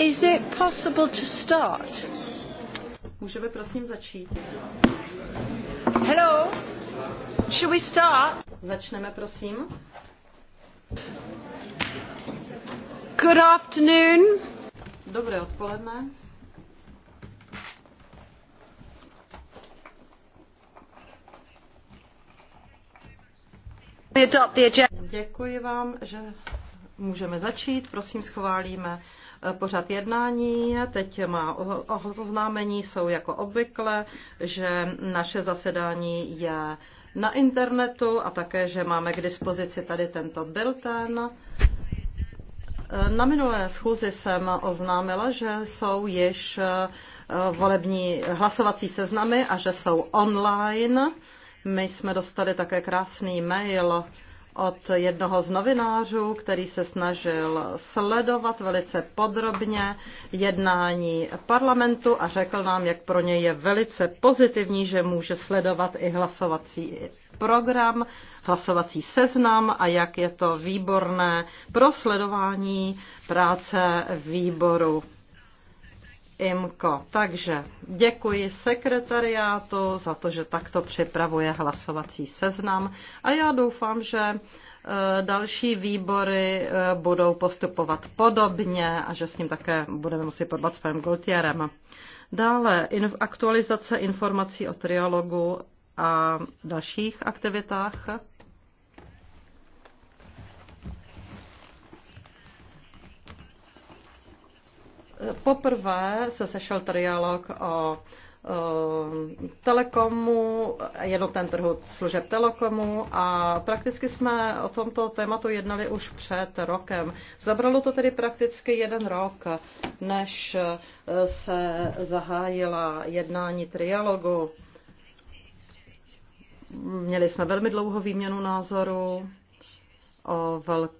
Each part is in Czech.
Is it possible to start? Můžeme prosím začít. Hello. Should we start? Začneme prosím. Good afternoon. Dobré odpoledne. Děkuji vám, že můžeme začít. Prosím, schválíme Eh, pořad jednání. Teď má oznámení, jsou jako obvykle, že naše zasedání je na internetu a také, že máme k dispozici tady tento bilten. Eh, na minulé schůzi jsem oznámila, že jsou již eh, volební hlasovací seznamy a že jsou online. My jsme dostali také krásný mail od jednoho z novinářů, který se snažil sledovat velice podrobně jednání parlamentu a řekl nám, jak pro něj je velice pozitivní, že může sledovat i hlasovací program, hlasovací seznam a jak je to výborné pro sledování práce výboru. Imko, Takže děkuji sekretariátu za to, že takto připravuje hlasovací seznam a já doufám, že eh, další výbory eh, budou postupovat podobně a že s ním také budeme muset podbat s panem Goltierem. Dále aktualizace informací o trialogu a dalších aktivitách. Poprvé se sešel trialog o telekomu, jednotném trhu služeb telekomu a prakticky jsme o tomto tématu jednali už před rokem. Zabralo to tedy prakticky jeden rok, než se zahájila jednání trialogu. Měli jsme velmi dlouhou výměnu názoru o velk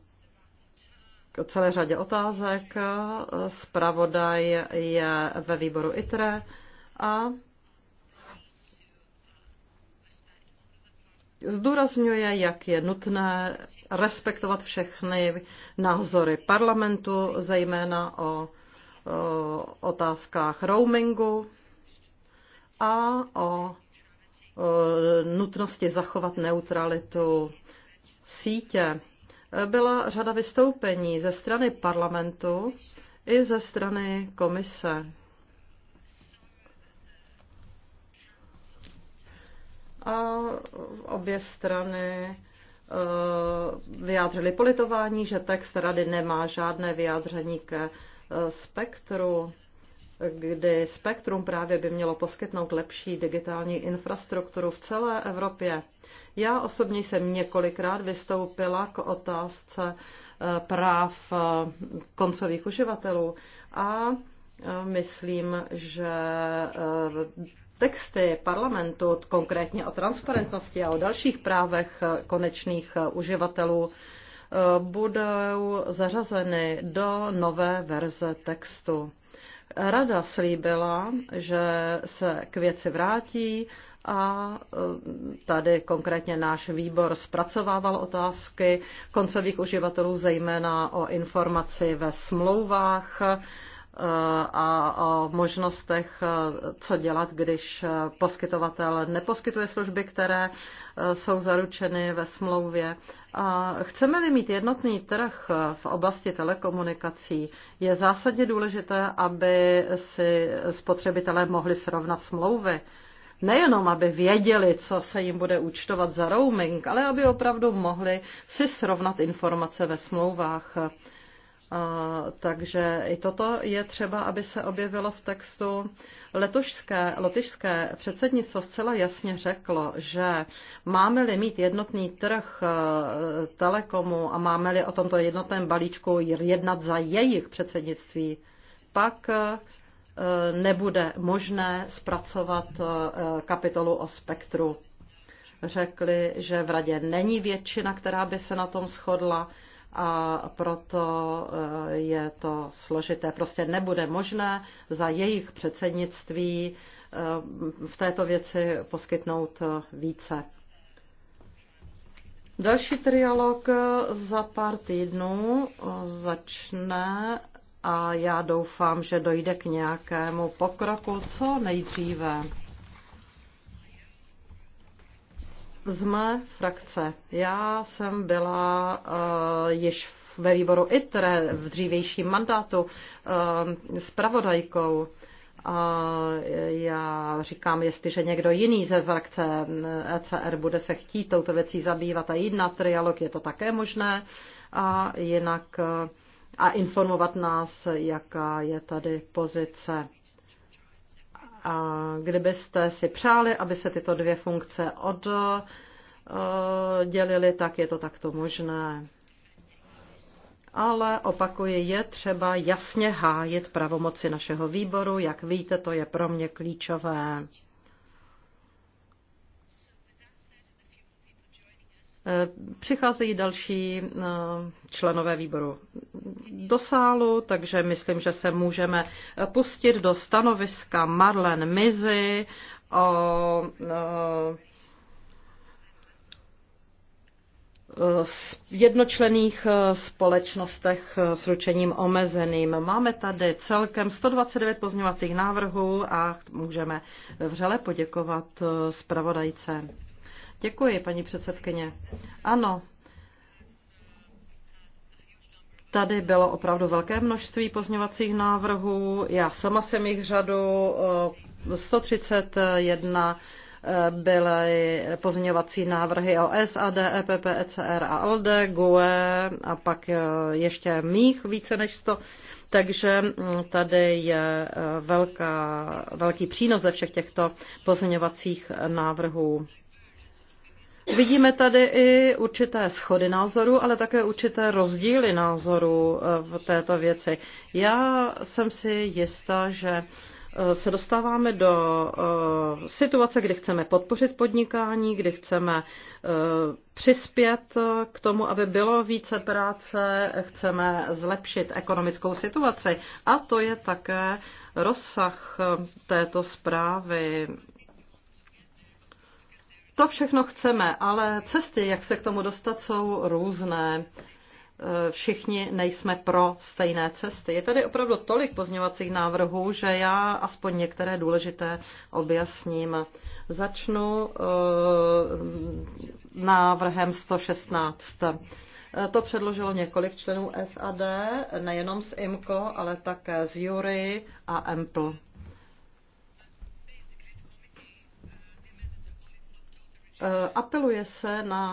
celé řadě otázek. Zpravodaj je ve výboru ITRE a zdůrazňuje, jak je nutné respektovat všechny názory parlamentu, zejména o, o otázkách roamingu a o, o nutnosti zachovat neutralitu sítě byla řada vystoupení ze strany parlamentu i ze strany komise. A obě strany eh, vyjádřili politování, že text rady nemá žádné vyjádření ke eh, spektru, kdy spektrum právě by mělo poskytnout lepší digitální infrastrukturu v celé Evropě. Já osobně jsem několikrát vystoupila k otázce eh, práv eh, koncových uživatelů a eh, myslím, že texty parlamentu, konkrétně o transparentnosti a o dalších právech konečných uživatelů, budou zařazeny do nové verze textu. Rada slíbila, že se k věci vrátí a e, tady konkrétně náš výbor zpracovával otázky koncových uživatelů, zejména o informaci ve smlouvách e, a o možnostech, e, co dělat, když poskytovatel neposkytuje služby, které jsou zaručeny ve smlouvě. A chceme-li mít jednotný trh v oblasti telekomunikací, je zásadně důležité, aby si spotřebitelé mohli srovnat smlouvy nejenom aby věděli, co se jim bude účtovat za roaming, ale aby opravdu mohli si srovnat informace ve smlouvách. A, takže i toto je třeba, aby se objevilo v textu. Letošské, lotyšské předsednictvo zcela jasně řeklo, že máme-li mít jednotný trh e, telekomu a máme-li o tomto jednotném balíčku jednat za jejich předsednictví, pak e, Eh, nebude možné zpracovat eh, kapitolu o spektru. Řekli, že v radě není většina, která by se na tom shodla a proto eh, je to složité. Prostě nebude možné za jejich předsednictví v této věci poskytnout více. Další trialog za pár týdnů začne a já doufám, že dojde k nějakému pokroku co nejdříve. Z mé frakce. Já jsem byla uh, již ve výboru ITRE v dřívějším mandátu uh, eh, spravodajkou. A já říkám, jestliže někdo jiný ze frakce ECR eh, e bude se chtít touto věcí zabývat a jít na trialog, je to také možné. A jinak uh, a informovat nás, jaká je tady pozice. A kdybyste si přáli, aby se tyto dvě funkce oddělily, tak je to takto možné. Ale opakuji, je třeba jasně hájit pravomoci našeho výboru. Jak víte, to je pro mě klíčové. Přicházejí další eh, členové výboru do sálu, takže myslím, že se můžeme pustit do stanoviska Marlen Mizy o eh, jednočlených eh, společnostech s ručením omezeným. Máme tady celkem 129 pozměňovacích návrhů a můžeme vřele poděkovat zpravodajce. Děkuji, paní předsedkyně. Ano, Tady bylo opravdu velké množství pozňovacích návrhů. Já sama jsem jich řadu 131 eh, eh, byly pozměňovací návrhy o SAD, EPP, ECR a ALDE, GUE e a pak eh, ještě mých více než 100. Takže mm, tady je velká, velký přínos ze všech těchto pozměňovacích návrhů. Vidíme tady i určité schody názoru, ale také určité rozdíly názoru eh, v této věci. Já jsem si jistá, že eh, se dostáváme do eh, situace, kdy chceme podpořit podnikání, kdy chceme přispět k tomu, aby bylo více práce, chceme zlepšit ekonomickou situaci. A to je také rozsah této zprávy to všechno chceme, ale cesty, jak se k tomu dostat, jsou různé. E, všichni nejsme pro stejné cesty. Je tady opravdu tolik pozměňovacích návrhů, že já aspoň některé důležité objasním. Začnu e, návrhem 116. E, to předložilo několik členů SAD, nejenom z IMCO, ale také z Jury a EMPL. Eh, apeluje se na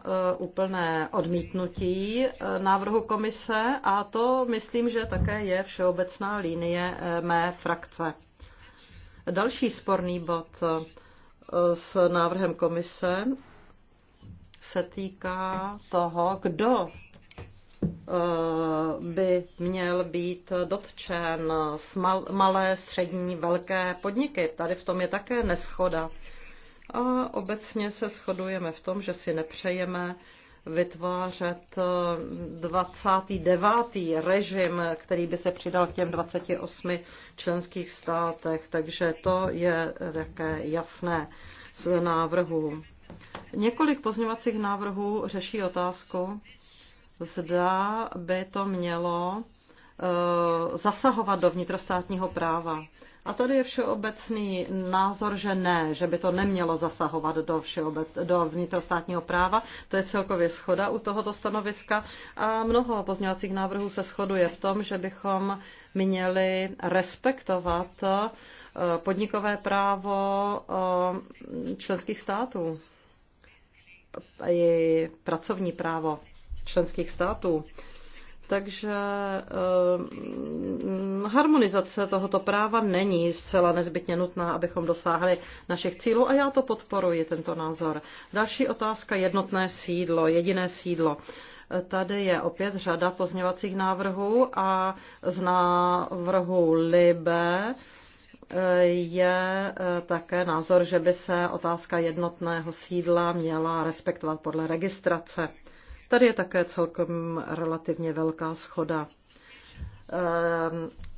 eh, úplné odmítnutí eh, návrhu komise a to myslím, že také je všeobecná linie mé frakce. Další sporný bod s návrhem komise se týká toho, kdo by měl být dotčen malé, střední, velké podniky. Tady v tom je také neschoda. A obecně se shodujeme v tom, že si nepřejeme vytvářet 29. Eh, režim, který by se přidal k těm 28 členských státech. Takže to je také jasné z návrhu. Několik pozněvacích návrhů řeší otázku, zda by to mělo eh, zasahovat do vnitrostátního práva. A tady je všeobecný názor, že ne, že by to nemělo zasahovat do, všeobec, do vnitrostátního práva. To je celkově schoda u tohoto stanoviska. A mnoho pozměňovacích návrhů se shoduje v tom, že bychom měli respektovat eh, podnikové právo eh, členských států i pracovní právo členských států. Takže ehm, harmonizace tohoto práva není zcela nezbytně nutná, abychom dosáhli našich cílů a já to podporuji, tento názor. Další otázka, jednotné sídlo, jediné sídlo. Tady je opět řada pozněvacích návrhů a z návrhu LIBE eh, je eh, také názor, že by se otázka jednotného sídla měla respektovat podle registrace. Tady je také celkem relativně velká schoda. Eh,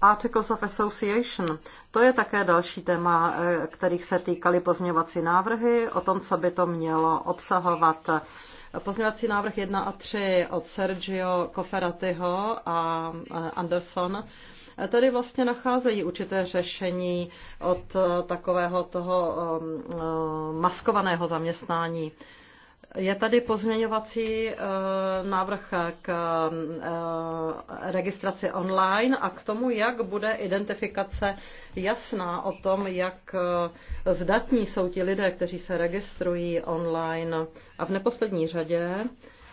Articles of Association. To je také další téma, eh, kterých se týkaly pozměvací návrhy, o tom, co by to mělo obsahovat. Pozměvací návrh 1 a 3 od Sergio Coferatiho a eh, Anderson. Tady vlastně nacházejí určité řešení od takového toho maskovaného zaměstnání. Je tady pozměňovací eh, návrh k eh, registraci online a k tomu, jak bude identifikace jasná o tom, jak eh, zdatní jsou ti lidé, kteří se registrují online. A v neposlední řadě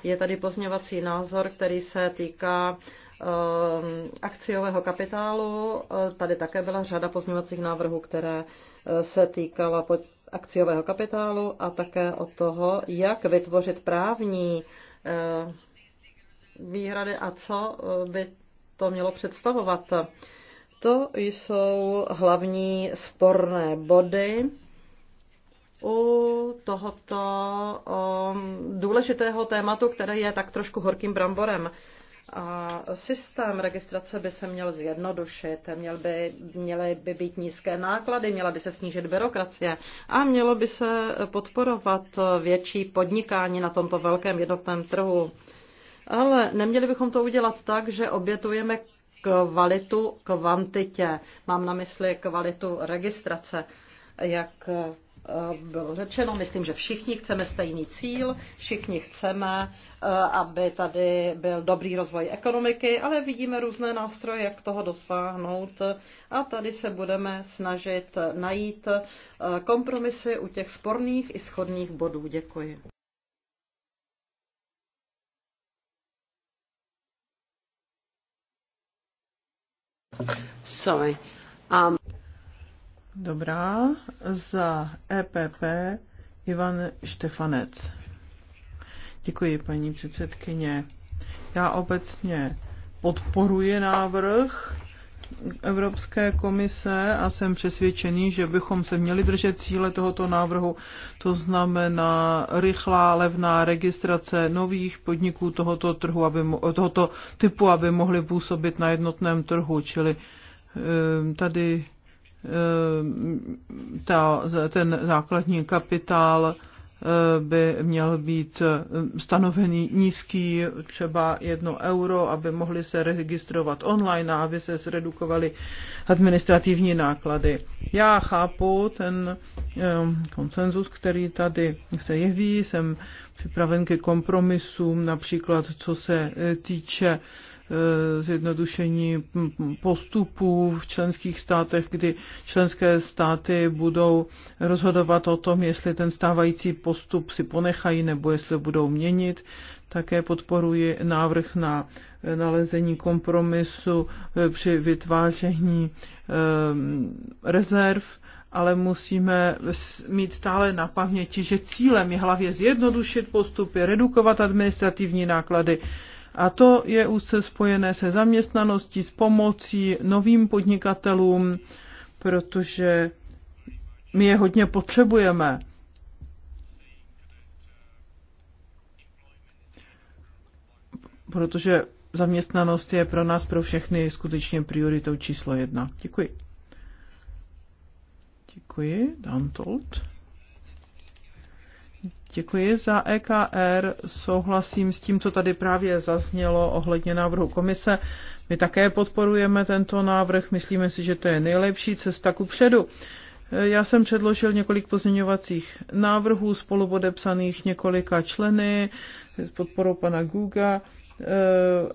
je tady pozměňovací názor, který se týká Um, akciového kapitálu. Eh, tady také byla řada pozměňovacích návrhů, které eh, se týkala akciového kapitálu a také o toho, jak vytvořit právní eh, výhrady a co by to mělo představovat. To jsou hlavní sporné body u tohoto um, důležitého tématu, které je tak trošku horkým bramborem. A systém registrace by se měl zjednodušit, měl by, měly by být nízké náklady, měla by se snížit byrokracie a mělo by se podporovat větší podnikání na tomto velkém jednotném trhu. Ale neměli bychom to udělat tak, že obětujeme kvalitu kvantitě. Mám na mysli kvalitu registrace, jak Eh, bylo řečeno, myslím, že všichni chceme stejný cíl, všichni chceme, eh, aby tady byl dobrý rozvoj ekonomiky, ale vidíme různé nástroje, jak toho dosáhnout a tady se budeme snažit najít eh, kompromisy u těch sporných i schodných bodů. Děkuji. Sorry. Um... Dobrá. Za EPP Ivan Štefanec. Děkuji, paní předsedkyně. Já obecně podporuji návrh Evropské komise a jsem přesvědčený, že bychom se měli držet cíle tohoto návrhu, to znamená rychlá, levná registrace nových podniků tohoto, trhu, aby, tohoto typu, aby mohly působit na jednotném trhu, čili ehm, tady Eh, ta, ten základní kapitál eh, by měl být eh, stanovený nízký, třeba jedno euro, aby mohli se registrovat online a aby se zredukovaly administrativní náklady. Já chápu ten konsenzus, který tady se jeví, jsem připraven ke kompromisům, například co se týče Eh, zjednodušení postupů v členských státech, kdy členské státy budou rozhodovat o tom, jestli ten stávající postup si ponechají nebo jestli budou měnit. Také podporuji návrh na nalezení kompromisu eh, při vytváření eh, rezerv ale musíme mít stále na paměti, že cílem je hlavně zjednodušit postupy, redukovat administrativní náklady a to je úzce spojené se zaměstnaností, s pomocí novým podnikatelům, protože my je hodně potřebujeme. Protože zaměstnanost je pro nás, pro všechny, skutečně prioritou číslo jedna. Děkuji. Děkuji, Dan Děkuji za EKR. Souhlasím s tím, co tady právě zaznělo ohledně návrhu komise. My také podporujeme tento návrh. Myslíme si, že to je nejlepší cesta ku předu. Já jsem předložil několik pozměňovacích návrhů spolupodepsaných několika členy s podporou pana Guga eh,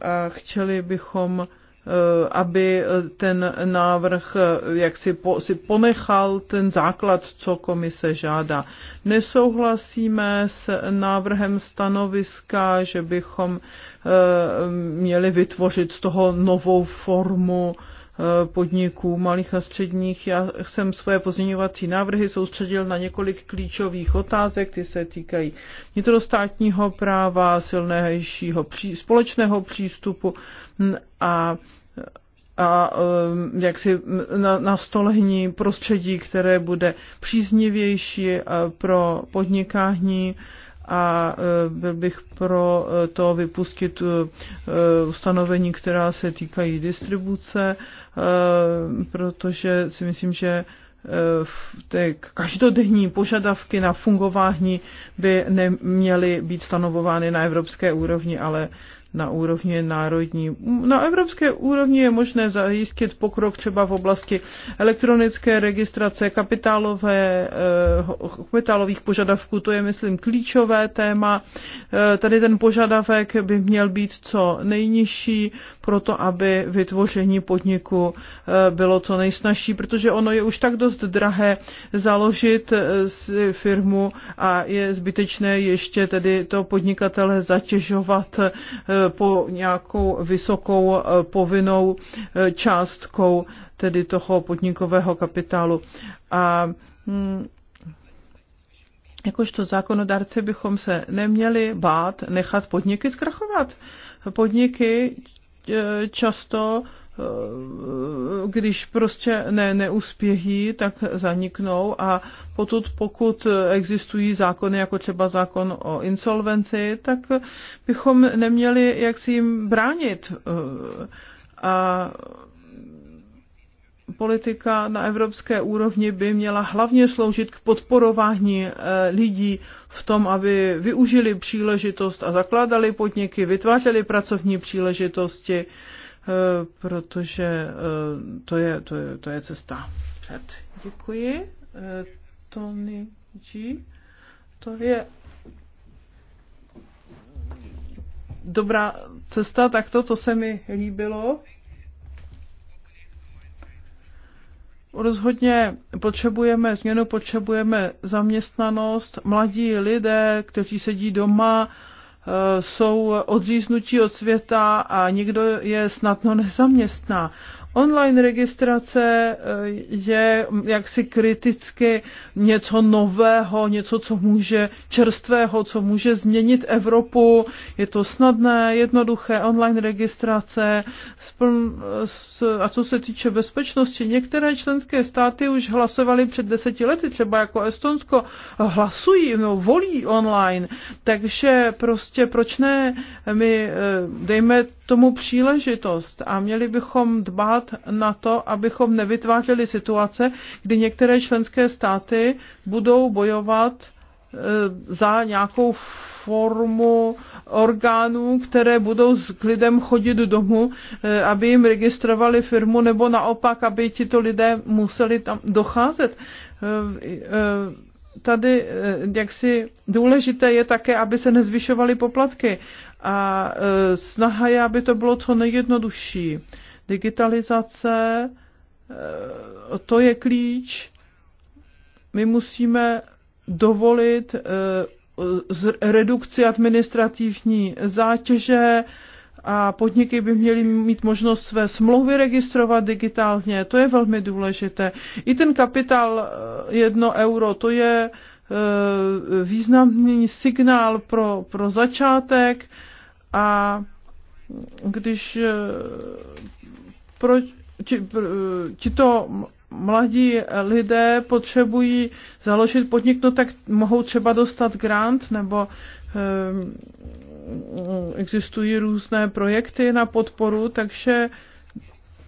a chtěli bychom Eh, aby eh, ten návrh eh, jak si, po, si ponechal ten základ, co komise žádá. Nesouhlasíme s návrhem stanoviska, že bychom měli vytvořit z toho novou formu podniků malých a středních. Já jsem své pozměňovací návrhy soustředil na několik klíčových otázek, ty se týkají vnitrostátního práva, silnějšího pří, společného přístupu a a um, jaksi na, nastolení prostředí, které bude příznivější eh, pro podnikání a e, byl bych pro e, to vypustit e, ustanovení, která se týkají distribuce, protože si myslím, že v té každodenní požadavky na fungování by neměly být stanovovány na evropské úrovni, ale na úrovni národní. Na evropské úrovni je možné zajistit pokrok třeba v oblasti elektronické registrace kapitálové, eh, kapitálových požadavků. To je, myslím, klíčové téma. Eh, tady ten požadavek by měl být co nejnižší, proto aby vytvoření podniku eh, bylo co nejsnažší, protože ono je už tak dost drahé založit si firmu a je zbytečné ještě tedy to podnikatele zatěžovat po nějakou vysokou eh, povinnou eh, částkou tedy toho podnikového kapitálu. A hm, jakožto zákonodárci bychom se neměli bát nechat podniky zkrachovat. Podniky eh, často Eh, když prostě ne, neuspějí, tak zaniknou a potud, pokud existují zákony, jako třeba zákon o insolvenci, tak bychom neměli jak si jim bránit. Eh, a politika na evropské úrovni by měla hlavně sloužit k podporování eh, lidí v tom, aby využili příležitost a zakládali podniky, vytvářeli pracovní příležitosti Eh, protože eh, to je, to je, to je cesta před. Děkuji. Eh, Tony G. To je dobrá cesta, tak to, co se mi líbilo. Rozhodně potřebujeme změnu, potřebujeme zaměstnanost, mladí lidé, kteří sedí doma, Eh, jsou odříznutí od světa a někdo je snadno nezaměstná. Online registrace eh, je jaksi kriticky něco nového, něco, co může čerstvého, co může změnit Evropu. Je to snadné, jednoduché, online registrace. A co se týče bezpečnosti, některé členské státy už hlasovaly před deseti lety, třeba jako Estonsko, hlasují, no, volí online. Takže prostě proč ne, my eh, dejme tomu příležitost a měli bychom dbát na to, abychom nevytvářeli situace, kdy některé členské státy budou bojovat e, za nějakou formu orgánů, které budou s lidem chodit domů, e, aby jim registrovali firmu, nebo naopak, aby tito lidé museli tam docházet. E, tady jaksi důležité je také, aby se nezvyšovaly poplatky a e, snaha je, aby to bylo co nejjednodušší. Digitalizace, e, to je klíč. My musíme dovolit e, redukci administrativní zátěže a podniky by měly mít možnost své smlouvy registrovat digitálně. To je velmi důležité. I ten kapitál jedno euro, to je významný signál pro, pro začátek a když eh, pro, ti, eh, to mladí lidé potřebují založit podnik, no tak mohou třeba dostat grant nebo eh, existují různé projekty na podporu, takže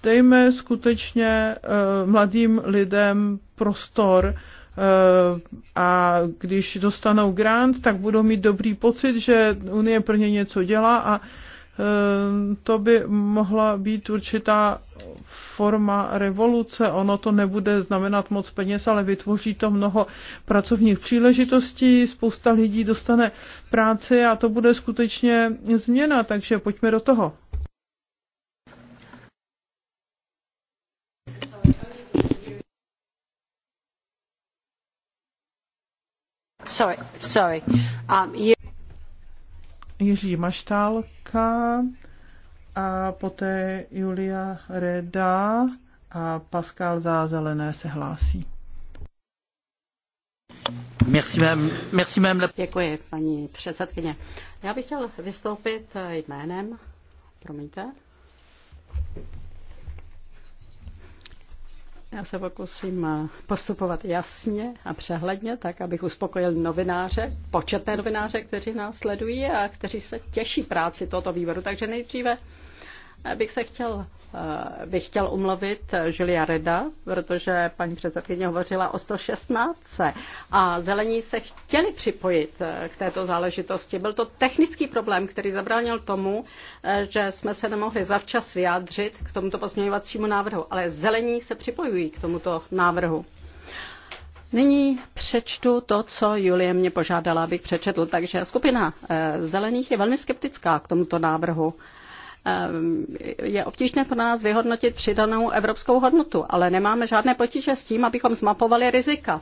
dejme skutečně mladým lidem prostor Eh, a když dostanou grant, tak budou mít dobrý pocit, že Unie pro ně něco dělá a eh, to by mohla být určitá forma revoluce. Ono to nebude znamenat moc peněz, ale vytvoří to mnoho pracovních příležitostí, spousta lidí dostane práci a to bude skutečně změna, takže pojďme do toho. Um, Jiří Maštálka a poté Julia Reda a Pascal Zázelené se hlásí. Merci, mém, merci, mém. Děkuji, paní předsedkyně. Já bych chtěl vystoupit jménem, promiňte, Já se pokusím eh, postupovat jasně a přehledně, tak abych uspokojil novináře, početné novináře, kteří nás sledují a kteří se těší práci tohoto výboru. Takže nejdříve bych se chtěl, eh, bych chtěl umluvit eh, Julia Reda, protože paní předsedkyně hovořila o 116 a zelení se chtěli připojit eh, k této záležitosti. Byl to technický problém, který zabránil tomu, že jsme se nemohli zavčas vyjádřit k tomuto pozměňovacímu návrhu, ale zelení se připojují k tomuto návrhu. Nyní přečtu to, co Julie mě požádala, abych přečetl. Takže skupina zelených je velmi skeptická k tomuto návrhu. Ehm, je obtížné pro nás vyhodnotit přidanou evropskou hodnotu, ale nemáme žádné potíže s tím, abychom zmapovali rizika.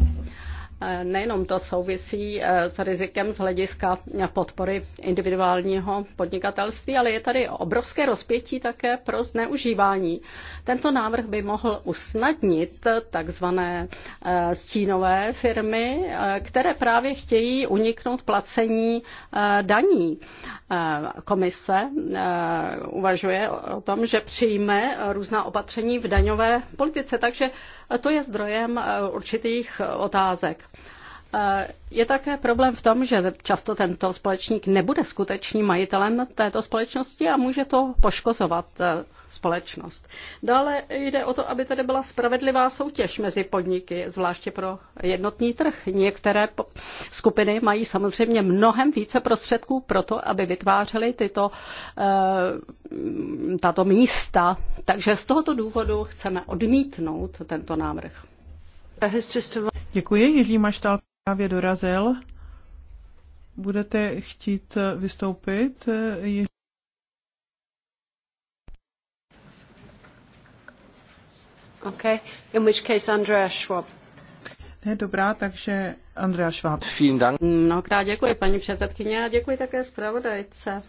Nejenom to souvisí e, s rizikem z hlediska podpory individuálního podnikatelství, ale je tady obrovské rozpětí také pro zneužívání. Tento návrh by mohl usnadnit takzvané e, stínové firmy, e, které právě chtějí uniknout placení daní. Komise uvažuje o tom, že přijme různá opatření v daňové politice, takže to je zdrojem určitých otázek. Eh, je také problém v tom, že často tento společník nebude skutečným majitelem této společnosti a může to poškozovat eh, společnost. Dále jde o to, aby tady byla spravedlivá soutěž mezi podniky, zvláště pro jednotný trh. Některé skupiny mají samozřejmě mnohem více prostředků pro to, aby vytvářely tyto, eh, tato místa. Takže z tohoto důvodu chceme odmítnout tento návrh. Děkuji, Jiří Maštal právě dorazil. Budete chtít vystoupit? Okay. In which case Andrea Schwab. Ne, dobrá, takže Andrea Schwab. Vielen Dank. Mnohokrát děkuji, paní předsedkyně, a děkuji také zpravodajce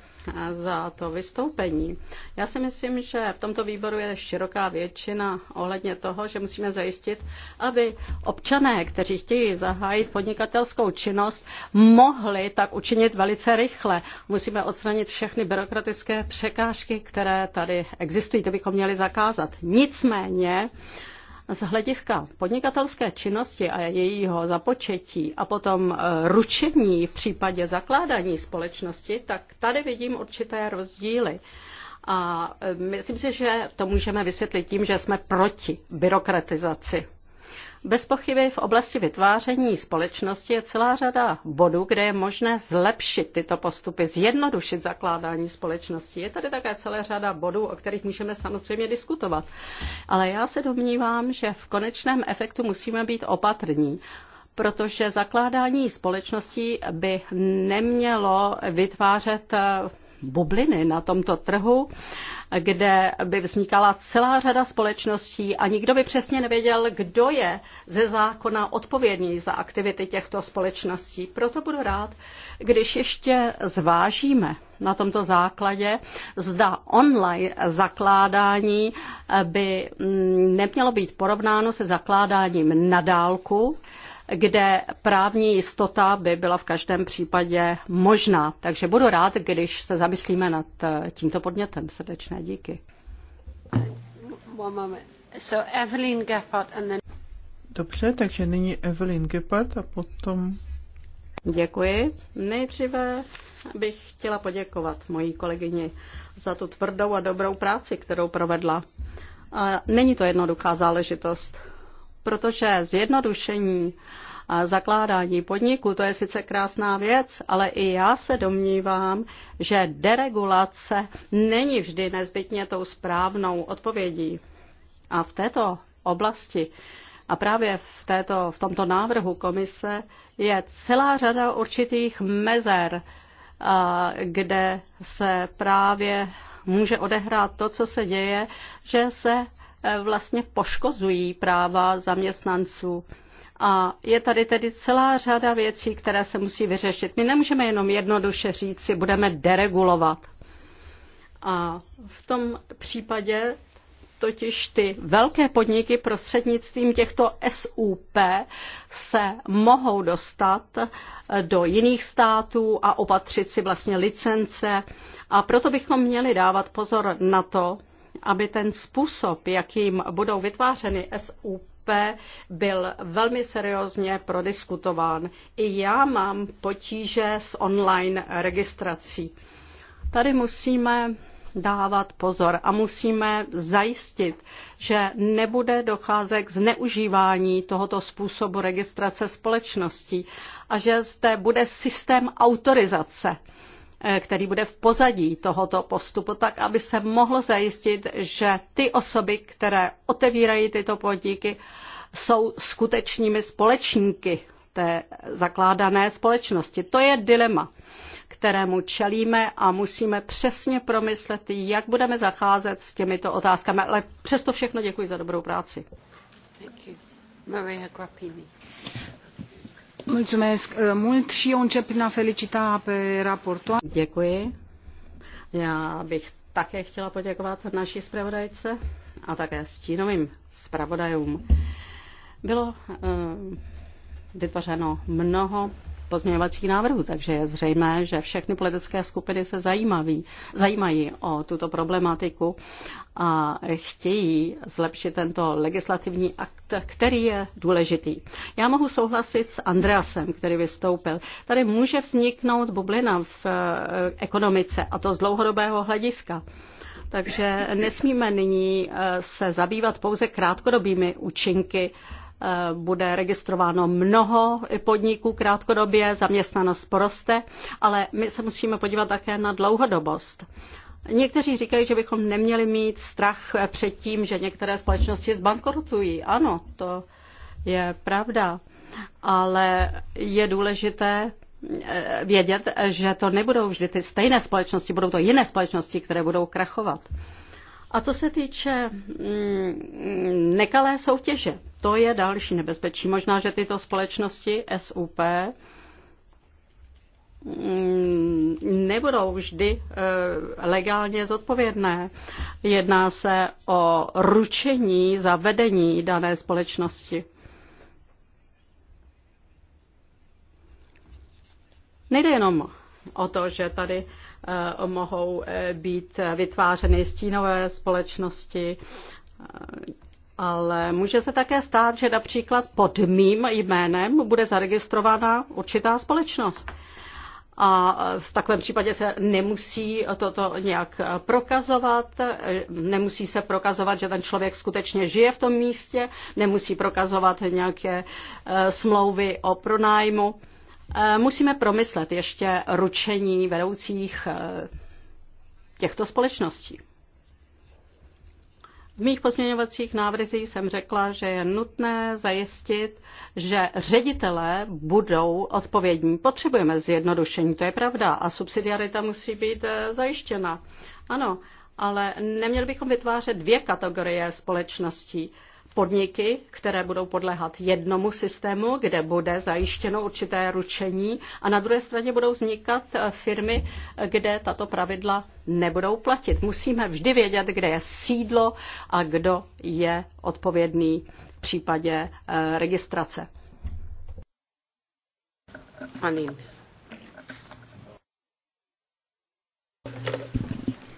za to vystoupení. Já si myslím, že v tomto výboru je široká většina ohledně toho, že musíme zajistit, aby občané, kteří chtějí zahájit podnikatelskou činnost, mohli tak učinit velice rychle. Musíme odstranit všechny byrokratické překážky, které tady existují, to bychom měli zakázat. Nicméně, z hlediska podnikatelské činnosti a jejího započetí a potom e, ručení v případě zakládání společnosti, tak tady vidím určité rozdíly. A e, myslím si, že to můžeme vysvětlit tím, že jsme proti byrokratizaci. Bez pochyby v oblasti vytváření společnosti je celá řada bodů, kde je možné zlepšit tyto postupy, zjednodušit zakládání společnosti. Je tady také celá řada bodů, o kterých můžeme samozřejmě diskutovat. Ale já se domnívám, že v konečném efektu musíme být opatrní protože zakládání společností by nemělo vytvářet eh, bubliny na tomto trhu, kde by vznikala celá řada společností a nikdo by přesně nevěděl, kdo je ze zákona odpovědný za aktivity těchto společností. Proto budu rád, když ještě zvážíme na tomto základě, zda online zakládání eh, by mm, nemělo být porovnáno se zakládáním na dálku, kde právní jistota by byla v každém případě možná. Takže budu rád, když se zamyslíme nad eh, tímto podnětem. Srdečné díky. So Evelyn Gephardt and then... Dobře, takže nyní Evelyn Gephardt a potom... Děkuji. Nejdříve bych chtěla poděkovat mojí kolegyni za tu tvrdou a dobrou práci, kterou provedla. A není to jednoduchá záležitost protože zjednodušení a zakládání podniku, to je sice krásná věc, ale i já se domnívám, že deregulace není vždy nezbytně tou správnou odpovědí. A v této oblasti a právě v, této, v tomto návrhu komise je celá řada určitých mezer, kde se právě může odehrát to, co se děje, že se Eh, vlastně poškozují práva zaměstnanců. A je tady tedy celá řada věcí, které se musí vyřešit. My nemůžeme jenom jednoduše říct si, budeme deregulovat. A v tom případě totiž ty velké podniky prostřednictvím těchto SUP se mohou dostat eh, do jiných států a opatřit si vlastně licence. A proto bychom měli dávat pozor na to, aby ten způsob, jakým budou vytvářeny SUP, byl velmi seriózně prodiskutován. I já mám potíže s online registrací. Tady musíme dávat pozor a musíme zajistit, že nebude docházet k zneužívání tohoto způsobu registrace společností a že zde bude systém autorizace Eh, který bude v pozadí tohoto postupu, tak aby se mohlo zajistit, že ty osoby, které otevírají tyto podniky, jsou skutečnými společníky té zakládané společnosti. To je dilema, kterému čelíme a musíme přesně promyslet, jak budeme zacházet s těmito otázkami. Ale přesto všechno děkuji za dobrou práci. Thank you. Maria Grappini. Mulțumesc uh, mult și eu încep prin a felicita pe raportoare. Děkuji. Já bych také chtěla poděkovat naší zpravodajce a také stínovým zpravodajům. Bylo eh, vytvořeno mnoho pozměňovacích návrhů, takže je zřejmé, že všechny politické skupiny se zajímaví, zajímají o tuto problematiku a chtějí zlepšit tento legislativní akt, který je důležitý. Já mohu souhlasit s Andreasem, který vystoupil. Tady může vzniknout bublina v eh, ekonomice a to z dlouhodobého hlediska. Takže nesmíme nyní eh, se zabývat pouze krátkodobými účinky Eh, bude registrováno mnoho podniků krátkodobě, zaměstnanost poroste, ale my se musíme podívat také na dlouhodobost. Někteří říkají, že bychom neměli mít strach před tím, že některé společnosti zbankrotují. Ano, to je pravda, ale je důležité eh, vědět, že to nebudou vždy ty stejné společnosti, budou to jiné společnosti, které budou krachovat. A co se týče mm, nekalé soutěže, to je další nebezpečí. Možná, že tyto společnosti SUP mm, nebudou vždy eh, legálně zodpovědné. Jedná se o ručení za vedení dané společnosti. Nejde jenom o to, že tady Eh, mohou eh, být vytvářeny stínové společnosti, eh, ale může se také stát, že například pod mým jménem bude zaregistrována určitá společnost. A v takovém případě se nemusí toto nějak prokazovat, nemusí se prokazovat, že ten člověk skutečně žije v tom místě, nemusí prokazovat nějaké smlouvy o pronájmu. Eh, musíme promyslet ještě ručení vedoucích eh, těchto společností. V mých pozměňovacích návrzích jsem řekla, že je nutné zajistit, že ředitelé budou odpovědní. Potřebujeme zjednodušení, to je pravda, a subsidiarita musí být eh, zajištěna. Ano, ale neměli bychom vytvářet dvě kategorie společností podniky, které budou podléhat jednomu systému, kde bude zajištěno určité ručení a na druhé straně budou vznikat eh, firmy, kde tato pravidla nebudou platit. Musíme vždy vědět, kde je sídlo a kdo je odpovědný v případě eh, registrace. Anin.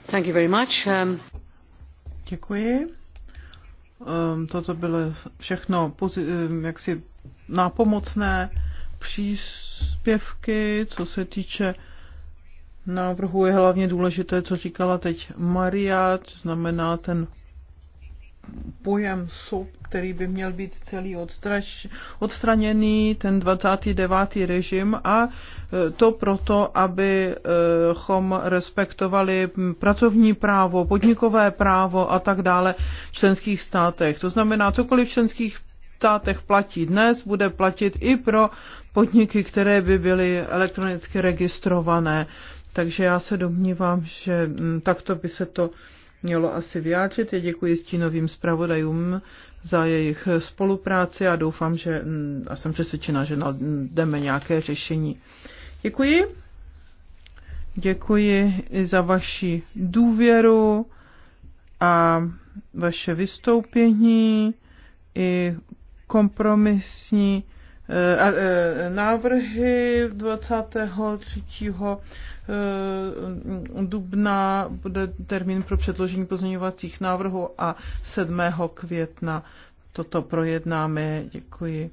Thank you very much. Um... Děkuji. Ehm, toto bylo všechno ehm, jaksi nápomocné příspěvky, co se týče návrhu je hlavně důležité, co říkala teď Maria, to znamená ten pojem SUP, který by měl být celý odstraš, odstraněný, ten 29. režim a e, to proto, abychom e, respektovali pracovní právo, podnikové právo a tak dále v členských státech. To znamená, cokoliv v členských státech platí dnes, bude platit i pro podniky, které by byly elektronicky registrované. Takže já se domnívám, že takto by se to mělo asi vyjádřit. Já děkuji stínovým zpravodajům za jejich spolupráci a doufám, že mm, a jsem přesvědčena, že najdeme nějaké řešení. Děkuji. Děkuji i za vaši důvěru a vaše vystoupení i kompromisní Eh, eh, návrhy 23. Eh, dubna bude termín pro předložení pozměňovacích návrhů a 7. května toto projednáme. Děkuji.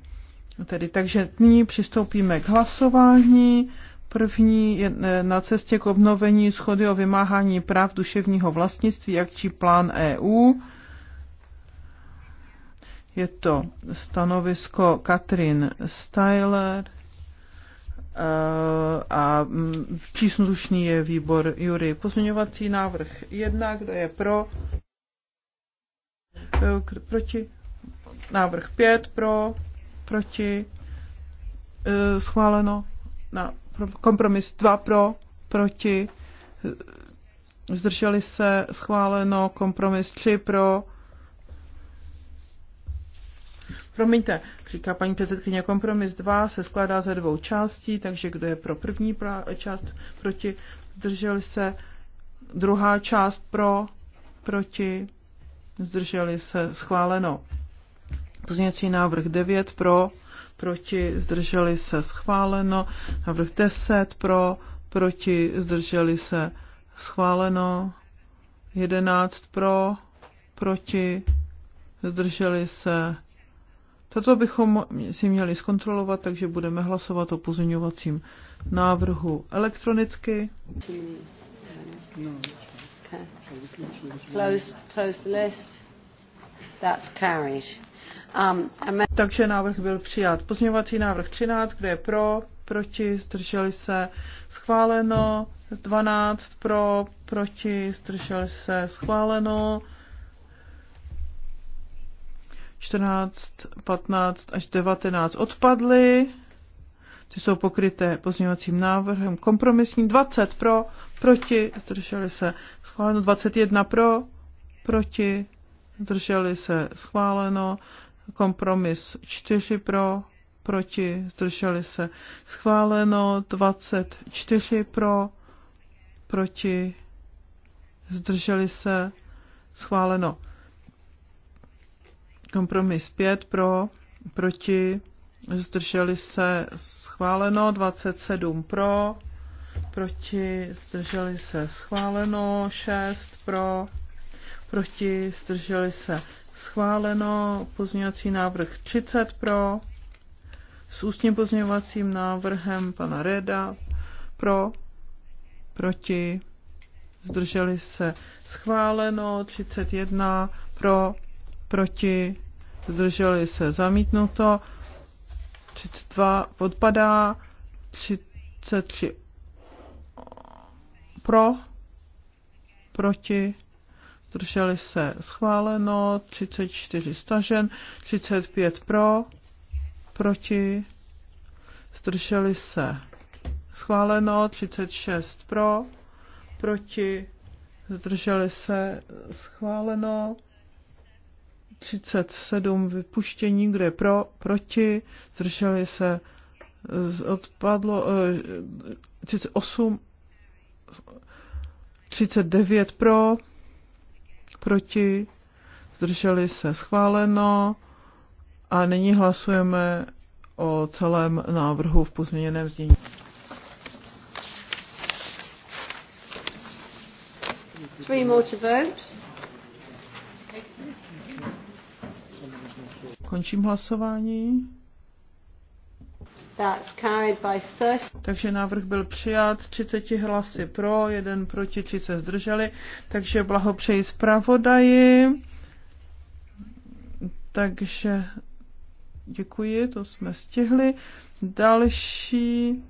Tedy, takže nyní přistoupíme k hlasování. První je na cestě k obnovení schody o vymáhání práv duševního vlastnictví či plán EU. Je to stanovisko Katrin Styler eh, a mm, příslušný je výbor Jury. Pozměňovací návrh jedna, kdo je pro? Eh, proti? Návrh pět pro, proti, eh, schváleno. Na, kompromis dva pro, proti, zdrželi se, schváleno. Kompromis tři pro, Promiňte, říká paní předsedkyně, kompromis 2 se skládá ze dvou částí, takže kdo je pro první část proti, zdrželi se, druhá část pro, proti, zdrželi se, schváleno. Pozměňovací návrh 9 pro, proti, zdrželi se, schváleno. Návrh 10 pro, proti, zdrželi se, schváleno. 11 pro, proti, zdrželi se, Toto bychom si měli zkontrolovat, takže budeme hlasovat o pozměňovacím návrhu elektronicky. Close, close the list. That's carried. Um, takže návrh byl přijat. Pozměňovací návrh 13, kde je pro, proti, zdrželi se, schváleno. 12 pro, proti, zdrželi se, schváleno. 14, 15 až 19 odpadly. Ty jsou pokryté pozměňovacím návrhem. Kompromisní 20 pro, proti, zdrželi se. Schváleno 21 pro, proti, zdrželi se. Schváleno. Kompromis 4 pro, proti, zdrželi se. Schváleno 24 pro, proti, zdrželi se. Schváleno Kompromis 5 pro, proti, zdrželi se schváleno, 27 pro, proti, zdrželi se schváleno, 6 pro, proti, zdrželi se schváleno, pozměňovací návrh 30 pro, s ústním pozměňovacím návrhem pana Reda pro, proti, zdrželi se schváleno, 31 pro, proti, zdrželi se zamítnuto, 32 podpadá, 33 pro, proti, zdrželi se schváleno, 34 stažen, 35 pro, proti, zdrželi se schváleno, 36 pro, proti, zdrželi se schváleno, 37 vypuštění, kde pro, proti, zdrželi se, odpadlo 38, eh, 39 pro, proti, zdrželi se, schváleno a nyní hlasujeme o celém návrhu v pozměněném znění. Three more to vote. Končím hlasování. Takže návrh byl přijat, 30 hlasy pro, jeden proti, 3 se zdrželi, takže blahopřeji zpravodaji. Takže děkuji, to jsme stihli. Další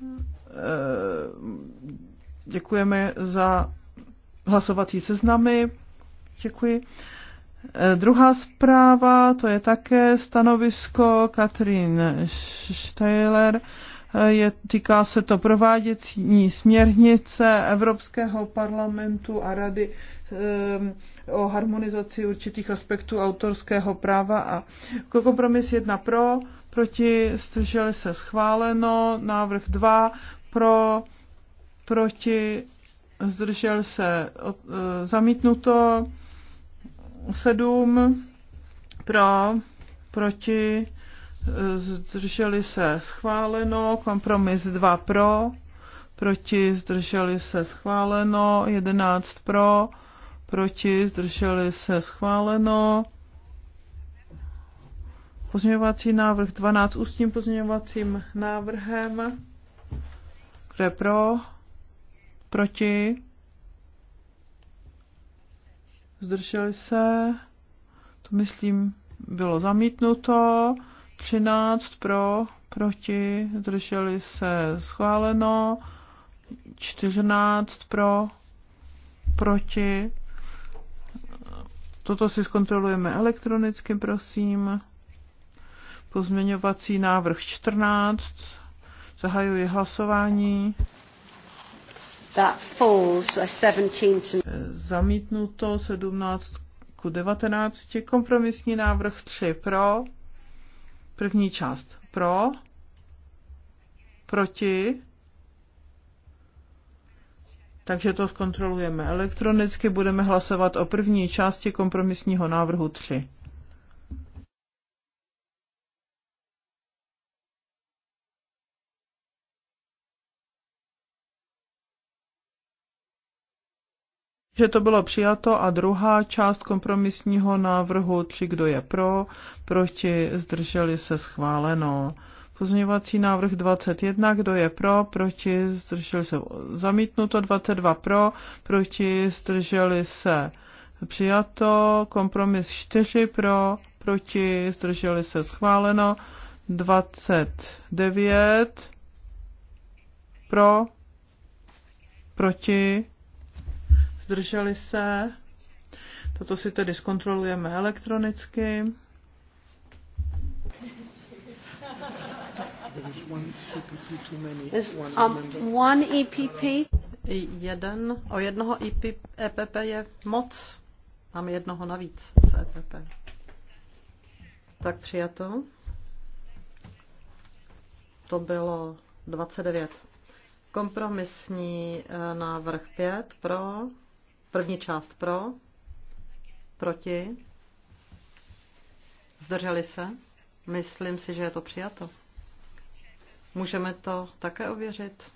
eh, děkujeme za hlasovací seznamy. Děkuji. Eh, druhá zpráva, to je také stanovisko Katrin Steyler, eh, je, týká se to prováděcí směrnice Evropského parlamentu a rady ehm, o harmonizaci určitých aspektů autorského práva a kompromis 1 pro, proti, zdrželi se schváleno, návrh 2 pro, proti, zdržel se eh, zamítnuto, 7 pro, proti, zdrželi se schváleno, kompromis 2 pro, proti, zdrželi se schváleno, 11 pro, proti, zdrželi se schváleno. Pozměňovací návrh 12 ústním pozměňovacím návrhem. Kde pro? Proti? zdrželi se, to myslím bylo zamítnuto, 13 pro, proti, zdrželi se, schváleno, 14 pro, proti, toto si zkontrolujeme elektronicky, prosím, pozměňovací návrh 14, zahajuji hlasování. That falls 17 uh, to... Eh, zamítnuto 17 ku 19. Kompromisní návrh 3 pro. První část pro. Proti. Takže to zkontrolujeme elektronicky. Budeme hlasovat o první části kompromisního návrhu 3. že to bylo přijato a druhá část kompromisního návrhu, tři kdo je pro, proti, zdrželi se schváleno. Pozměňovací návrh 21, kdo je pro, proti, zdrželi se zamítnuto, 22 pro, proti, zdrželi se přijato, kompromis 4 pro, proti, zdrželi se schváleno, 29 pro, proti, zdrželi se. Toto si tedy zkontrolujeme elektronicky. One EPP. E jeden, o jednoho EPP, EPP je moc. Mám jednoho navíc z EPP. Tak přijato. To bylo 29. Kompromisní eh, návrh 5 pro, První část pro, proti, zdrželi se. Myslím si, že je to přijato. Můžeme to také ověřit.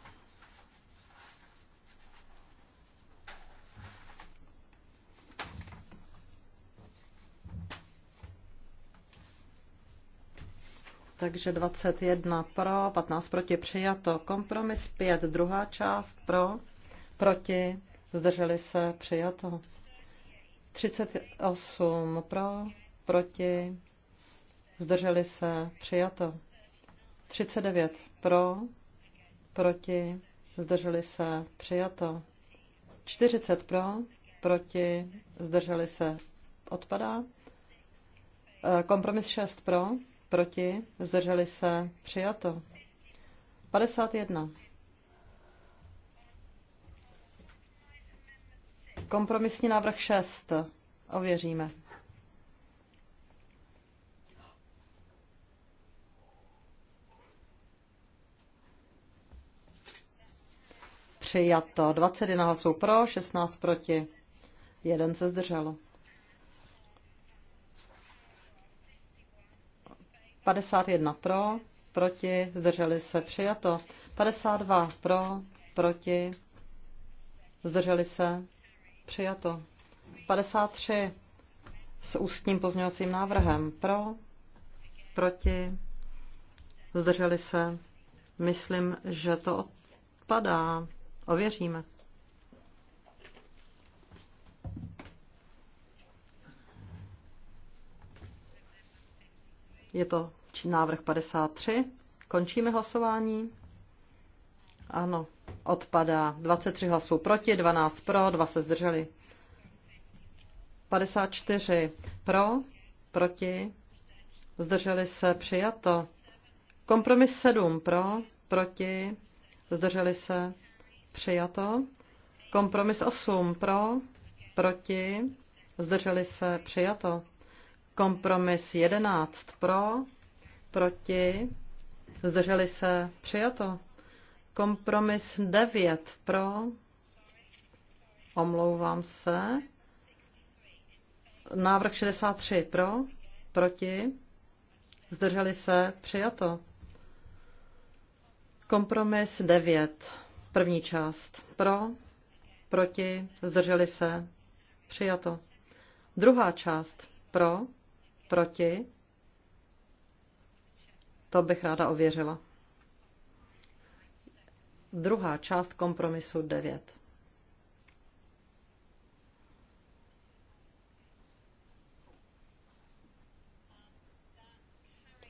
Takže 21 pro, 15 proti přijato. Kompromis 5, druhá část pro, proti, zdrželi se, přijato. 38 pro, proti, zdrželi se, přijato. 39 pro, proti, zdrželi se, přijato. 40 pro, proti, zdrželi se, odpadá. Eh, kompromis 6 pro, proti, zdrželi se, přijato. 51 Kompromisní návrh 6. Ověříme. Přijato. 21 hlasů pro, 16 proti. Jeden se zdržel. 51 pro, proti, zdrželi se, přijato. 52 pro, proti, zdrželi se, Přijato. 53 s ústním pozměňovacím návrhem. Pro, proti, zdrželi se. Myslím, že to odpadá. Ověříme. Je to návrh 53. Končíme hlasování? Ano, odpadá. 23 hlasů proti, 12 pro, 2 se zdrželi. 54 pro, proti, zdrželi se přijato. Kompromis 7 pro, proti, zdrželi se přijato. Kompromis 8 pro, proti, zdrželi se přijato. Kompromis 11 pro, proti, zdrželi se přijato. Kompromis 9 pro, omlouvám se. Návrh 63 pro, proti, zdrželi se, přijato. Kompromis 9, první část, pro, proti, zdrželi se, přijato. Druhá část, pro, proti, to bych ráda ověřila. Druhá část kompromisu 9.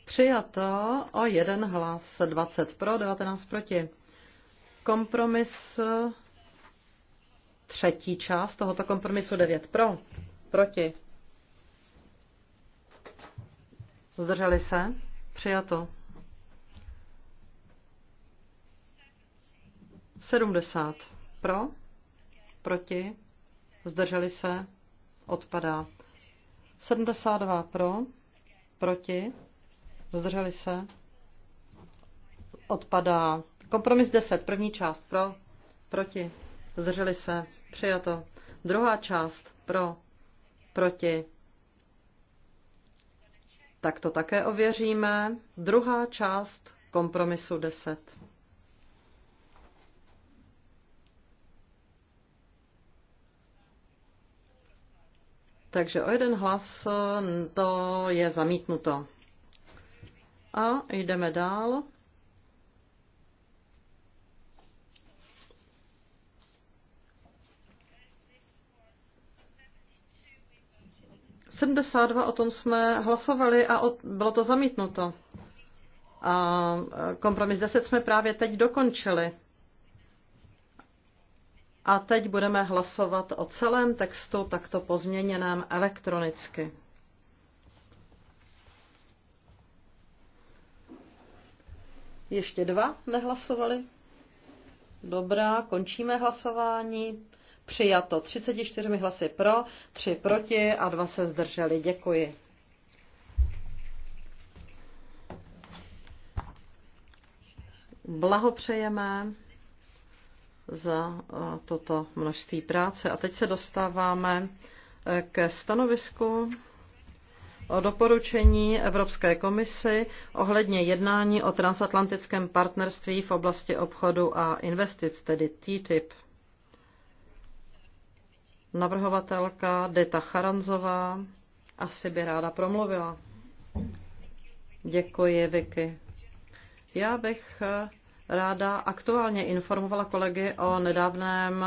Přijato o jeden hlas, 20 pro, 19 proti. Kompromis třetí část tohoto kompromisu 9 pro, proti. Zdrželi se? Přijato. 70 pro, proti, zdrželi se, odpadá. 72 pro, proti, zdrželi se, odpadá. Kompromis 10, první část pro, proti, zdrželi se, přijato. Druhá část pro, proti, tak to také ověříme. Druhá část kompromisu 10. Takže o jeden hlas to je zamítnuto. A jdeme dál. o tom jsme hlasovali a od, bylo to zamítnuto. A kompromis 10 jsme právě teď dokončili. A teď budeme hlasovat o celém textu takto pozměněném elektronicky. Ještě dva nehlasovali? Dobrá, končíme hlasování. Přijato 34 hlasy pro, 3 proti a 2 se zdrželi. Děkuji. Blahopřejeme za eh, toto množství práce. A teď se dostáváme eh, ke stanovisku o doporučení Evropské komisi ohledně jednání o transatlantickém partnerství v oblasti obchodu a investic, tedy TTIP. Navrhovatelka Deta Charanzová asi by ráda promluvila. Děkuji, Vicky. Já bych eh, ráda aktuálně informovala kolegy o nedávném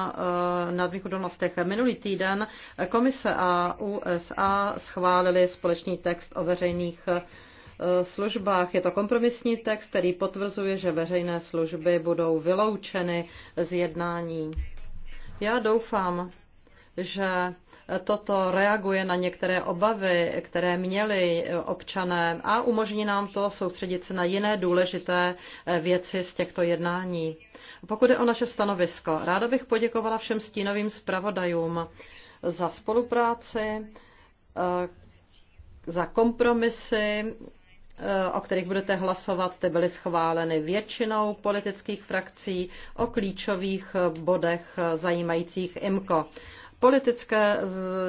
eh, donostech. Minulý týden komise a USA schválili společný text o veřejných eh, službách. Je to kompromisní text, který potvrzuje, že veřejné služby budou vyloučeny z jednání. Já doufám, že Toto reaguje na některé obavy, které měli občané a umožní nám to soustředit se na jiné důležité eh, věci z těchto jednání. Pokud je o naše stanovisko, ráda bych poděkovala všem stínovým zpravodajům za spolupráci, eh, za kompromisy, eh, o kterých budete hlasovat, ty byly schváleny většinou politických frakcí o klíčových bodech zajímajících IMCO. Politické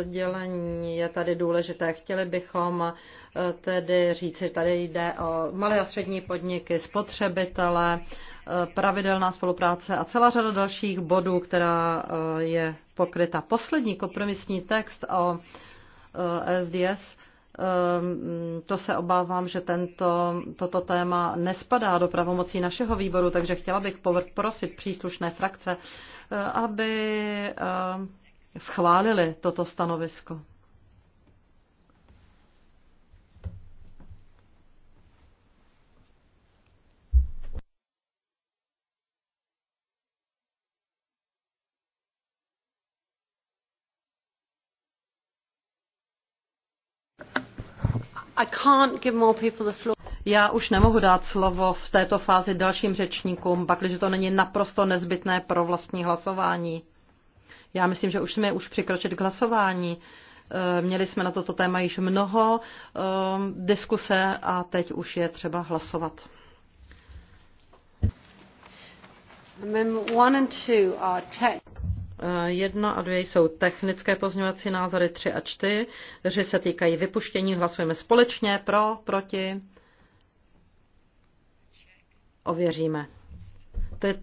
sdělení je tady důležité. Chtěli bychom eh, tedy říci, tady jde o malé a střední podniky, spotřebitele, eh, pravidelná spolupráce a celá řada dalších bodů, která eh, je pokryta. Poslední kompromisní text o SDS to se obávám, že tento, toto téma nespadá do pravomocí našeho výboru, takže chtěla bych poprosit příslušné frakce, aby schválili toto stanovisko. Já už nemohu dát slovo v této fázi dalším řečníkům, pakliže to není naprosto nezbytné pro vlastní hlasování. Já myslím, že už jsme už přikročit k hlasování. Eh, měli jsme na toto téma již mnoho eh, diskuse a teď už je třeba hlasovat. Eh, jedna a dvě jsou technické pozměňovací názory, tři a čtyři se týkají vypuštění. Hlasujeme společně pro, proti. Ověříme. To je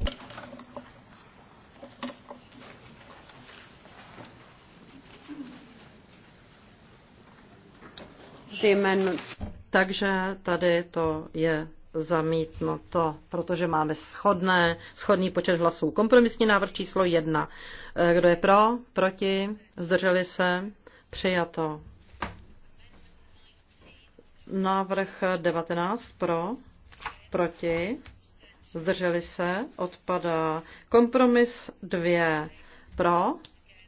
Takže tady to je zamítnuto, protože máme schodné, shodný počet hlasů. Kompromisní návrh číslo jedna. Eh, kdo je pro, proti, zdrželi se, přijato. Návrh 19 pro, proti, zdrželi se, odpadá. Kompromis 2 pro,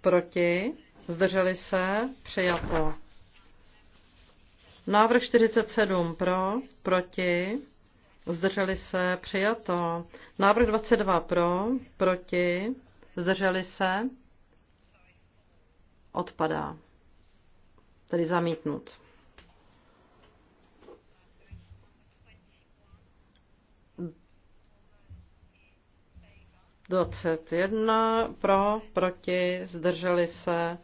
proti, zdrželi se, přijato. Návrh 47 pro, proti, zdrželi se, přijato. Návrh 22 pro, proti, zdrželi se, odpadá, tedy zamítnut. Dvacet jedna pro, proti, zdrželi se,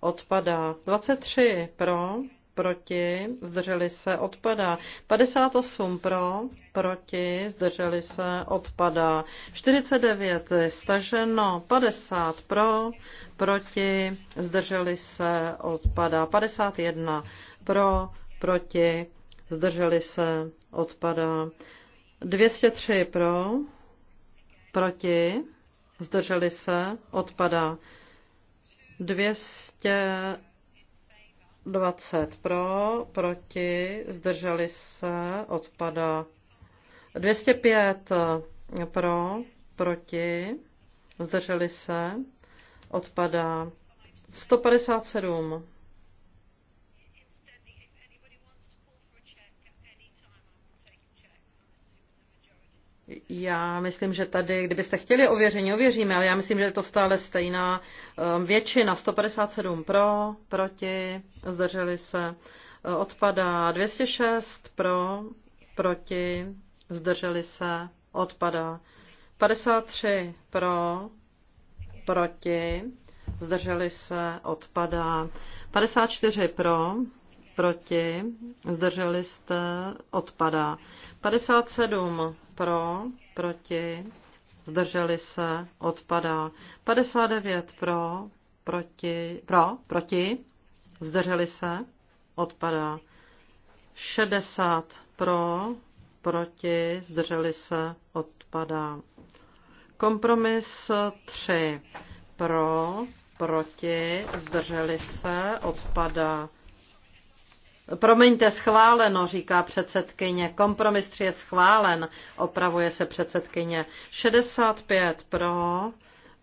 odpadá. Dvacet tři pro, proti, zdrželi se, odpadá. 58 pro, proti, zdrželi se, odpadá. 49 staženo, 50 pro, proti, zdrželi se, odpadá. 51 pro, proti, zdrželi se, odpadá. 203 pro, proti, zdrželi se, odpadá. 200 20 pro, proti, zdrželi se, odpada. 205 pro, proti, zdrželi se, odpadá. 157 Já myslím, že tady, kdybyste chtěli ověření, ověříme, ale já myslím, že je to stále stejná um, většina. 157 uh, pro, proti, zdrželi se. Odpadá 206 pro, proti, zdrželi se. Odpadá 53 pro, proti, zdrželi se. Odpadá 54 pro, proti, zdrželi jste. Odpadá 57 pro, proti, zdrželi se, odpadá. 59 pro, proti, pro, proti, zdrželi se, odpadá. 60 pro, proti, zdrželi se, odpadá. Kompromis 3 pro, proti, zdrželi se, odpadá. Promiňte, schváleno, říká předsedkyně. Kompromis 3 je schválen, opravuje se předsedkyně. 65 pro,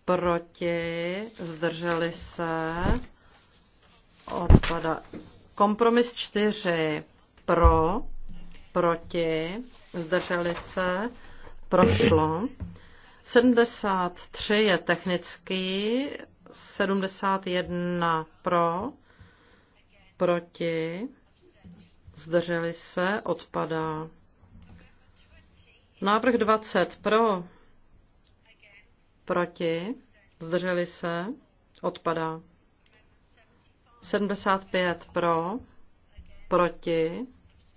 proti, zdrželi se, odpada. Kompromis 4 pro, proti, zdrželi se, prošlo. 73 je technický, 71 pro, proti, zdrželi se, odpadá. Návrh 20 pro, proti, zdrželi se, odpadá. 75 pro, proti,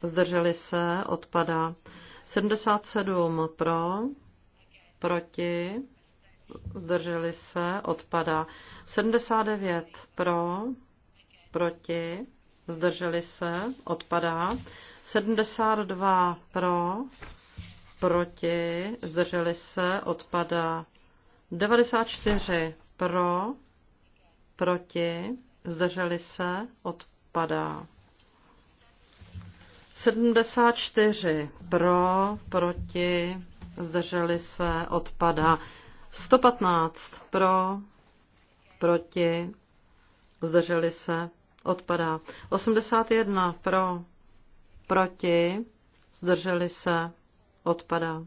zdrželi se, odpadá. 77 pro, proti, zdrželi se, odpadá. 79 pro, proti, zdrželi se, odpadá. 72 pro, proti, zdrželi se, odpadá. 94 pro, proti, zdrželi se, odpadá. 74 pro, proti, zdrželi se, odpadá. 115 pro, proti, zdrželi se, Odpadá. 81 pro, proti, zdrželi se, odpadá.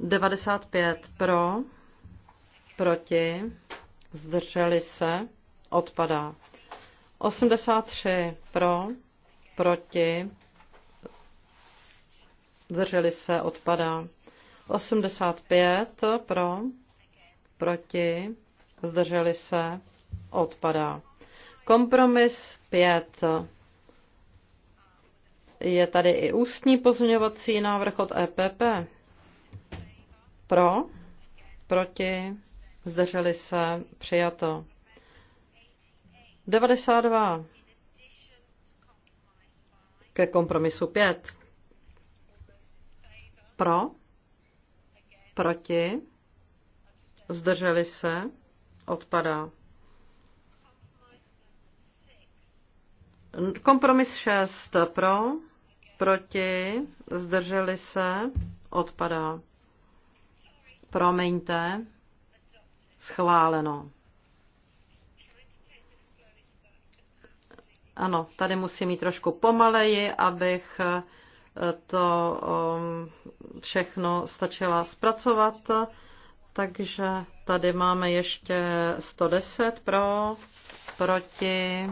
95 pro, proti, zdrželi se, odpadá. 83 pro, proti, zdrželi se, odpadá. 85 pro, proti, zdrželi se, odpadá. Kompromis 5. Je tady i ústní pozměňovací návrh od EPP. Pro, proti, zdrželi se, přijato. 92 ke kompromisu 5. Pro, proti, zdrželi se, odpadá. Kompromis 6 pro, proti, zdrželi se, odpadá. Promiňte, schváleno. Ano, tady musím jít trošku pomaleji, abych eh, to eh, všechno stačila zpracovat. Takže tady máme ještě 110 pro, proti,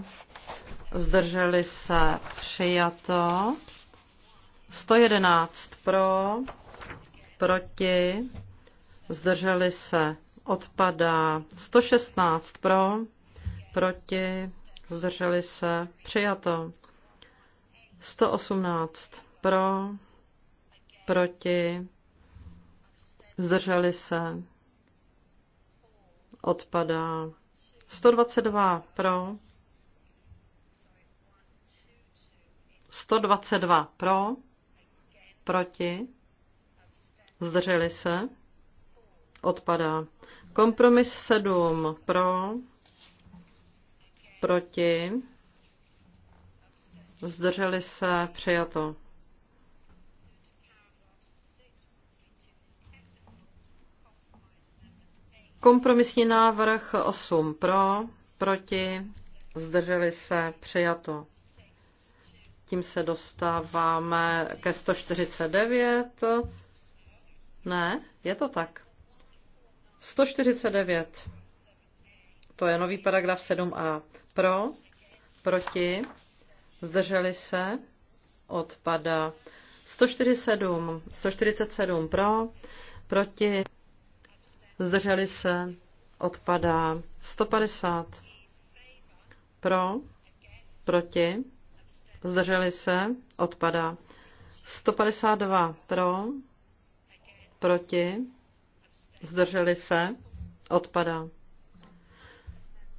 zdrželi se přijato. 111 pro, proti, zdrželi se odpadá. 116 pro, proti, zdrželi se přijato. 118 pro, proti, zdrželi se, odpadá. 122 pro, 122 pro, proti, zdrželi se, odpadá. Kompromis 7 pro, proti, zdrželi se, přijato. Kompromisní návrh 8 pro, proti, zdrželi se, přijato. Tím se dostáváme ke 149. Ne, je to tak. 149. To je nový paragraf 7a. Pro, proti, zdrželi se, odpada. 147, 147 pro, proti, zdrželi se, odpadá. 150 pro, proti, zdrželi se, odpadá. 152 pro, proti, zdrželi se, odpadá.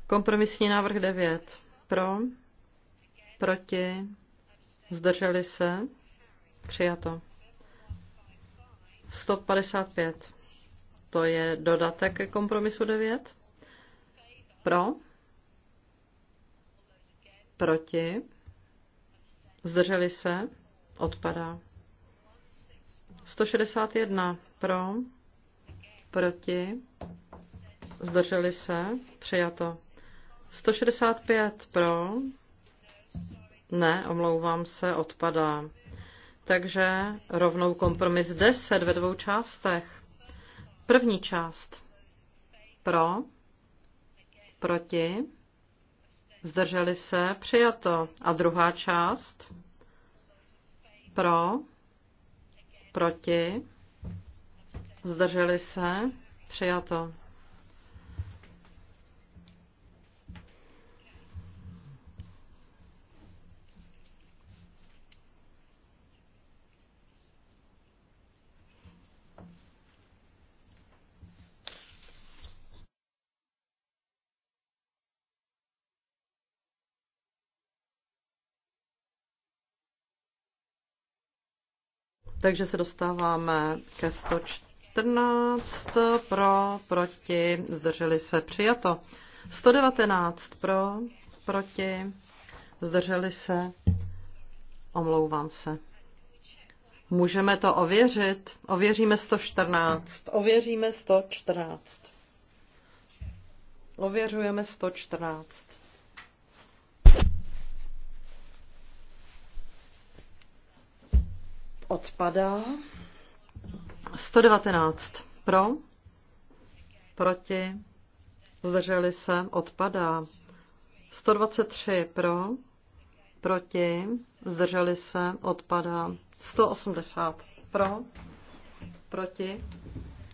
Kompromisní návrh 9 pro, proti, zdrželi se, přijato. 155. To je dodatek ke kompromisu 9. Pro. Proti. Zdrželi se? Odpadá. 161 pro, proti, zdrželi se, přijato. 165 pro, ne, omlouvám se, odpadá. Takže rovnou kompromis 10 ve dvou částech. První část pro, proti, zdrželi se, přijato. A druhá část pro, proti, zdrželi se, přijato. Takže se dostáváme ke 114 pro, proti, zdrželi se, přijato. 119 pro, proti, zdrželi se, omlouvám se. Můžeme to ověřit. Ověříme 114. Ověříme 114. Ověřujeme 114. odpadá. 119 pro, proti, zdrželi se, odpadá. 123 pro, proti, zdrželi se, odpadá. 180 pro, proti,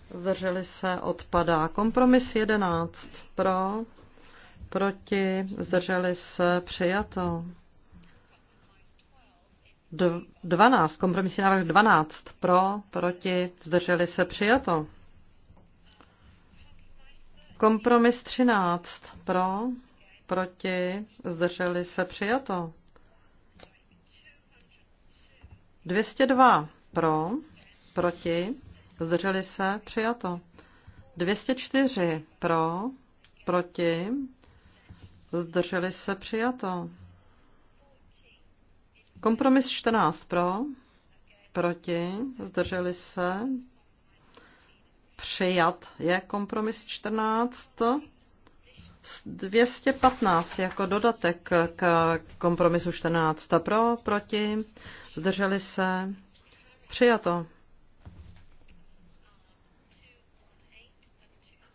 zdrželi se, odpadá. Kompromis 11 pro, proti, zdrželi se, přijato. 12, kompromisní návrh 12, pro, proti, zdrželi se, přijato. Kompromis 13, pro, proti, zdrželi se, přijato. 202, pro, proti, zdrželi se, přijato. 204, pro, proti, zdrželi se, přijato. Kompromis 14 pro, proti, zdrželi se, přijat je kompromis 14. 215 jako dodatek k kompromisu 14 pro, proti, zdrželi se, přijato.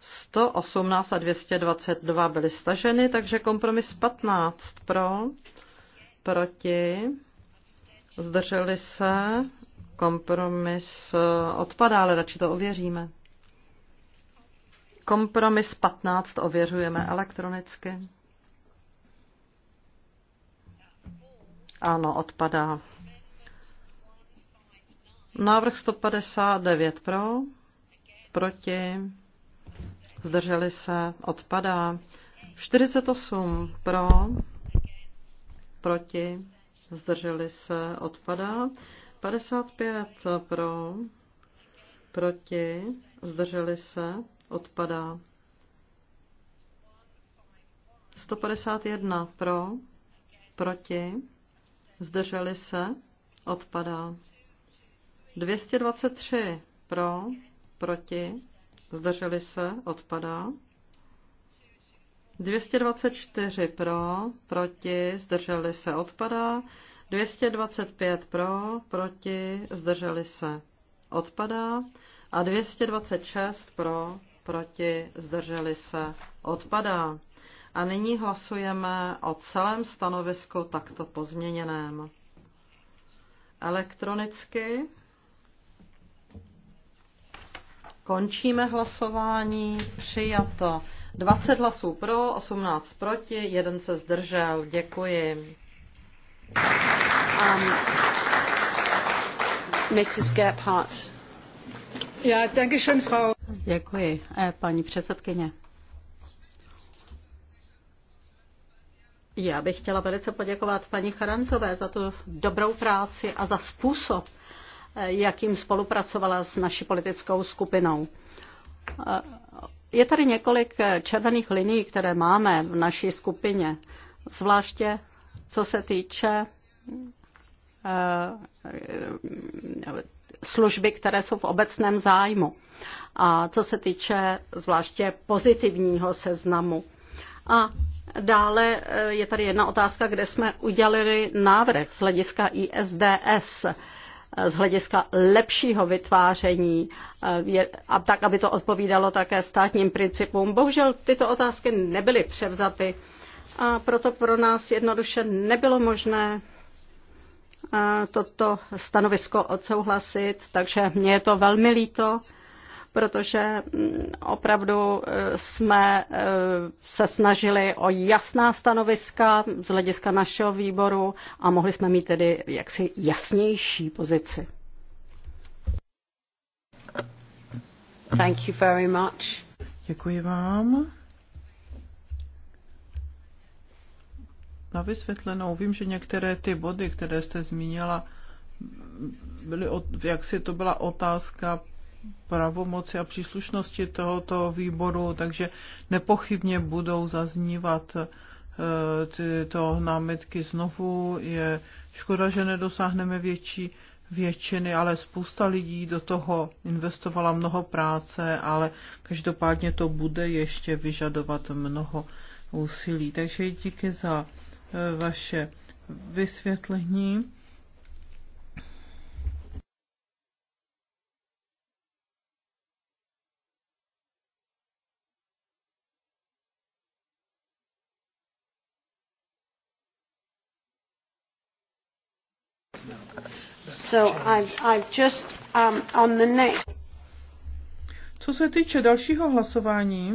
118 a 222 byly staženy, takže kompromis 15 pro, proti, Zdrželi se? Kompromis eh, odpadá, ale radši to ověříme. Kompromis 15 ověřujeme elektronicky. Ano, odpadá. Návrh 159 pro, proti, zdrželi se, odpadá. 48 pro, proti, zdrželi se, odpadá. 55 pro, proti, zdrželi se, odpadá. 151 pro, proti, zdrželi se, odpadá. 223 pro, proti, zdrželi se, odpadá. 224 pro, proti, zdrželi se, odpadá. 225 pro, proti, zdrželi se, odpadá. A 226 pro, proti, zdrželi se, odpadá. A nyní hlasujeme o celém stanovisku takto pozměněném. Elektronicky končíme hlasování. Přijato. 20 hlasů pro, 18 proti, jeden se zdržel. Děkuji. Um, Mrs. Gephardt. Ja, danke schön, Frau. Děkuji, eh, paní předsedkyně. Já bych chtěla velice poděkovat paní Charancové za tu dobrou práci a za způsob, eh, jakým spolupracovala s naší politickou skupinou. Eh, je tady několik eh, červených linií, které máme v naší skupině, zvláště co se týče eh, služby, které jsou v obecném zájmu a co se týče zvláště pozitivního seznamu. A dále eh, je tady jedna otázka, kde jsme udělali návrh z hlediska ISDS z hlediska lepšího vytváření eh, a tak, aby to odpovídalo také státním principům. Bohužel tyto otázky nebyly převzaty a proto pro nás jednoduše nebylo možné eh, toto stanovisko odsouhlasit, takže mě je to velmi líto protože mm, opravdu eh, jsme eh, se snažili o jasná stanoviska z hlediska našeho výboru a mohli jsme mít tedy jaksi jasnější pozici. Thank you very much. Děkuji vám. Na vysvětlenou, vím, že některé ty body, které jste zmínila, byly, jaksi to byla otázka pravomoci a příslušnosti tohoto výboru, takže nepochybně budou zaznívat e, tyto námitky znovu. Je škoda, že nedosáhneme větší většiny, ale spousta lidí do toho investovala mnoho práce, ale každopádně to bude ještě vyžadovat mnoho úsilí. Takže díky za e, vaše vysvětlení. So I've, I've just, um, on the next... Co se týče dalšího hlasování,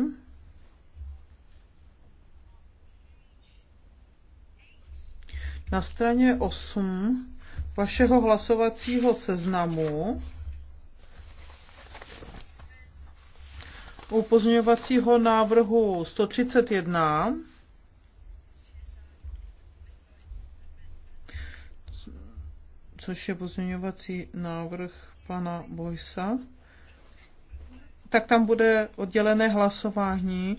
na straně 8 vašeho hlasovacího seznamu u pozměňovacího návrhu 131 což je pozměňovací návrh pana Bojsa, tak tam bude oddělené hlasování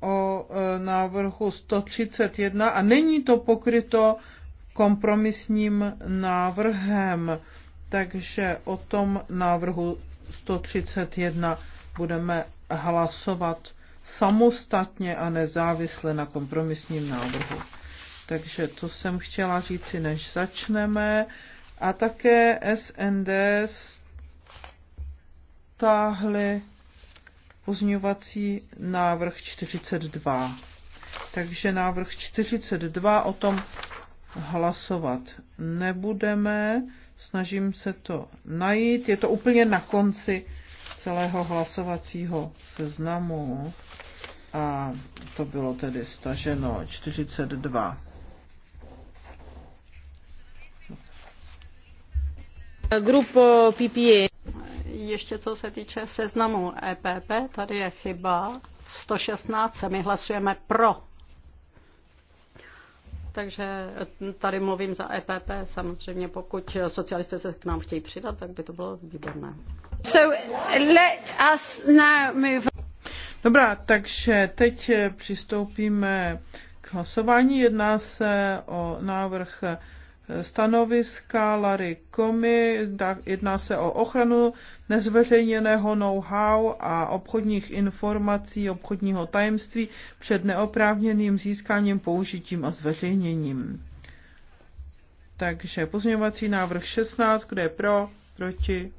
o e, návrhu 131 a není to pokryto kompromisním návrhem. Takže o tom návrhu 131 budeme hlasovat samostatně a nezávisle na kompromisním návrhu. Takže to jsem chtěla říci, než začneme. A také SND stáhli pozňovací návrh 42. Takže návrh 42 o tom hlasovat nebudeme. Snažím se to najít. Je to úplně na konci celého hlasovacího seznamu. A to bylo tedy staženo 42. Ještě co se týče seznamu EPP, tady je chyba. 116, my hlasujeme pro. Takže tady mluvím za EPP. Samozřejmě pokud socialisté se k nám chtějí přidat, tak by to bylo výborné. So, let us now move Dobrá, takže teď přistoupíme k hlasování. Jedná se o návrh stanoviska Larry Komi, jedná se o ochranu nezveřejněného know-how a obchodních informací obchodního tajemství před neoprávněným získáním, použitím a zveřejněním. Takže pozměňovací návrh 16, kde je pro, proti,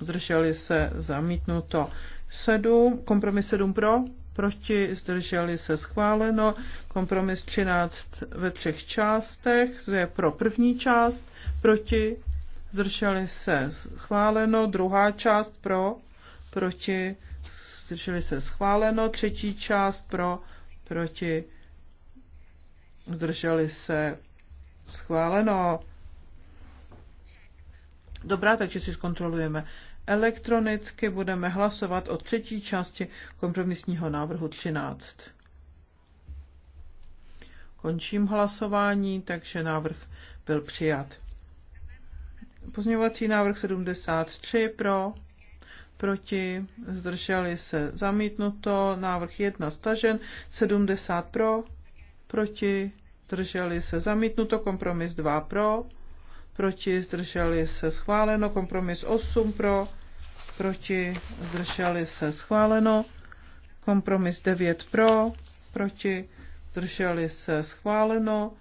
zdrželi se, zamítnuto. 7, kompromis 7 pro, proti, zdrželi se schváleno. Kompromis 13 ve třech částech, to je pro první část, proti, zdrželi se schváleno. Druhá část pro, proti, zdrželi se schváleno. Třetí část pro, proti, zdrželi se schváleno. Dobrá, takže si zkontrolujeme. Elektronicky budeme hlasovat o třetí části kompromisního návrhu 13. Končím hlasování, takže návrh byl přijat. Pozměňovací návrh 73 pro, proti, zdrželi se zamítnuto, návrh 1 stažen, 70 pro, proti, zdrželi se zamítnuto, kompromis 2 pro, proti, zdrželi se schváleno, kompromis 8 pro, proti, zdrželi se schváleno, kompromis 9 pro, proti, zdrželi se schváleno,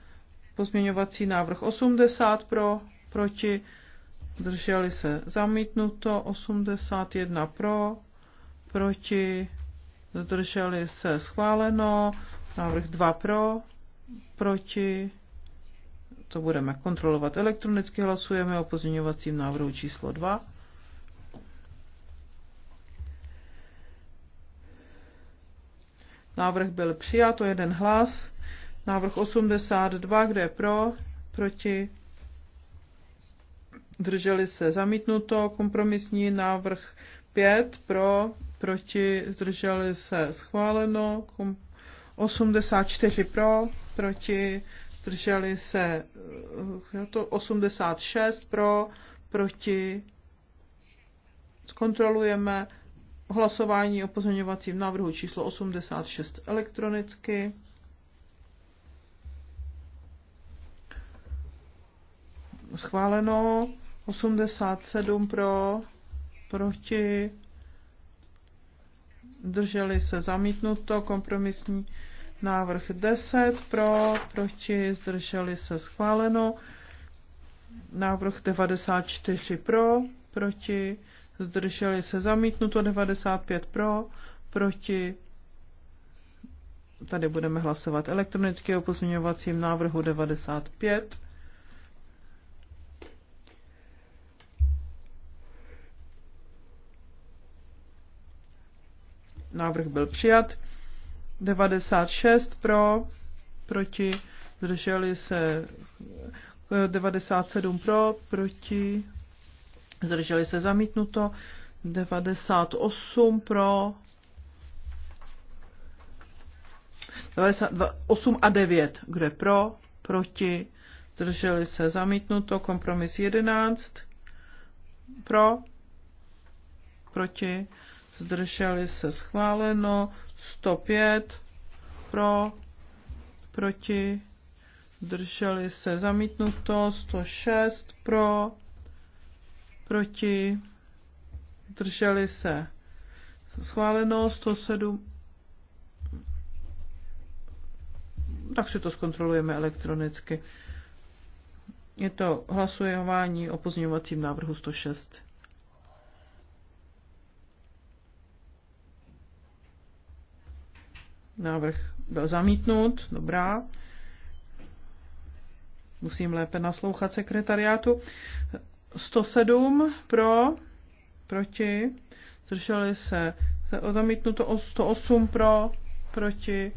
pozměňovací návrh 80 pro, proti, zdrželi se zamítnuto, 81 pro, proti, zdrželi se schváleno, návrh 2 pro, proti, to budeme kontrolovat elektronicky. Hlasujeme o pozměňovacím návrhu číslo 2. Návrh byl přijat o jeden hlas. Návrh 82, kde je pro, proti, zdrželi se zamítnuto. Kompromisní návrh 5, pro, proti, zdrželi se schváleno. 84 pro, proti, zdrželi se eh, to 86 pro, proti, zkontrolujeme hlasování o pozměňovacím návrhu číslo 86 elektronicky. Schváleno 87 pro, proti, drželi se zamítnuto, kompromisní Návrh 10 pro, proti, zdrželi se schváleno. Návrh 94 pro, proti, zdrželi se zamítnuto 95 pro, proti. Tady budeme hlasovat elektronicky o pozměňovacím návrhu 95. Návrh byl přijat. 96 pro, proti, zdrželi se 97 eh, pro, proti, zdrželi se zamítnuto, 98 pro, 8 a 9, kde pro, proti, zdrželi se zamítnuto, kompromis 11, pro, proti, zdrželi se schváleno, 105 pro, proti, drželi se zamítnuto, 106 pro, proti, drželi se schváleno, 107, tak si to zkontrolujeme elektronicky. Je to hlasování o pozměňovacím návrhu 106. Návrh byl zamítnut, dobrá. Musím lépe naslouchat sekretariátu. 107 pro, proti, zdrželi se, se zamítnuto 108 pro, proti.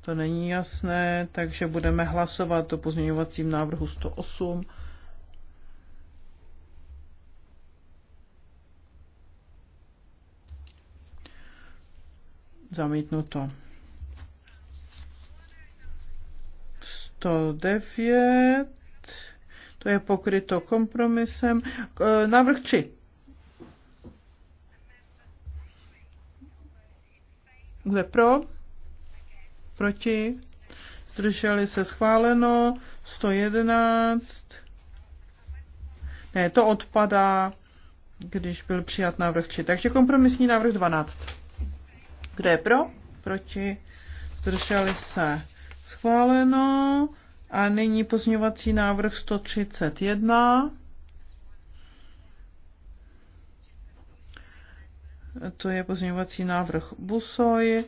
To není jasné, takže budeme hlasovat o pozměňovacím návrhu 108. zamítnuto. 109, to je pokryto kompromisem. Eh, návrh 3. Kde pro? Proti? Zdrželi se schváleno. 111. Ne, to odpadá, když byl přijat návrh 3. Takže kompromisní návrh 12. Kdo je pro? Proti? Zdrželi se? Schváleno. A nyní pozměňovací návrh 131. To je pozměňovací návrh Busoj.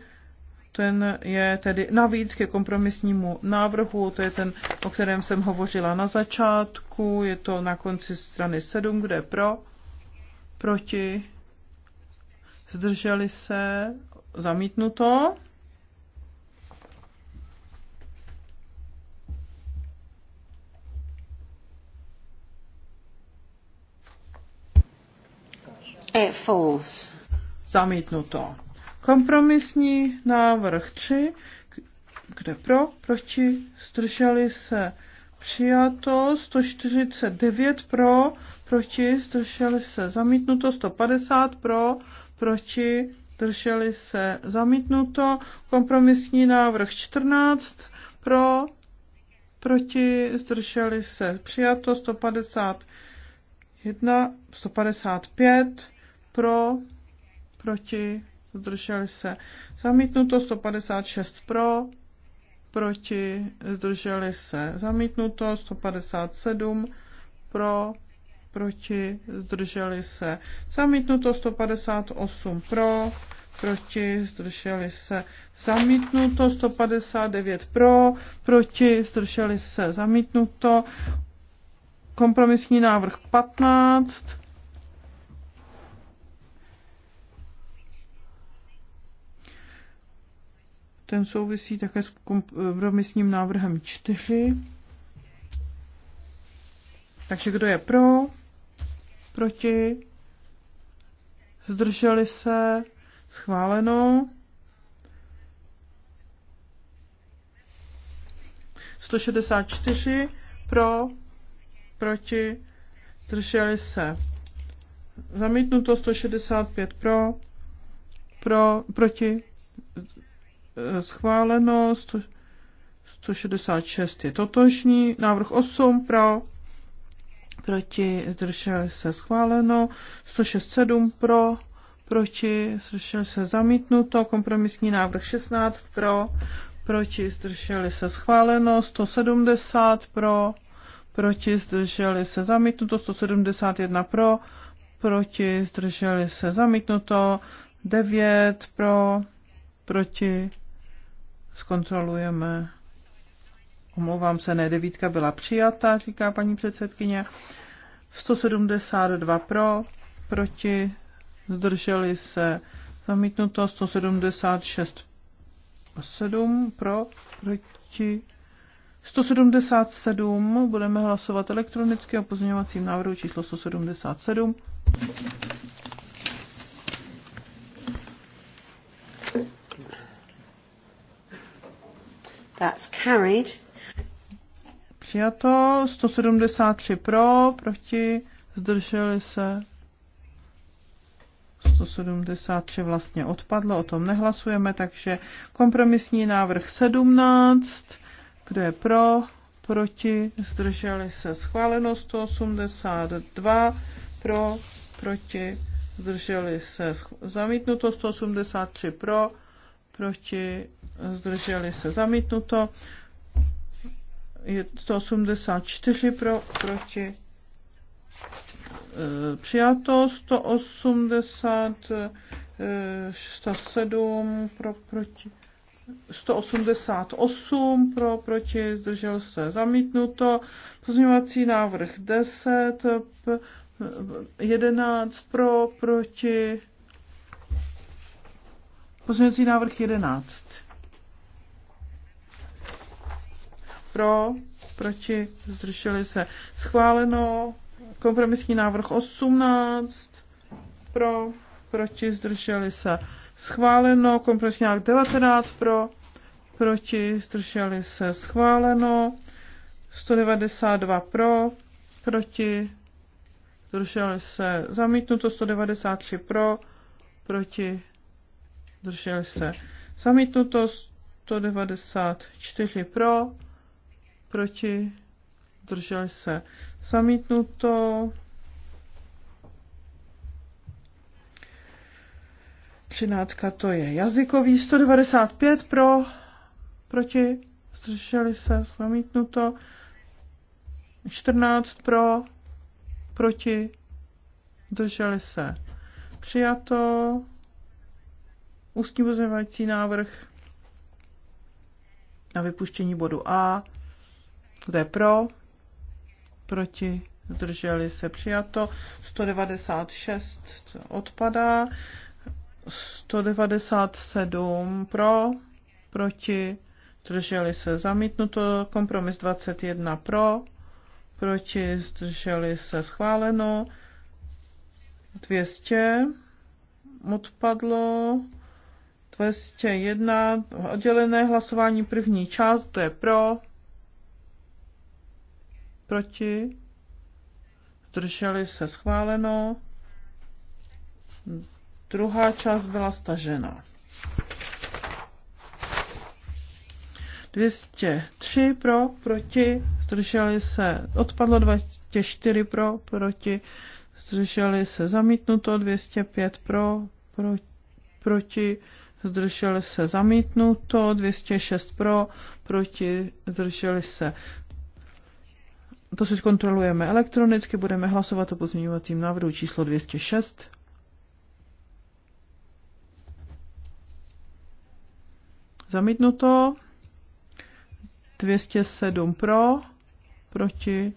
Ten je tedy navíc ke kompromisnímu návrhu, to je ten, o kterém jsem hovořila na začátku, je to na konci strany 7, kde pro, proti, zdrželi se, zamítnuto. It falls. Zamítnuto. Kompromisní návrh 3, kde pro, proti, zdrželi se přijato, 149 pro, proti, zdrželi se zamítnuto, 150 pro, proti, zdrželi se zamítnuto. Kompromisní návrh 14 pro, proti, zdrželi se přijato 151, 155 pro, proti, zdrželi se zamítnuto 156 pro, proti, zdrželi se zamítnuto 157 pro, proti, zdrželi se. Zamítnuto 158 pro, proti, zdrželi se. Zamítnuto 159 pro, proti, zdrželi se. Zamítnuto kompromisní návrh 15. Ten souvisí také s kompromisním návrhem 4. Takže kdo je pro? proti, zdrželi se, schváleno. 164 pro, proti, zdrželi se. Zamítnuto 165 pro, pro proti, eh, schváleno 166 je totožní, návrh 8 pro, proti, zdrželi se schváleno, 167 pro, proti, zdrželi se zamítnuto, kompromisní návrh 16 pro, proti, zdrželi se schváleno, 170 pro, proti, zdrželi se zamítnuto, 171 pro, proti, zdrželi se zamítnuto, 9 pro, proti, zkontrolujeme omlouvám se, ne, devítka byla přijata, říká paní předsedkyně. 172 pro, proti, zdrželi se zamítnuto 176 7 pro, proti 177 budeme hlasovat elektronicky o pozměňovacím návrhu číslo 177. That's carried přijato. 173 pro, proti, zdrželi se. 173 vlastně odpadlo, o tom nehlasujeme, takže kompromisní návrh 17. Kdo je pro? Proti, zdrželi se. Schváleno 182 pro, proti, zdrželi se. Zamítnuto 183 pro, proti, zdrželi se. Zamítnuto 184 pro, proti eh, přijato, 180, 107 eh, pro, proti 188 pro, proti, zdržel se zamítnuto. Pozměňovací návrh 10, 11 eh, pro, proti. Pozměňovací návrh 11. pro, proti, zdrželi se. Schváleno. Kompromisní návrh 18 pro, proti, zdrželi se. Schváleno. Kompromisní návrh 19 pro, proti, zdrželi se. Schváleno. 192 pro, proti, zdrželi se. Zamítnuto 193 pro, proti, zdrželi se. Zamítnuto 194 pro, proti, zdržel se zamítnuto. 13 to je jazykový, 195 pro, proti, zdrželi se, zamítnuto, 14 pro, proti, zdrželi se, přijato, ústní pozměňovací návrh na vypuštění bodu A, kdo je pro? Proti? Zdrželi se přijato. 196 odpadá. 197 pro, proti, zdrželi se zamítnuto, kompromis 21 pro, proti, zdrželi se schváleno, 200 odpadlo, 201 oddělené hlasování první část, to je pro, proti, zdrželi se schváleno, druhá část byla stažena. 203 pro, proti, zdrželi se, odpadlo 204 pro, proti, zdrželi se, zamítnuto 205 pro, pro proti, zdrželi se, zamítnuto 206 pro, proti, zdrželi se, to si zkontrolujeme elektronicky, budeme hlasovat o pozměňovacím návrhu číslo 206. Zamítnuto. 207 pro, proti,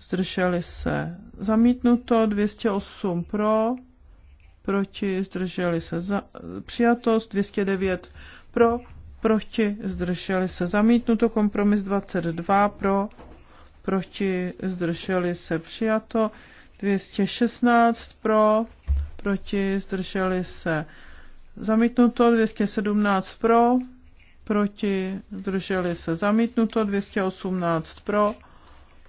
zdrželi se. Zamítnuto 208 pro, proti, zdrželi se. Za, přijatost 209 pro, proti, zdrželi se. Zamítnuto kompromis 22 pro, proti, zdrželi se přijato, 216 pro, proti, zdrželi se zamítnuto, 217 pro, proti, zdrželi se zamítnuto, 218 pro,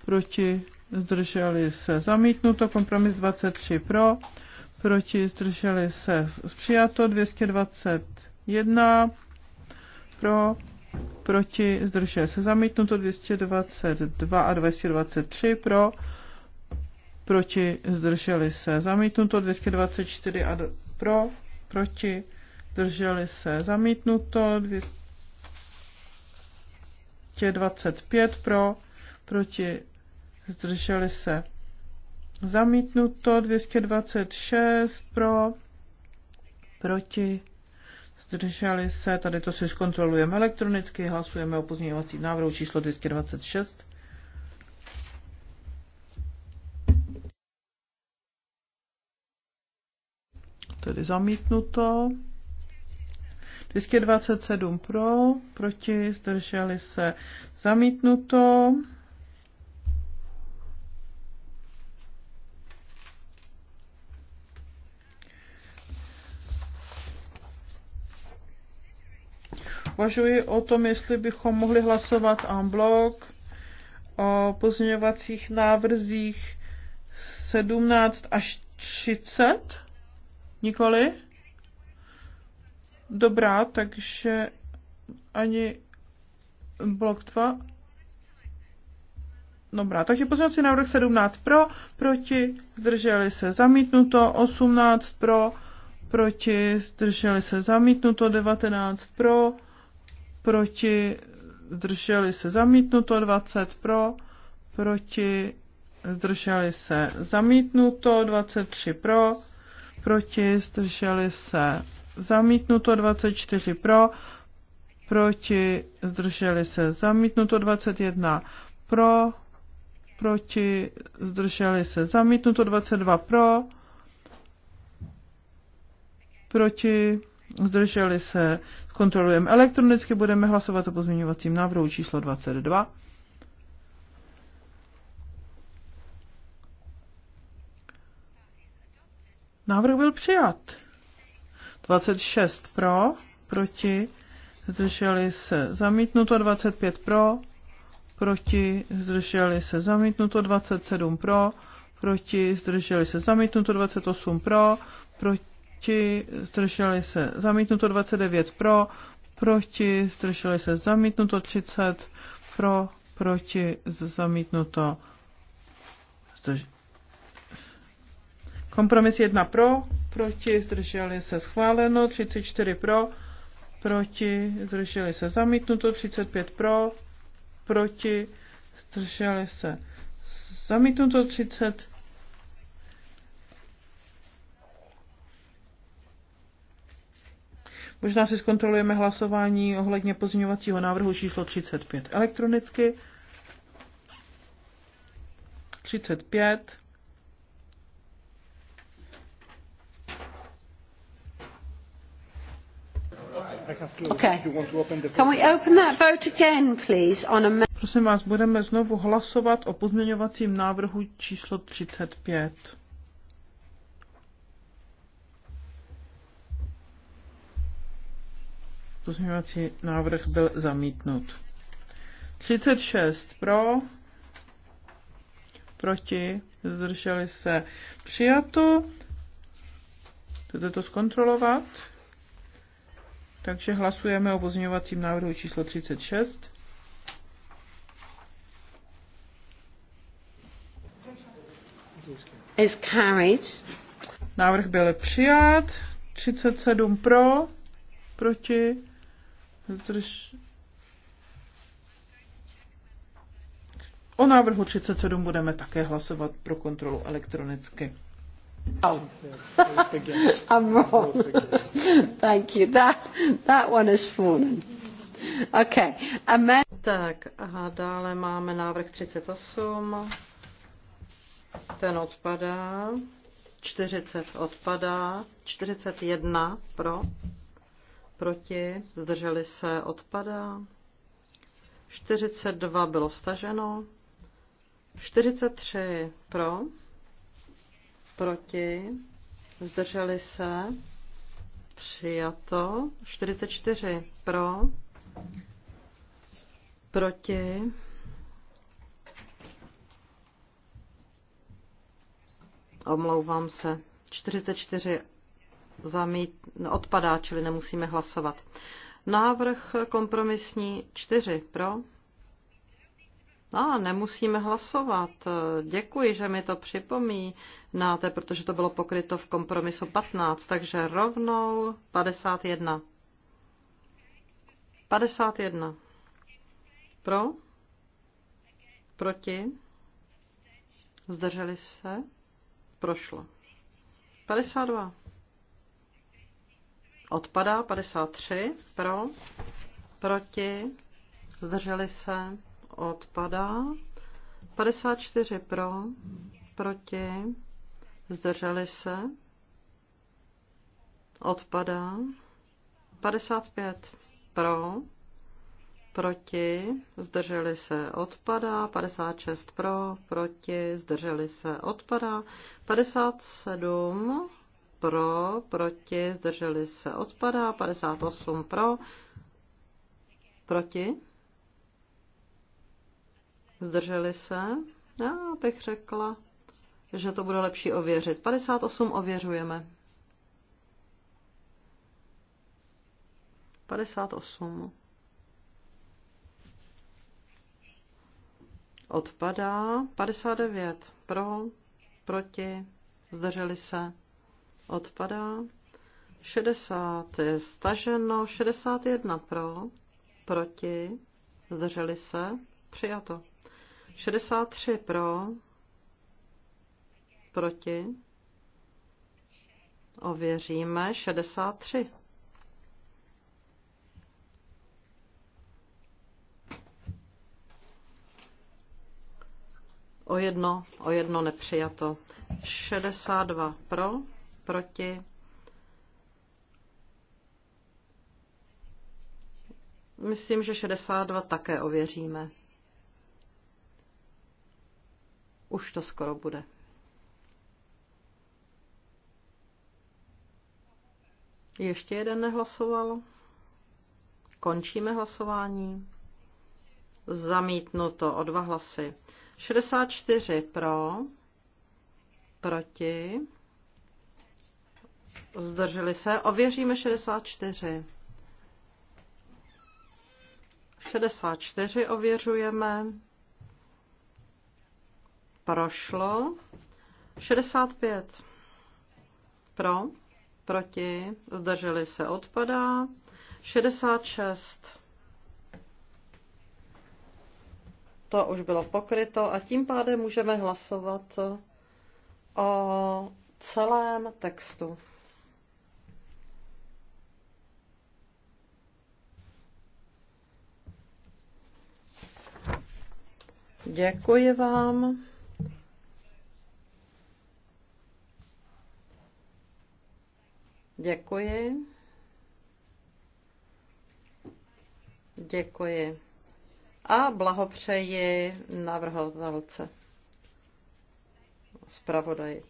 proti, zdrželi se zamítnuto, kompromis 23 pro, proti, zdrželi se přijato, 221 pro, proti, zdržuje se zamítnuto 222 a 223 pro, proti, zdrželi se zamítnuto 224 a pro, proti, zdrželi se zamítnuto 225 pro, proti, zdrželi se zamítnuto 226 pro, proti, zdrželi se, tady to si zkontrolujeme elektronicky, hlasujeme o pozměňovacím návrhu číslo 226. Tedy zamítnuto. 227 pro, proti, zdrželi se, zamítnuto. Uvažuji o tom, jestli bychom mohli hlasovat en bloc o pozměňovacích návrzích 17 až 30. Nikoli? Dobrá, takže ani blok 2. Dobrá, takže pozměňovací návrh 17 pro, proti, zdrželi se zamítnuto, 18 pro, proti, zdrželi se zamítnuto, 19 pro, proti, zdrželi se zamítnuto, 20 pro, proti, zdrželi se zamítnuto, 23 pro, proti, zdrželi se zamítnuto, 24 pro, proti, zdrželi se zamítnuto, 21 pro, proti, zdrželi se zamítnuto, 22 pro, proti, zdrželi se, kontrolujeme elektronicky, budeme hlasovat o pozměňovacím návrhu číslo 22. Návrh byl přijat. 26 pro, proti, zdrželi se, zamítnuto 25 pro, proti, zdrželi se, zamítnuto 27 pro, proti, zdrželi se, zamítnuto 28 pro, proti, proti, zdrželi se zamítnuto 29 pro, proti, zdrželi se zamítnuto 30 pro, proti, zamítnuto. Kompromis 1 pro, proti, zdrželi se schváleno, 34 pro, proti, zdrželi se zamítnuto, 35 pro, proti, zdrželi se zamítnuto, 30 Možná si zkontrolujeme hlasování ohledně pozměňovacího návrhu číslo 35 elektronicky. 35. Prosím vás, budeme znovu hlasovat o pozměňovacím návrhu číslo 35. Pozměňovací návrh byl zamítnut. 36 pro, proti, zdrželi se přijato. Chcete to zkontrolovat? Takže hlasujeme o pozměňovacím návrhu číslo 36. Is carried. Návrh byl přijat. 37 pro, proti zdrž... O návrhu 37 budeme také hlasovat pro kontrolu elektronicky. Oh. I'm wrong. Thank you. That, that one is fallen. Okay. Amen. Tak a dále máme návrh 38. Ten odpadá. 40 odpadá. 41 pro proti, zdrželi se, odpadá. 42 bylo staženo. 43 pro, proti, zdrželi se, přijato. 44 pro, proti, omlouvám se, 44 zamít, odpadá, čili nemusíme hlasovat. Návrh kompromisní 4 pro. A nemusíme hlasovat. Děkuji, že mi to připomínáte, protože to bylo pokryto v kompromisu 15, takže rovnou 51. 51. Pro? Proti? Zdrželi se? Prošlo. 52. Odpadá 53 pro, proti, zdrželi se, odpadá. 54 pro, proti, zdrželi se, odpadá. 55 pro, proti, zdrželi se, odpadá, 56 pro, proti, zdrželi se, odpadá, 57 pro, proti, zdrželi se, odpadá. 58 pro, proti, zdrželi se. Já bych řekla, že to bude lepší ověřit. 58 ověřujeme. 58. Odpadá. 59. Pro, proti, zdrželi se odpadá. 60 je staženo, 61 pro, proti, zdrželi se, přijato. 63 pro, proti, ověříme 63. O jedno, o jedno nepřijato. 62 pro, proti. Myslím, že 62 také ověříme. Už to skoro bude. Ještě jeden nehlasoval. Končíme hlasování. Zamítnuto o dva hlasy. 64 pro, proti, Zdrželi se. Ověříme 64. 64 ověřujeme. Prošlo. 65. Pro. Proti. Zdrželi se. Odpadá. 66. To už bylo pokryto a tím pádem můžeme hlasovat o celém textu. Děkuji vám. Děkuji. Děkuji. A blahopřeji navrhovatelce. Zpravodaji.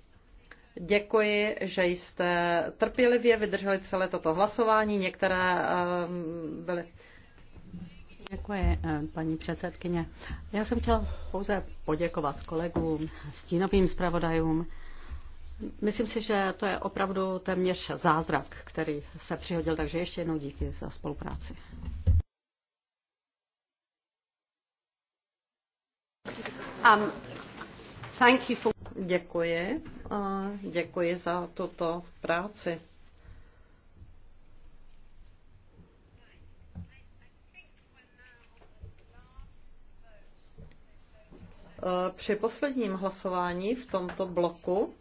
Děkuji, že jste trpělivě vydrželi celé toto hlasování. Některé um, byly Děkuji, eh, paní předsedkyně. Já jsem chtěla pouze poděkovat kolegům, stínovým zpravodajům. Myslím si, že to je opravdu téměř zázrak, který se přihodil, takže ještě jednou díky za spolupráci. Um, thank you for... Děkuji. Uh, děkuji za tuto práci. Eh, při posledním hlasování v tomto bloku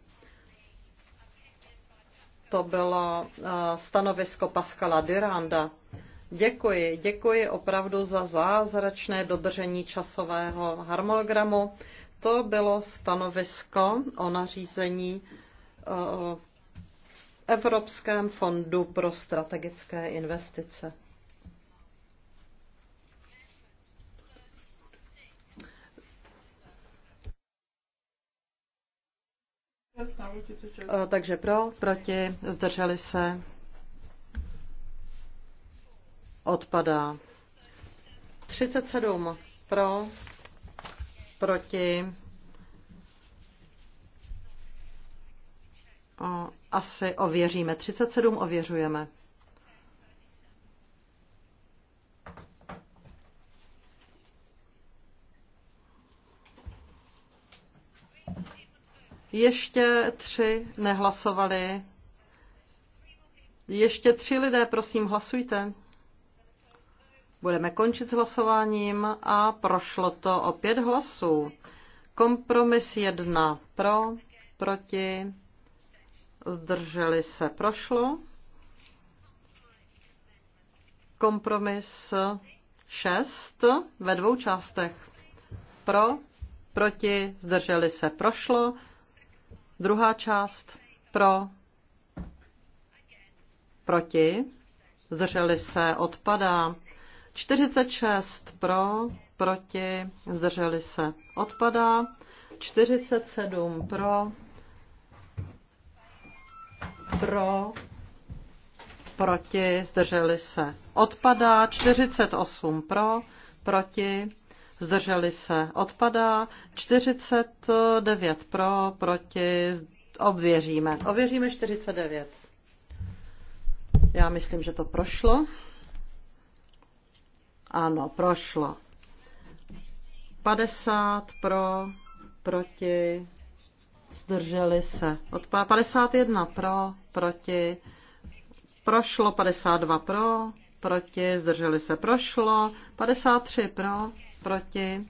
to bylo eh, stanovisko Pascala Duranda. Děkuji, děkuji opravdu za zázračné dodržení časového harmonogramu. To bylo stanovisko o nařízení eh, Evropském fondu pro strategické investice. Eh, takže pro, proti, zdrželi se. Odpadá. 37 pro, proti. Eh, asi ověříme. 37 ověřujeme. Ještě tři nehlasovali. Ještě tři lidé, prosím, hlasujte. Budeme končit s hlasováním a prošlo to o pět hlasů. Kompromis jedna pro, proti, zdrželi se, prošlo. Kompromis šest ve dvou částech. Pro, proti, zdrželi se, prošlo. Druhá část pro, proti, zdrželi se, odpadá. 46 pro, proti, zdrželi se, odpadá. 47 pro, pro, proti, zdrželi se, odpadá. 48 pro, proti, zdrželi se, odpadá. 49 pro, proti, ověříme. Ověříme 49. Já myslím, že to prošlo. Ano, prošlo. 50 pro, proti, zdrželi se. Od 51 pro, proti, prošlo, 52 pro, proti, zdrželi se, prošlo, 53 pro, proti,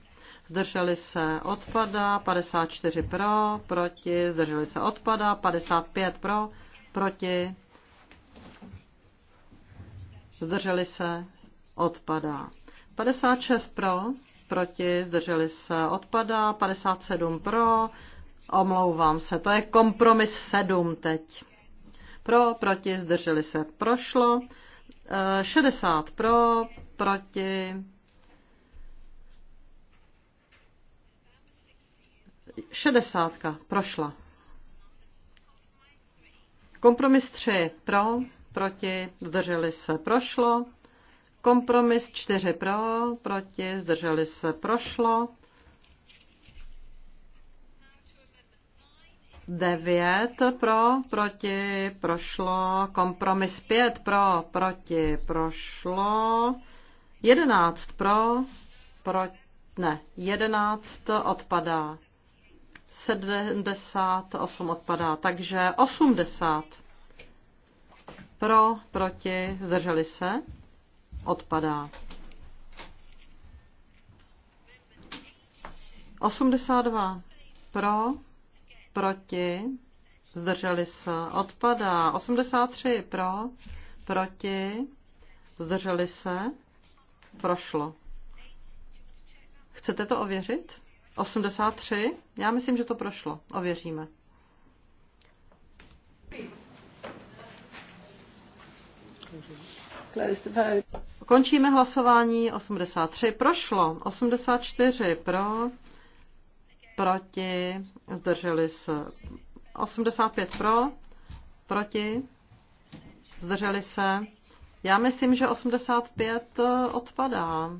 zdrželi se, odpadá, 54 pro, proti, zdrželi se, odpadá, 55 pro, proti, zdrželi se, odpadá. 56 pro, proti, zdrželi se, odpadá, 57 pro, omlouvám se, to je kompromis 7 teď. Pro, proti, zdrželi se, prošlo, 60 eh, pro, proti, šedesátka prošla. Kompromis 3 pro, proti, zdrželi se, prošlo. Kompromis 4 pro, proti, zdrželi se, prošlo. 9 pro, proti, prošlo. Kompromis 5 pro, proti, prošlo. 11 pro, proti, ne, 11 odpadá. 78 odpadá, takže 80 pro, proti, zdrželi se, odpadá. 82 pro, proti, zdrželi se, odpadá. 83 pro, proti, zdrželi se, prošlo. Chcete to ověřit? 83? Já myslím, že to prošlo. Ověříme. Končíme hlasování 83. Prošlo. 84 pro, proti, zdrželi se. 85 pro, proti, zdrželi se. Já myslím, že 85 odpadá.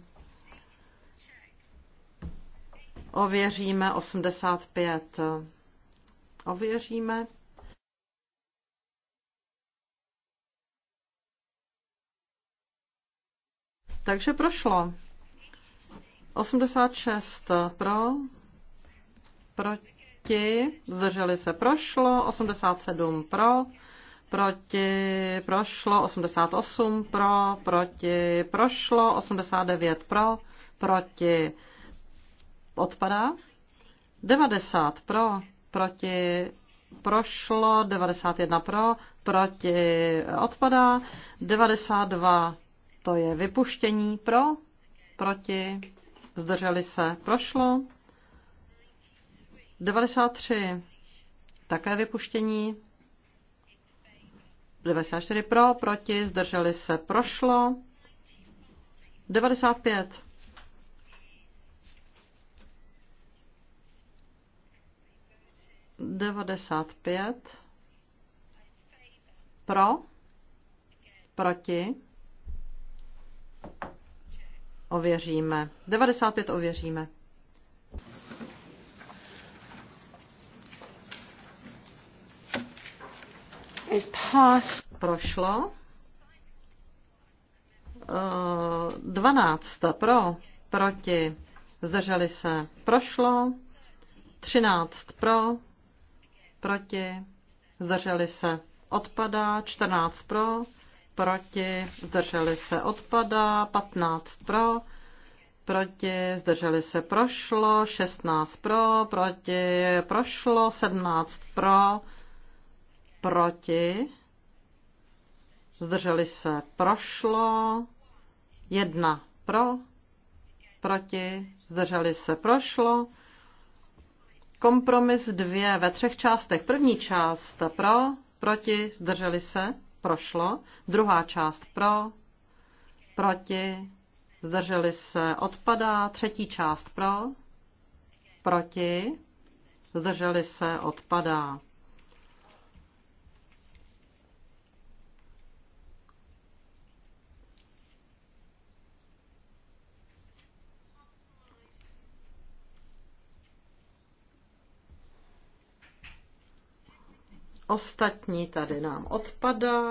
Ověříme 85. Ověříme. Takže prošlo. 86 pro, proti, zdrželi se prošlo, 87 pro, proti, prošlo, 88 pro, proti, prošlo, 89 pro, proti, odpadá. 90 pro, proti prošlo, 91 pro, proti odpadá, 92 to je vypuštění pro, proti, zdrželi se, prošlo, 93 také vypuštění, 94 pro, proti, zdrželi se, prošlo, 95 95 pro, proti, ověříme. 95 ověříme. Is passed. Prošlo. 12 eh, pro, proti, zdrželi se, prošlo. 13 pro, proti, zdrželi se, odpadá, 14 pro, proti, zdrželi se, odpadá, 15 pro, proti, zdrželi se, prošlo, 16 pro, proti, prošlo, 17 pro, proti, zdrželi se, prošlo, 1 pro, proti, zdrželi se, prošlo, Kompromis dvě ve třech částech. První část pro, proti, zdrželi se, prošlo. Druhá část pro, proti, zdrželi se, odpadá. Třetí část pro, proti, zdrželi se, odpadá. Ostatní tady nám odpadá,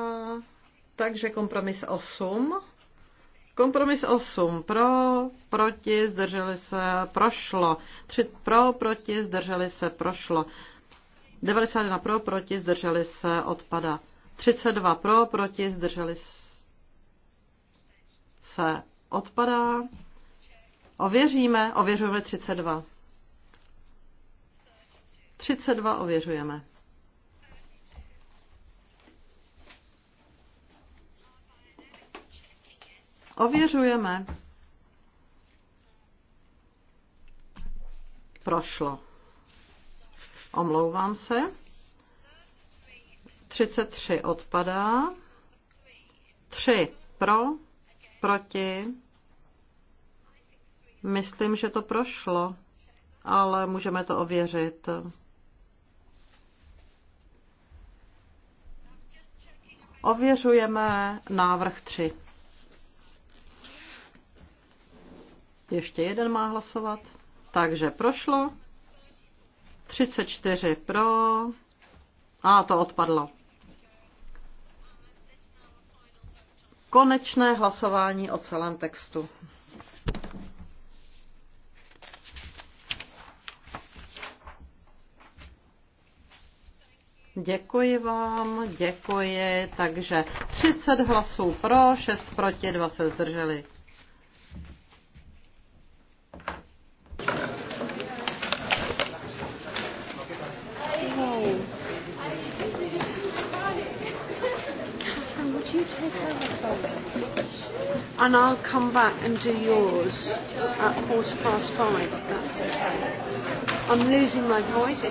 takže kompromis 8. Kompromis 8 pro, proti, zdrželi se, prošlo. 3 pro, proti, zdrželi se, prošlo. 91 pro, proti, zdrželi se, odpada. 32 pro, proti, zdrželi se, odpadá. Ověříme, ověřujeme 32. 32 ověřujeme. Ověřujeme. Prošlo. Omlouvám se. 33 odpadá. 3 pro, proti. Myslím, že to prošlo, ale můžeme to ověřit. Ověřujeme návrh 3. Ještě jeden má hlasovat. Takže prošlo. 34 pro. A to odpadlo. Konečné hlasování o celém textu. Děkuji vám, děkuji. Takže 30 hlasů pro, 6 proti, 2 se zdrželi. And I'll come back and do yours at quarter past five, that's okay. I'm losing my voice.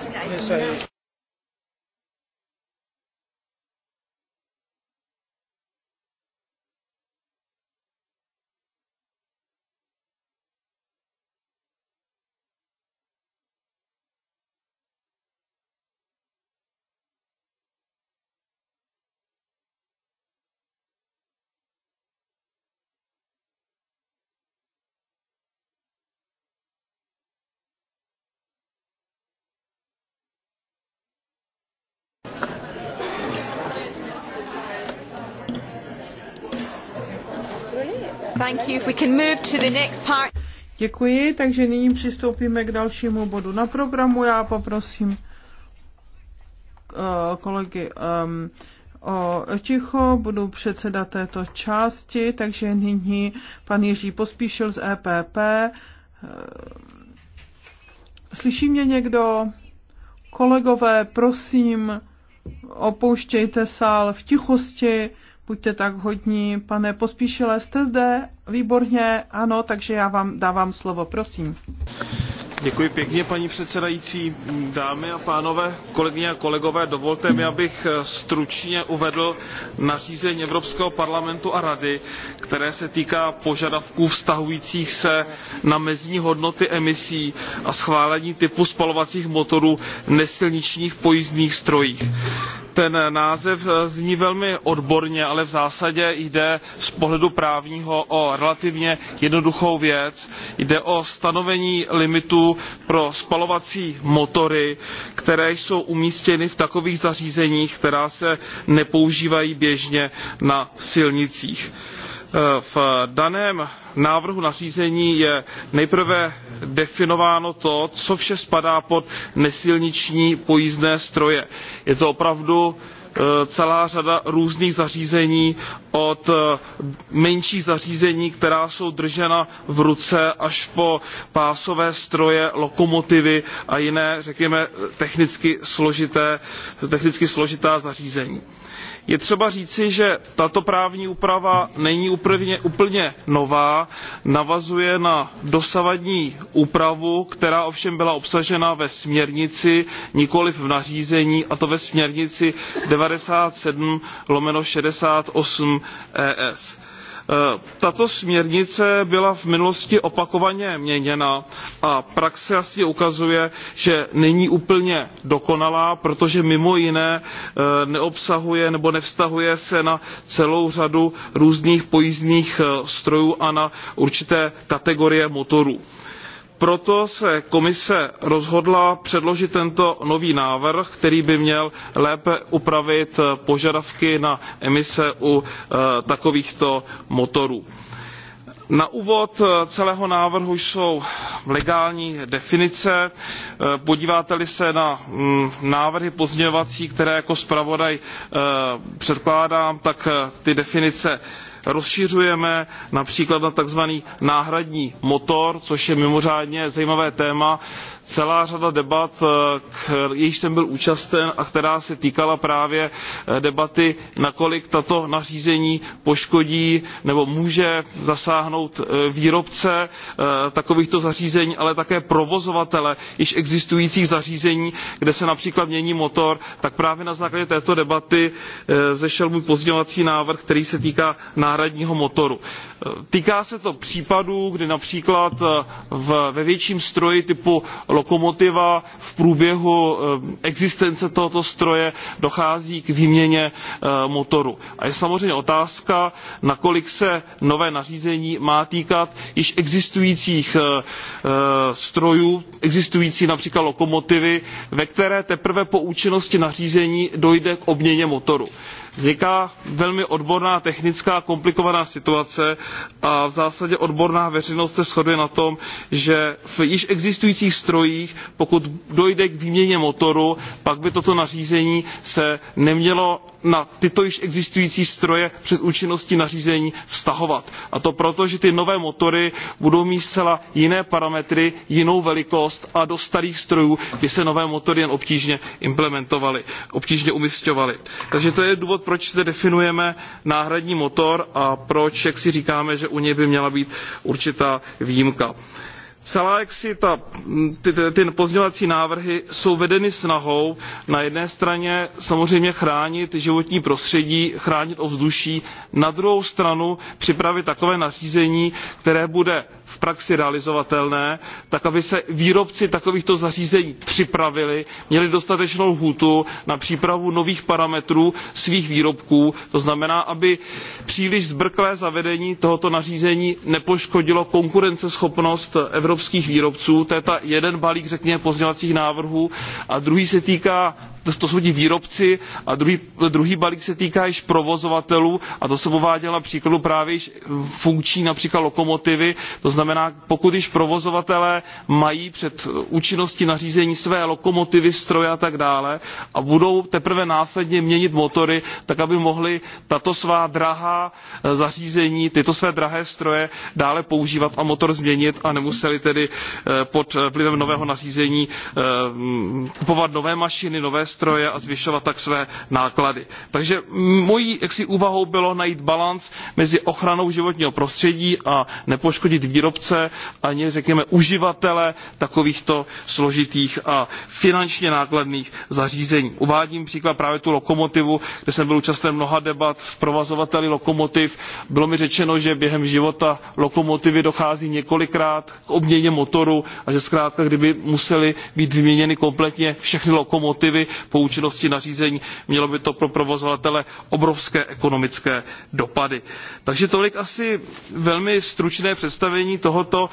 Thank you. If we can move to the next part. Děkuji, takže nyní přistoupíme k dalšímu bodu na programu. Já poprosím uh, kolegy um, o ticho, budu předseda této části, takže nyní pan Jiří Pospíšil z EPP. Eh, slyší mě někdo? Kolegové, prosím, opouštějte sál v tichosti. Buďte tak hodní, pane Pospíšile, jste zde? Výborně, ano, takže já vám dávám slovo, prosím. Děkuji pěkně, paní předsedající, a kolegyně a kolegové, dovolte mi, abych eh, stručně uvedl nařízení Evropského parlamentu a rady, které se týká požadavků vztahujících se na mezní hodnoty emisí a schválení typu spalovacích motorů v nesilničních pojízdných strojích ten název eh, zní velmi odborně ale v zásadě jde z pohledu právního o relativně jednoduchou věc jde o stanovení limitů pro spalovací motory které jsou umístěny v takových zařízeních která se nepoužívají běžně na silnicích e, v daném návrhu nařízení je nejprve definováno to co vše spadá pod nesilniční pojízdné stroje. je to opravdu Eh, celá řada různých zařízení od eh, menších zařízení která jsou držena v ruce až po pásové stroje lokomotivy a jiná řekněme eh, technicky složitá zařízení je třeba říci že tato právní úprava není úplně nová navazuje na dosavadní úpravu která ovšem byla obsažena ve směrnici nikoliv v nařízení a to ve směrnici ninety seven sixty eight es Eh, tato směrnice byla v minulosti opakovaně měněna a praxe jasně ukazuje že není úplně dokonalá protože mimo jiné eh, neobsahuje nebo nevztahuje se na celou řadu různých pojízdných eh, strojů a na určité kategorie motorů proto se komise rozhodla předložit tento nový návrh který by měl lépe upravit eh, požadavky na emise u eh, takovýchto motorů. na úvod eh, celého návrhu jsou legální definice podíváte li se na mm, návrhy pozměňovací které jako zpravodaj předkládám tak ty definice rozšiřujeme například na tzv. náhradní motor což je mimořádně zajímavé téma celá řada debat eh, jejichž jsem byl účasten a která se týkala právě eh, debaty nakolik tato nařízení poškodí nebo může zasáhnout eh, výrobce takovýchto zařízení ale také provozovatele již existujících zařízení kde se například mění motor tak právě na základě této debaty vzešel můj pozměňovací návrh který se týká náhradního náhradního motoru. E, týká se to případů kdy například e, v, ve větším stroji typu lokomotiva v průběhu e, existence tohoto stroje dochází k výměně motoru. a je samozřejmě otázka nakolik se nové nařízení má týkat již existujících strojů existující například lokomotivy ve které teprve po účinnosti nařízení dojde k obměně motoru. vzniká velmi odborná technická komplikace komplikovaná situace a v zásadě odborná veřejnost se shoduje na tom že v již existujících strojích pokud dojde k výměně motoru pak by toto nařízení se nemělo na tyto již existující stroje před účinností nařízení vztahovat. a to proto že ty nové motory budou mít zcela jiné parametry jinou velikost a do starých strojů by se nové motory jen obtížně implementovaly obtížně umisťovaly. takže to je důvod proč zde definujeme náhradní motor a proč jaksi si říkáme, že u něj by měla být určitá výjimka celá ty, pozměňovací návrhy jsou vedeny snahou na jedné straně samozřejmě chránit životní prostředí chránit ovzduší na druhou stranu připravit takové nařízení které bude v praxi realizovatelné tak aby se výrobci takovýchto zařízení připravili měli dostatečnou lhůtu na přípravu nových parametrů svých výrobků to znamená aby příliš zbrklé zavedení tohoto nařízení nepoškodilo konkurenceschopnost evropského evropských výrobců to je ten jeden balík řekněme pozměňovacích návrhů a druhý se týká to jsou ti výrobci a druhý, druhý balík se týká již provozovatelů a to jsem uváděl na příkladu právě již funkční například lokomotivy to znamená pokud již provozovatelé mají před účinností nařízení své lokomotivy stroje a tak dále a budou teprve následně měnit motory tak aby mohli tato svá drahá eh, zařízení tyto své drahé stroje dále používat a motor změnit a nemuseli tedy eh, pod eh, vlivem nového nařízení kupovat nové mašiny nové stroje a zvyšovat tak své náklady. takže mojí úvahou bylo najít balanc mezi ochranou životního prostředí a nepoškodit výrobce ani řekněme uživatele takovýchto složitých a finančně nákladných zařízení. uvádím příklad právě tu lokomotivu kde jsem byl účasten mnoha debat s provozovateli lokomotiv. bylo mi řečeno že během života lokomotivy dochází několikrát k obměně motoru a že zkrátka kdyby musely být vyměněny kompletně všechny lokomotivy po účinnosti nařízení mělo by to pro provozovatele obrovské ekonomické dopady. takže tolik asi velmi stručné představení tohoto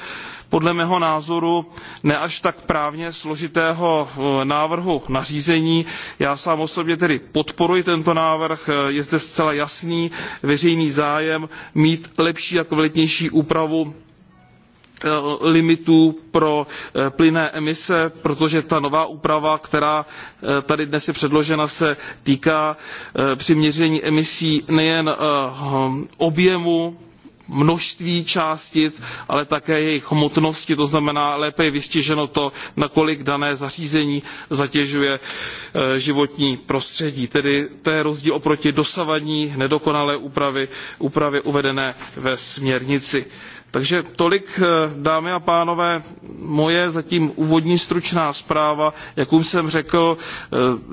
podle mého názoru ne až tak právně složitého eh, návrhu nařízení. já sám osobně tedy podporuji tento návrh eh, je zde zcela jasný veřejný zájem mít lepší a kvalitnější úpravu Eh, limitů pro eh, plynné emise protože ta nová úprava která eh, tady dnes je předložena se týká přiměření emisí nejen hm, objemu množství částic ale také jejich hmotnosti to znamená lépe je vystiženo to nakolik dané zařízení zatěžuje životní prostředí. tedy to je rozdíl oproti dosavadní nedokonalé úpravě uvedené ve směrnici takže tolik eh, dámy a pánové moje zatím úvodní stručná zpráva jak už jsem řekl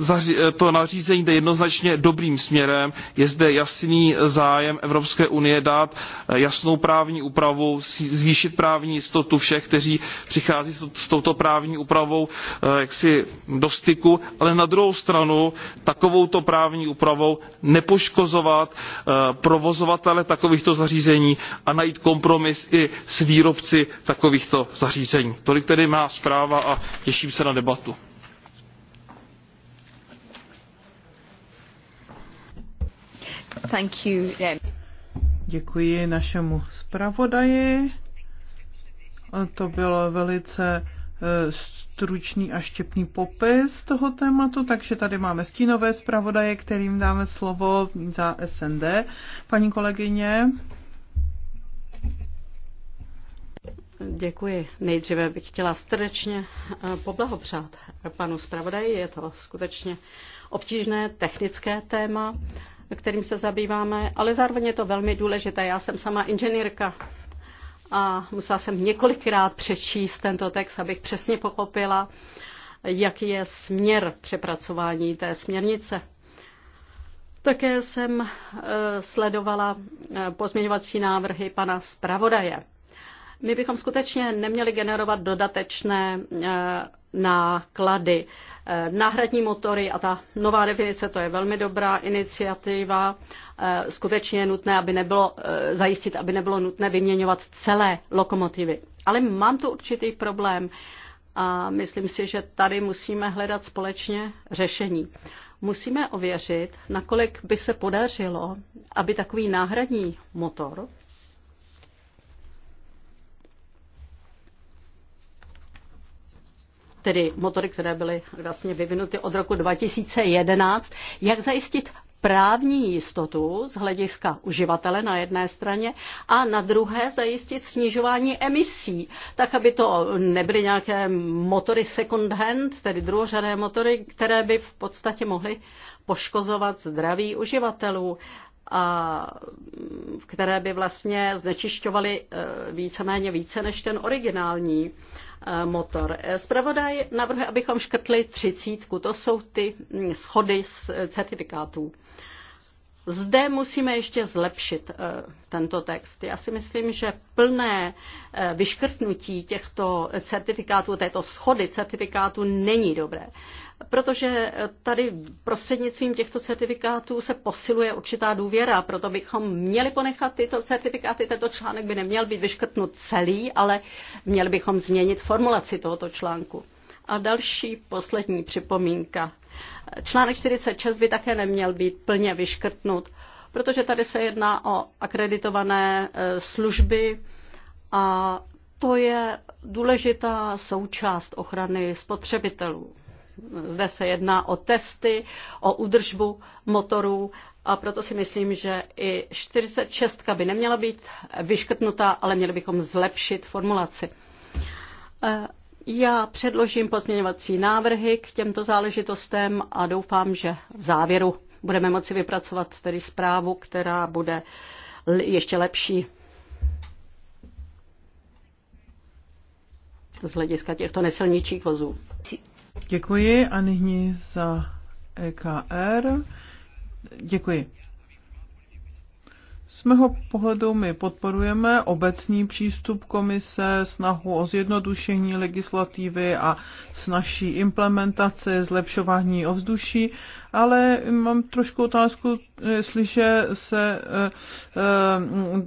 eh, eh, to nařízení jde jednoznačně dobrým směrem je zde jasný zájem evropské unie dát jasnou právní úpravu zvýšit právní jistotu všech kteří přichází s touto právní úpravou do styku ale na druhou stranu takovouto právní úpravou nepoškozovat provozovatele takovýchto zařízení a najít kompromis i s výrobci takovýchto zařízení. tolik tedy má zpráva a těším se na debatu. Děkuji našemu zpravodaji. To byl velice eh, stručný a štěpný popis toho tématu, takže tady máme stínové zpravodaje, kterým dáme slovo za SND. Paní kolegyně. Děkuji. Nejdříve bych chtěla srdečně eh, poblahopřát panu zpravodaji. Je to skutečně obtížné technické téma, kterým se zabýváme, ale zároveň je to velmi důležité. Já jsem sama inženýrka a musela jsem několikrát přečíst tento text, abych přesně pochopila, jaký je směr přepracování té směrnice. Také jsem eh, sledovala eh, pozměňovací návrhy pana zpravodaje. My bychom skutečně neměli generovat dodatečné eh, náklady. Eh, náhradní motory a ta nová definice, to je velmi dobrá iniciativa. Eh, skutečně je nutné, aby nebylo, zajistit, aby nebylo nutné vyměňovat celé lokomotivy. Ale mám tu určitý problém a myslím si, že tady musíme hledat společně řešení. Musíme ověřit, nakolik by se podařilo, aby takový náhradní motor tedy motory, které byly vlastně vyvinuty od roku 2011, jak zajistit právní jistotu z hlediska uživatele na jedné straně a na druhé zajistit snižování emisí, tak aby to nebyly nějaké motory second hand, tedy druhořadé motory, které by v podstatě mohly poškozovat zdraví uživatelů a které by vlastně znečišťovaly eh, víceméně více než ten originální. E, motor. Zpravodaj navrhuje, abychom škrtli třicítku. To jsou ty mm, schody z certifikátů. Zde musíme ještě zlepšit eh, tento text. Já si myslím, že plné eh, vyškrtnutí těchto certifikátů, této schody certifikátů není dobré. Protože eh, tady prostřednictvím těchto certifikátů se posiluje určitá důvěra, proto bychom měli ponechat tyto certifikáty, tento článek by neměl být vyškrtnut celý, ale měli bychom změnit formulaci tohoto článku. A další poslední připomínka. Článek 46 by také neměl být plně vyškrtnut, protože tady se jedná o akreditované e, služby a to je důležitá součást ochrany spotřebitelů. Zde se jedná o testy, o udržbu motorů a proto si myslím, že i 46 by neměla být vyškrtnutá, ale měli bychom zlepšit formulaci. E, já předložím pozměňovací návrhy k těmto záležitostem a doufám, že v závěru budeme moci vypracovat tedy zprávu, která bude ještě lepší z hlediska těchto nesilničích vozů. Děkuji a nyní za EKR. Děkuji. Z mého pohledu my podporujeme obecný přístup komise, snahu o zjednodušení legislativy a snažší implementace, zlepšování ovzduší, ale mám trošku otázku, jestliže se e, e,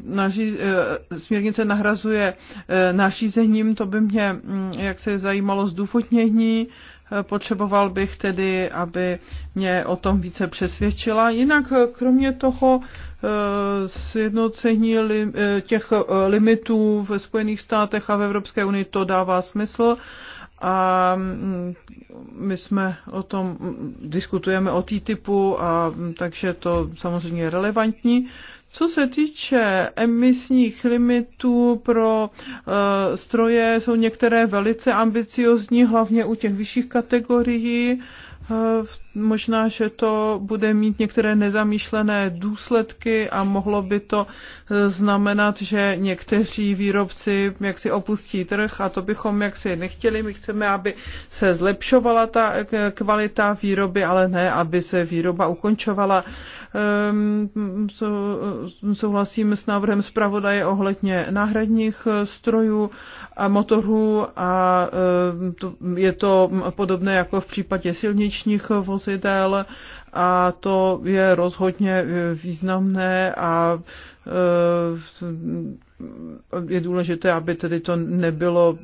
naří, e, směrnice nahrazuje nařízením, to by mě, mm, jak se zajímalo, zdůvodnění, potřeboval bych tedy, aby mě o tom více přesvědčila. Jinak kromě toho sjednocení eh, těch eh, limitů ve Spojených státech a v Evropské unii, to dává smysl. A mm, my jsme o tom, mm, diskutujeme o TTIPu, a mm, takže to samozřejmě je relevantní. Co se týče emisních limitů pro eh, stroje, jsou některé velice ambiciozní, hlavně u těch vyšších kategorií. Eh, možná, že to bude mít některé nezamýšlené důsledky a mohlo by to eh, znamenat, že někteří výrobci jaksi opustí trh a to bychom jaksi nechtěli. My chceme, aby se zlepšovala ta eh, kvalita výroby, ale ne, aby se výroba ukončovala. Ehm, souhlasím s návrhem zpravodaje ohledně náhradních eh, strojů a motorů a ehm, je to podobné jako v případě silničních vozidel a to je rozhodně eh, významné a eh, je důležité, aby tedy to nebylo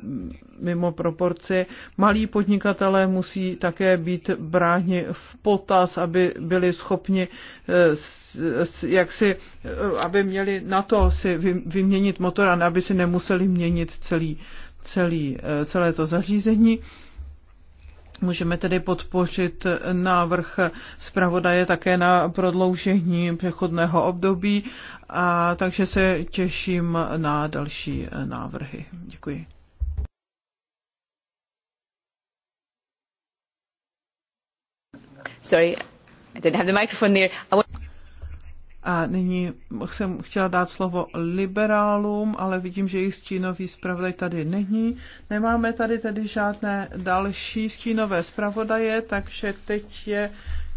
mimo proporci. Malí podnikatelé musí také být bráni v potaz, aby byli schopni eh, jak si, eh, aby měli na to si vyměnit motor a aby si nemuseli měnit celý, celý, eh, celé to zařízení. Můžeme tedy podpořit návrh zpravodaje také na prodloužení přechodného období a takže se těším na další eh, návrhy. Děkuji. Sorry, I didn't have the microphone there. I was... A nyní jsem chtěla dát slovo liberálům, ale vidím, že jejich stínový zpravodaj tady není. Nemáme tady tedy žádné další stínové zpravodaje, takže teď je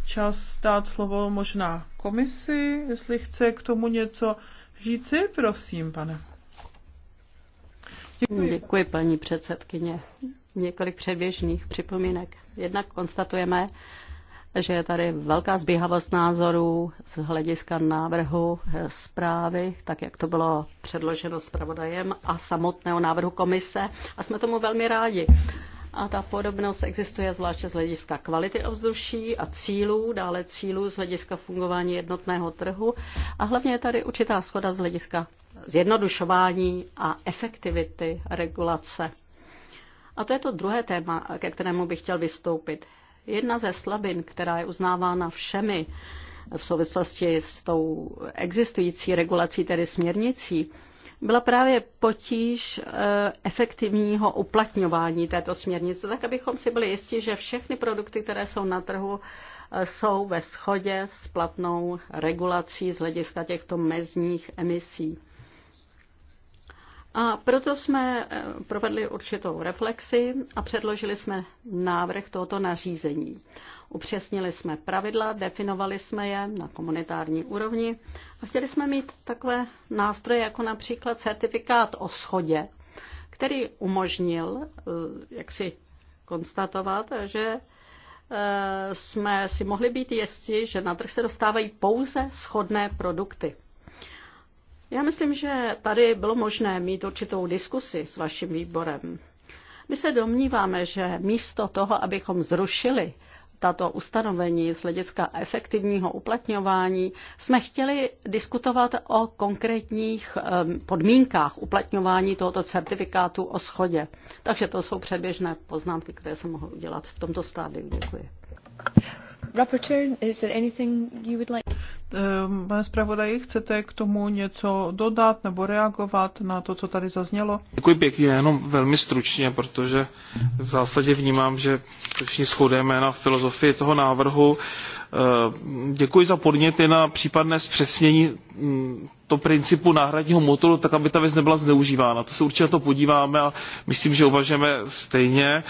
čas dát slovo možná komisi, jestli chce k tomu něco říci, prosím, pane. Děkuji. Děkuji, paní předsedkyně. Několik předběžných připomínek. Jednak konstatujeme, že je tady velká zběhavost názorů z hlediska návrhu eh, zprávy, tak jak to bylo předloženo zpravodajem a samotného návrhu komise a jsme tomu velmi rádi a ta podobnost existuje zvláště z hlediska kvality ovzduší a cílů, dále cílů z hlediska fungování jednotného trhu a hlavně je tady určitá schoda z hlediska zjednodušování a efektivity regulace. A to je to druhé téma, ke kterému bych chtěl vystoupit. Jedna ze slabin, která je uznávána všemi v souvislosti s tou existující regulací, tedy směrnicí, byla právě potíž eh, efektivního uplatňování této směrnice, tak abychom si byli jistí, že všechny produkty, které jsou na trhu, eh, jsou ve shodě s platnou regulací z hlediska těchto mezních emisí. A proto jsme eh, provedli určitou reflexi a předložili jsme návrh tohoto nařízení. Upřesnili jsme pravidla, definovali jsme je na komunitární úrovni a chtěli jsme mít takové nástroje, jako například certifikát o schodě, který umožnil, eh, jak si konstatovat, že eh, jsme si mohli být jistí, že na trh se dostávají pouze schodné produkty. Já myslím, že tady bylo možné mít určitou diskusi s vaším výborem. My se domníváme, že místo toho, abychom zrušili tato ustanovení z hlediska efektivního uplatňování, jsme chtěli diskutovat o konkrétních podmínkách uplatňování tohoto certifikátu o schodě. Takže to jsou předběžné poznámky, které se mohou udělat v tomto stádiu. Děkuji. Ehm, pane zpravodaji, chcete k tomu něco dodat nebo reagovat na to, co tady zaznělo? Děkuji pěkně, jenom velmi stručně, protože v zásadě vnímám, že všichni shodujeme na filozofii toho návrhu. Eh, děkuji za podněty na případné zpřesnění mm, toho principu náhradního motoru, tak aby ta věc nebyla zneužívána. To se určitě to podíváme a myslím, že uvažujeme stejně.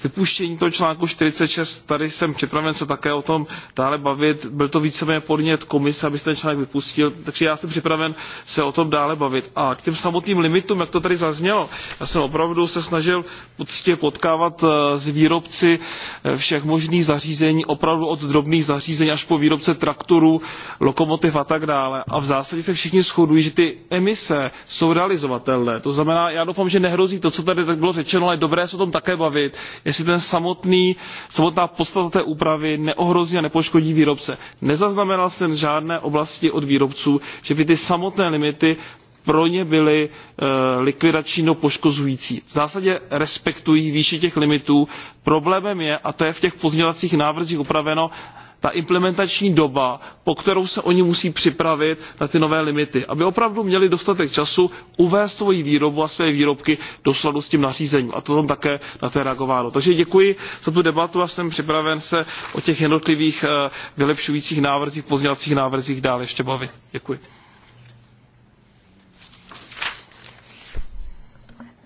K vypuštění toho článku six tady jsem připraven se také o tom dále bavit. Byl to víceméně podnět komise, aby se ten článek vypustil, takže já jsem připraven se o tom dále bavit. A k těm samotným limitům, jak to tady zaznělo, já jsem opravdu se snažil poctivě potkávat eh, s výrobci eh, všech možných zařízení, opravdu od drobných zařízení řízení až po výrobce traktorů, lokomotiv a tak dále. A v zásadě se všichni shodují, že ty emise jsou realizovatelné. To znamená, já doufám, že nehrozí to, co tady tak bylo řečeno, ale je dobré se o tom také bavit, jestli ten samotný, samotná podstata té úpravy neohrozí a nepoškodí výrobce. Nezaznamenal jsem žádné oblasti od výrobců, že by ty samotné limity pro ně byly e, likvidační nebo poškozující. v zásadě respektují výši těch limitů. problémem je a to je v těch pozměňovacích návrzích upraveno ta implementační doba po kterou se oni musí připravit na ty nové limity aby opravdu měli dostatek času uvést svoji výrobu a své výrobky do souladu s tím nařízením a to tam také na to je reagováno. takže děkuji za tu debatu a jsem připraven se o těch jednotlivých eh, vylepšujících návrzích pozměňovacích návrzích dále ještě bavit. děkuji.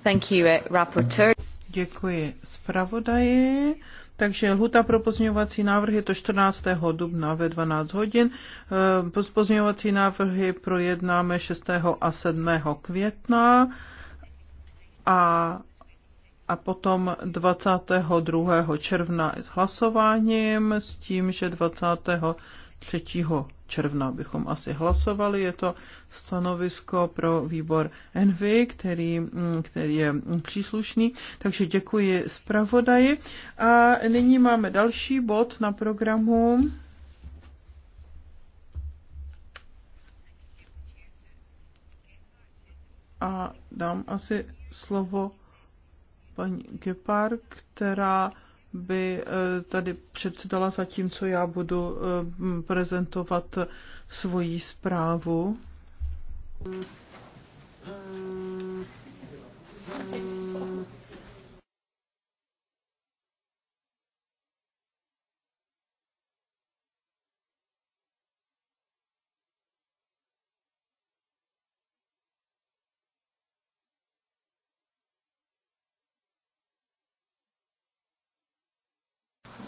Thank you, eh, Rapporteur. Děkuji zpravodaji. Takže lhuta pro pozměňovací návrhy je to 14. dubna ve 12 hodin. Ehm, pozměňovací návrhy projednáme 6. a 7. května a, a potom 22. června s hlasováním s tím, že 23 června bychom asi hlasovali. Je to stanovisko pro výbor Envy, který, mm, který je příslušný. Takže děkuji zpravodaji. A nyní máme další bod na programu. A dám asi slovo paní Gepar, která by eh, tady předsedala zatímco já budu eh, prezentovat svoji zprávu. Mm. Mm.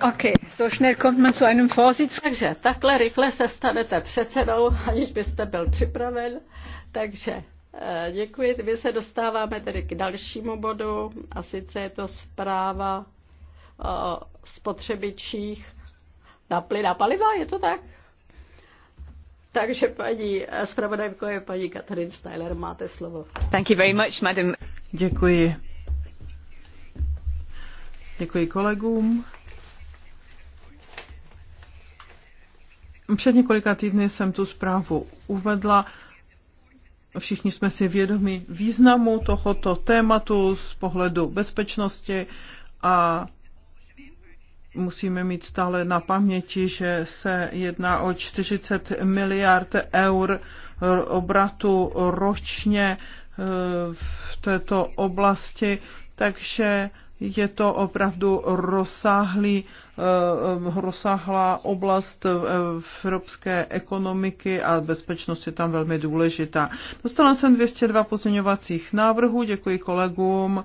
Okay, so schnell kommt man zu einem Vorsitz. Takže takhle rychle se stanete předsedou, aniž byste byl připraven. Takže eh, děkuji. My se dostáváme tedy k dalšímu bodu a sice je to zpráva o eh, spotřebičích na plyn a paliva, je to tak? Takže paní eh, zpravodajko je paní Katrin Styler, máte slovo. Thank you very much, madam. Děkuji. Děkuji kolegům. Před několika týdny jsem tu zprávu uvedla. Všichni jsme si vědomi významu tohoto tématu z pohledu bezpečnosti a musíme mít stále na paměti, že se jedná o 40 miliard eur obratu ročně eh, v této oblasti takže je to opravdu rozsáhlý, eh, eh, rozsáhlá oblast eh, v evropské ekonomiky a bezpečnost je tam velmi důležitá. Dostala jsem 202 pozměňovacích návrhů, děkuji kolegům,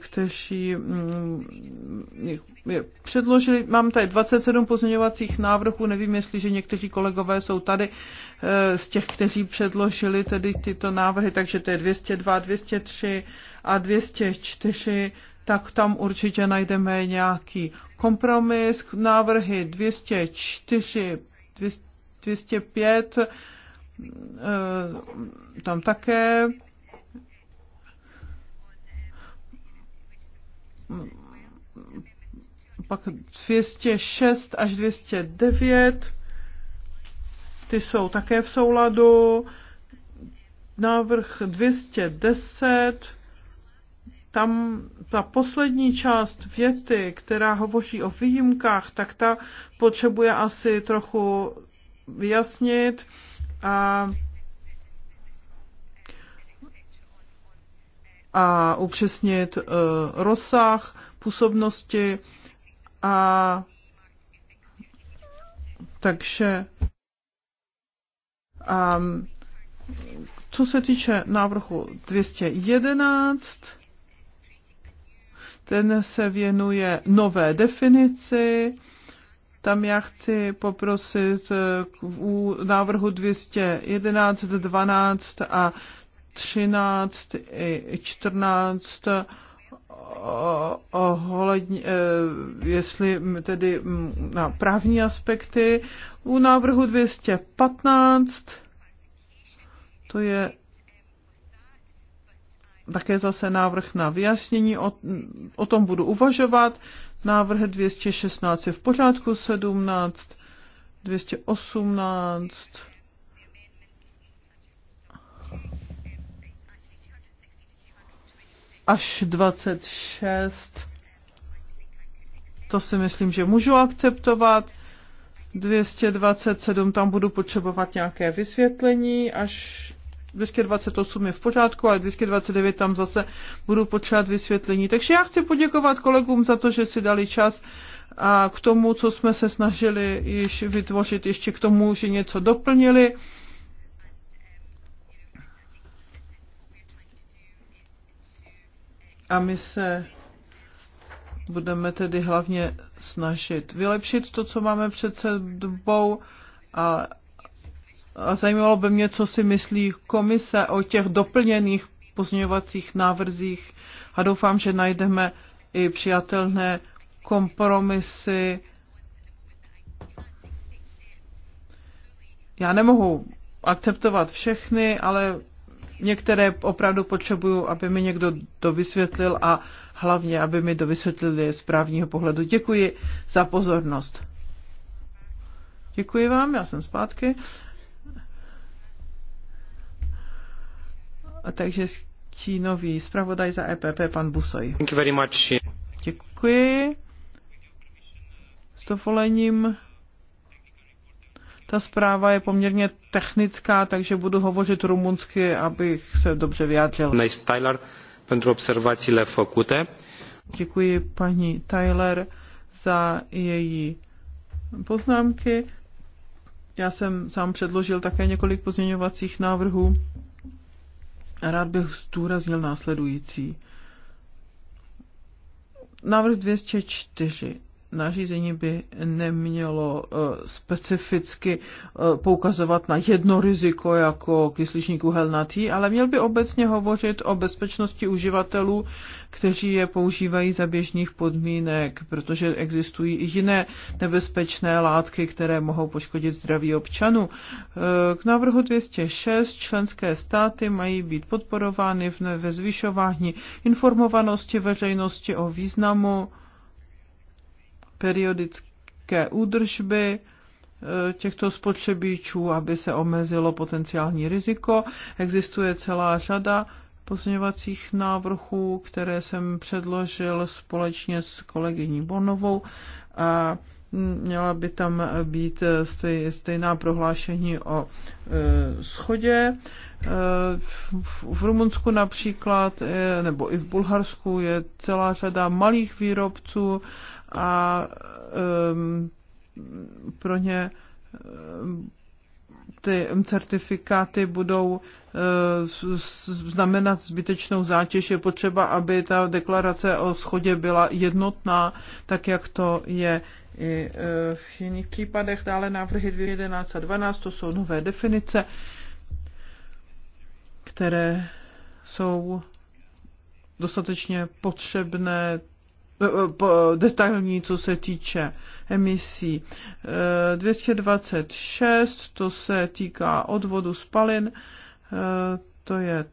kteří mm, předložili. Mám tady 27 pozměňovacích návrhů, nevím, jestli, že někteří kolegové jsou tady z těch, kteří předložili tedy tyto návrhy, takže to je 202, 203, a 204, tak tam určitě najdeme nějaký kompromis. Návrhy 204, 205, eh, tam také pak 206 až 209, ty jsou také v souladu. Návrh 210, tam ta poslední část věty, která hovoří o výjimkách, tak ta potřebuje asi trochu vyjasnit a, a upřesnit uh, rozsah působnosti a takže um, co se týče návrhu 211, ten se věnuje nové definici. Tam já chci poprosit eh, u návrhu 211, 12 a 13 i 14 eh, ohledně, eh, jestli tedy na právní aspekty. U návrhu 215 to je také zase návrh na vyjasnění, o, o tom budu uvažovat. Návrh 216 je v pořádku, 17, 218. Až 26. To si myslím, že můžu akceptovat. 227, tam budu potřebovat nějaké vysvětlení, až 228 je v pořádku, ale 229 tam zase budu potřebovat vysvětlení. Takže já chci poděkovat kolegům za to, že si dali čas a k tomu, co jsme se snažili již vytvořit, ještě k tomu, že něco doplnili. A my se budeme tedy hlavně snažit vylepšit to, co máme před sebou a a zajímalo by mě, co si myslí komise o těch doplněných pozměňovacích návrzích a doufám, že najdeme i přijatelné kompromisy. Já nemohu akceptovat všechny, ale některé opravdu potřebuju, aby mi někdo dovysvětlil a hlavně, aby mi dovysvětlili z právního pohledu. Děkuji za pozornost. Děkuji vám, já jsem zpátky. takže zpravodaj za EPP, pan Busoj. Thank you very much. Děkuji. S dovolením. Ta zpráva je poměrně technická, takže budu hovořit rumunsky, abych se dobře vyjádřil. Tyler, pentru observațiile făcute. Děkuji paní Tyler za její poznámky. Já jsem sám předložil také několik pozměňovacích návrhů rád bych zdůraznil následující. Návrh 204 nařízení by nemělo eh, specificky eh, poukazovat na jedno riziko jako kysličník uhelnatý, ale měl by obecně hovořit o bezpečnosti uživatelů, kteří je používají za běžných podmínek, protože existují i jiné nebezpečné látky, které mohou poškodit zdraví občanů. Eh, k návrhu 206 členské státy mají být podporovány ve zvyšování informovanosti veřejnosti o významu periodické údržby eh, těchto spotřebičů, aby se omezilo potenciální riziko. Existuje celá řada pozměňovacích návrhů, které jsem předložil společně s kolegyní Bonovou a měla by tam být stejná prohlášení o eh, schodě. Eh, v Rumunsku například, nebo i v Bulharsku je celá řada malých výrobců a um, pro ně um, ty certifikáty budou eh, znamenat zbytečnou zátěž. Je potřeba, aby ta deklarace o schodě byla jednotná, tak jak to je i eh, v jiných případech. Dále návrhy 211 a 12, to jsou nové definice, které jsou dostatečně potřebné detailní, co se týče emisí. 226, eh, to se týká odvodu spalin, eh, to je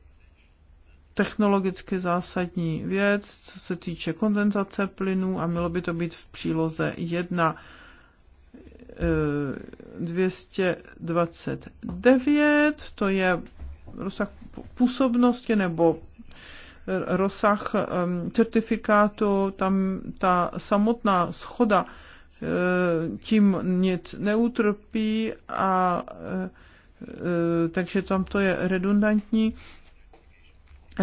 technologicky zásadní věc, co se týče kondenzace plynů a mělo by to být v příloze 1 229, eh, to je rozsah působnosti nebo rozsah certifikátu, tam ta samotná schoda eh, tím nic neutrpí a eh, eh, takže tam to je redundantní.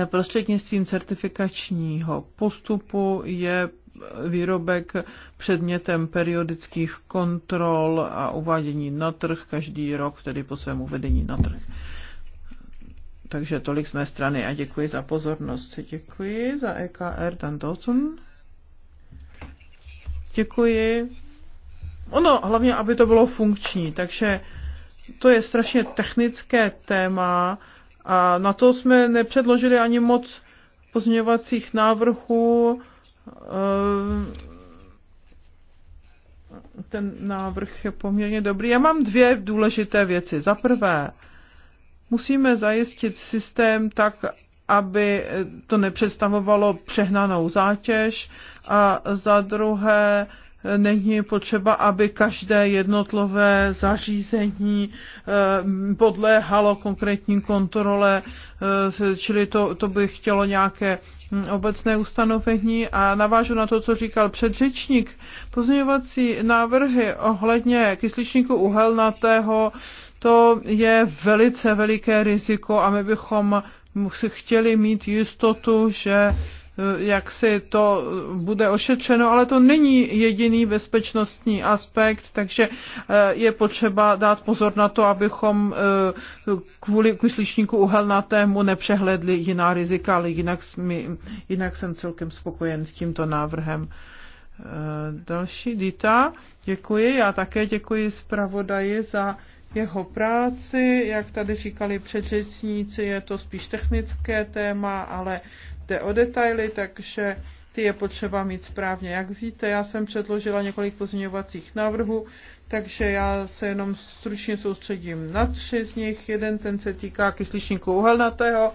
Prostřednictvím certifikačního postupu je výrobek předmětem periodických kontrol a uvádění na trh každý rok, tedy po svém uvedení na trh. Takže tolik z mé strany a děkuji za pozornost. Děkuji za EKR Dan Dalton. Děkuji. Ono, hlavně, aby to bylo funkční, takže to je strašně technické téma a na to jsme nepředložili ani moc pozměňovacích návrhů. Ehm, ten návrh je poměrně dobrý. Já mám dvě důležité věci. Za prvé, Musíme zajistit systém tak, aby to nepředstavovalo přehnanou zátěž a za druhé není potřeba, aby každé jednotlové zařízení eh, podléhalo konkrétní kontrole, eh, čili to, to by chtělo nějaké hm, obecné ustanovení a navážu na to, co říkal předřečník. Pozměňovací návrhy ohledně kysličníku uhelnatého to je velice veliké riziko a my bychom chtěli mít jistotu, že eh, jak si to bude ošetřeno, ale to není jediný bezpečnostní aspekt, takže eh, je potřeba dát pozor na to, abychom eh, kvůli kysličníku uhelnatému nepřehledli jiná rizika, ale jinak, jsme, jinak jsem celkem spokojen s tímto návrhem. Další Dita, děkuji. Já také děkuji zpravodaji za jeho práci. Jak tady říkali předřečníci, je to spíš technické téma, ale jde o detaily, takže ty je potřeba mít správně. Jak víte, já jsem předložila několik pozměňovacích návrhů, takže já se jenom stručně soustředím na tři z nich. Jeden ten se týká kysličníku uhelnatého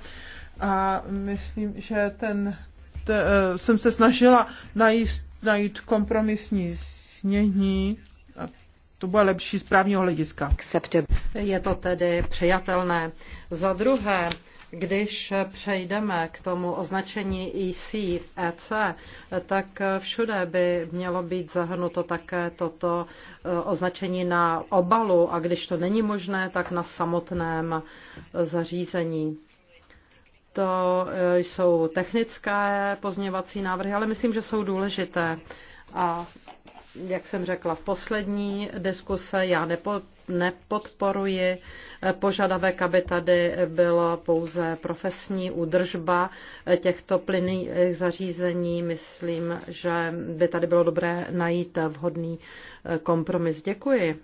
a myslím, že ten t, eh, jsem se snažila najít, najít kompromisní znění to bude lepší z právního hlediska. Je to tedy přijatelné. Za druhé, když přejdeme k tomu označení EC, EC, tak všude by mělo být zahrnuto také toto eh, označení na obalu a když to není možné, tak na samotném eh, zařízení. To eh, jsou technické pozměvací návrhy, ale myslím, že jsou důležité. A jak jsem řekla v poslední diskuse, já nepo, nepodporuji požadavek, aby tady byla pouze profesní údržba těchto plynných zařízení. Myslím, že by tady bylo dobré najít vhodný kompromis. Děkuji.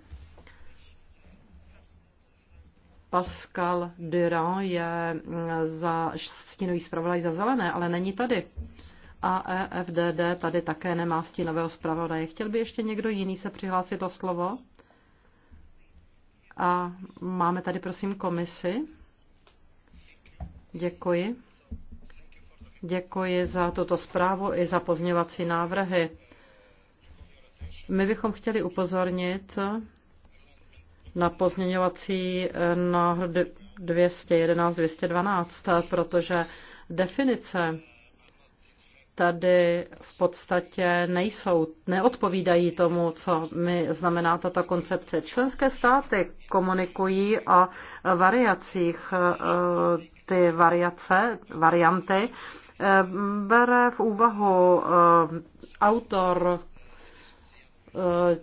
Pascal Durand je za stínový zpravodaj za zelené, ale není tady a EFDD tady také nemá stínového zpravodaje. Chtěl by ještě někdo jiný se přihlásit o slovo? A máme tady, prosím, komisi. Děkuji. Děkuji za tuto zprávu i za pozměňovací návrhy. My bychom chtěli upozornit na pozměňovací eh, na 211-212, protože definice tady v podstatě nejsou, neodpovídají tomu, co mi znamená tato koncepce. Členské státy komunikují o variacích, eh, ty variace, varianty, eh, bere v úvahu eh, autor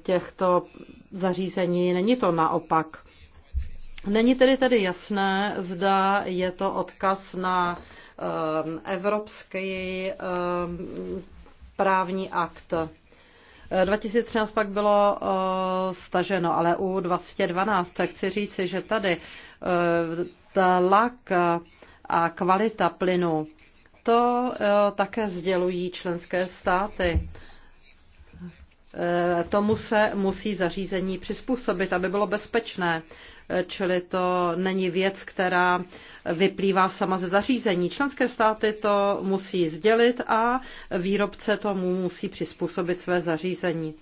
těchto zařízení, není to naopak. Není tedy tedy jasné, zda je to odkaz na Um, evropský um, právní akt. 2013 eh, pak bylo eh, staženo, ale u 2012 chci říci, že tady eh, tlak a kvalita plynu, to také sdělují členské státy. Tomu se musí zařízení přizpůsobit, aby bylo bezpečné čili to není věc, která vyplývá sama ze zařízení. Členské státy to musí sdělit a výrobce tomu musí přizpůsobit své zařízení.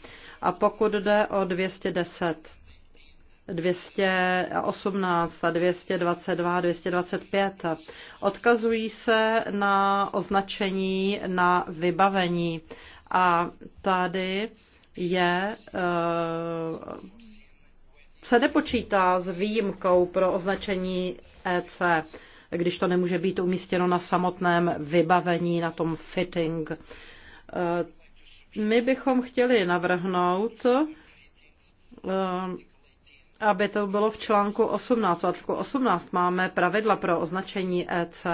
A pokud jde o 210, 218 a 222 a 225 odkazují se na označení na vybavení. A tady je eh, se nepočítá s výjimkou pro označení EC, když to nemůže být umístěno na samotném vybavení, na tom fitting. E, my bychom chtěli navrhnout, e, aby to bylo v článku 18. V článku 18 máme pravidla pro označení EC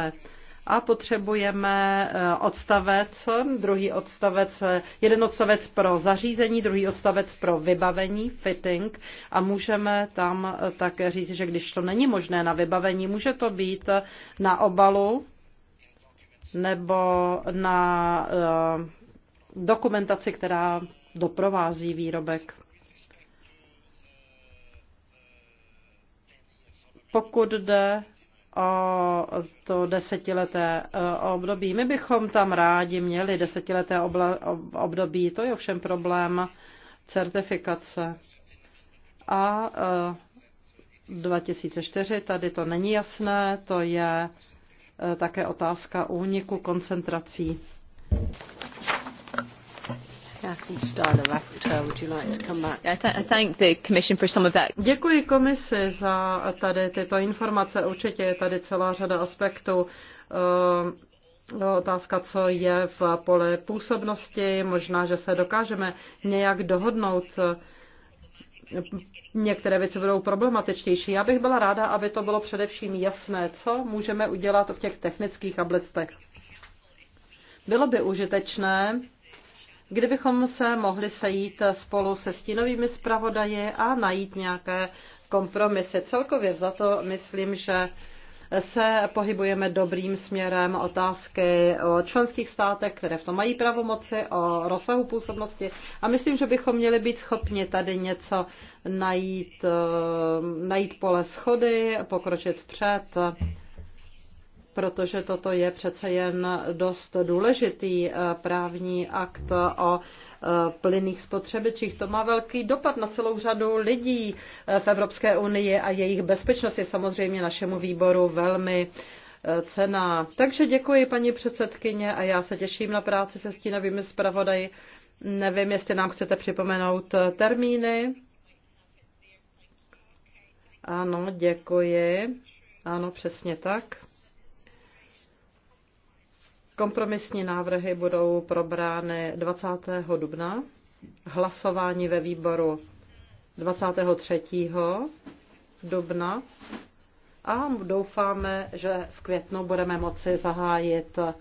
a potřebujeme eh, odstavec, druhý odstavec, eh, jeden odstavec pro zařízení, druhý odstavec pro vybavení, fitting a můžeme tam eh, také říct, že když to není možné na vybavení, může to být na obalu nebo na dokumentaci, která doprovází výrobek. Pokud jde o to desetileté e, období. My bychom tam rádi měli desetileté období, to je ovšem problém certifikace. A 2004, e, tady to není jasné, to je e, také otázka úniku koncentrací. Děkuji komisi za tady tyto informace. Určitě je tady celá řada aspektů. Eh, otázka, co je v pole působnosti. Možná, že se dokážeme nějak dohodnout některé věci budou problematičtější. Já bych byla ráda, aby to bylo především jasné, co můžeme udělat v těch technických ablestech. Bylo by užitečné kdybychom se mohli sejít spolu se stínovými zpravodaji a najít nějaké kompromisy. Celkově za to myslím, že se pohybujeme dobrým směrem otázky o členských státech, které v tom mají pravomoci, o rozsahu působnosti. A myslím, že bychom měli být schopni tady něco najít, eh, najít pole schody, pokročit vpřed protože toto je přece jen dost důležitý eh, právní akt o eh, plynných spotřebičích. To má velký dopad na celou řadu lidí eh, v Evropské unii a jejich bezpečnost je samozřejmě našemu výboru velmi cená. Takže děkuji paní předsedkyně a já se těším na práci se stínovými zpravodaji. Nevím, jestli nám chcete připomenout termíny. Ano, děkuji. Ano, přesně tak. Kompromisní návrhy budou probrány 20. dubna, hlasování ve výboru 23. dubna a doufáme, že v květnu budeme moci zahájit eh,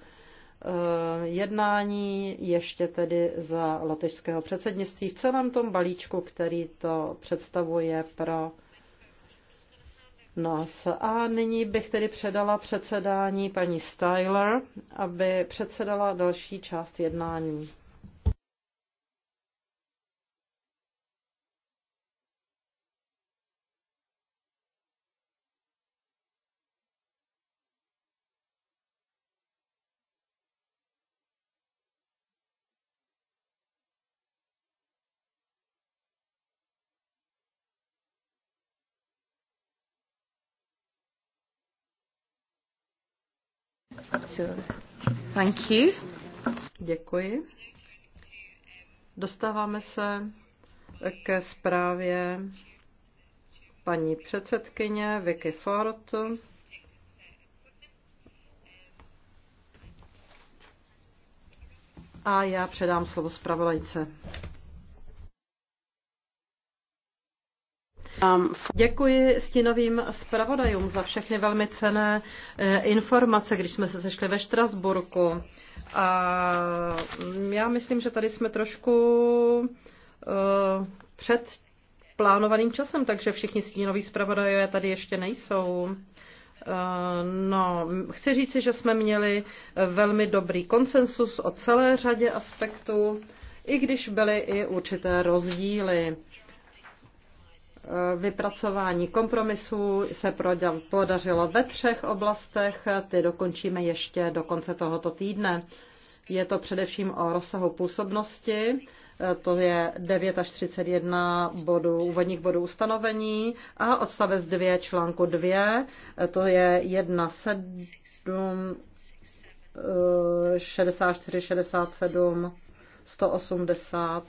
jednání ještě tedy za lotyšského předsednictví v celém tom balíčku, který to představuje pro nás. A nyní bych tedy předala předsedání paní Styler, aby předsedala další část jednání. thank you. Děkuji. Dostáváme se ke zprávě paní předsedkyně Vicky Ford. A já předám slovo zpravodajce. Děkuji stínovým zpravodajům za všechny velmi cené eh, informace, když jsme se sešli ve Štrasburku. A já myslím, že tady jsme trošku uh, před plánovaným časem, takže všichni stínoví zpravodajové tady ještě nejsou. Eh, no, chci říci, že jsme měli velmi dobrý konsensus o celé řadě aspektů, i když byly i určité rozdíly. Eh, vypracování kompromisů se podařilo ve třech oblastech, ty dokončíme ještě do konce tohoto týdne. Je to především o rozsahu působnosti, eh, to je 9 až 31 bodů, úvodních bodů ustanovení a odstavec 2 článku 2, eh, to je 1, 7, 64, 67, 180,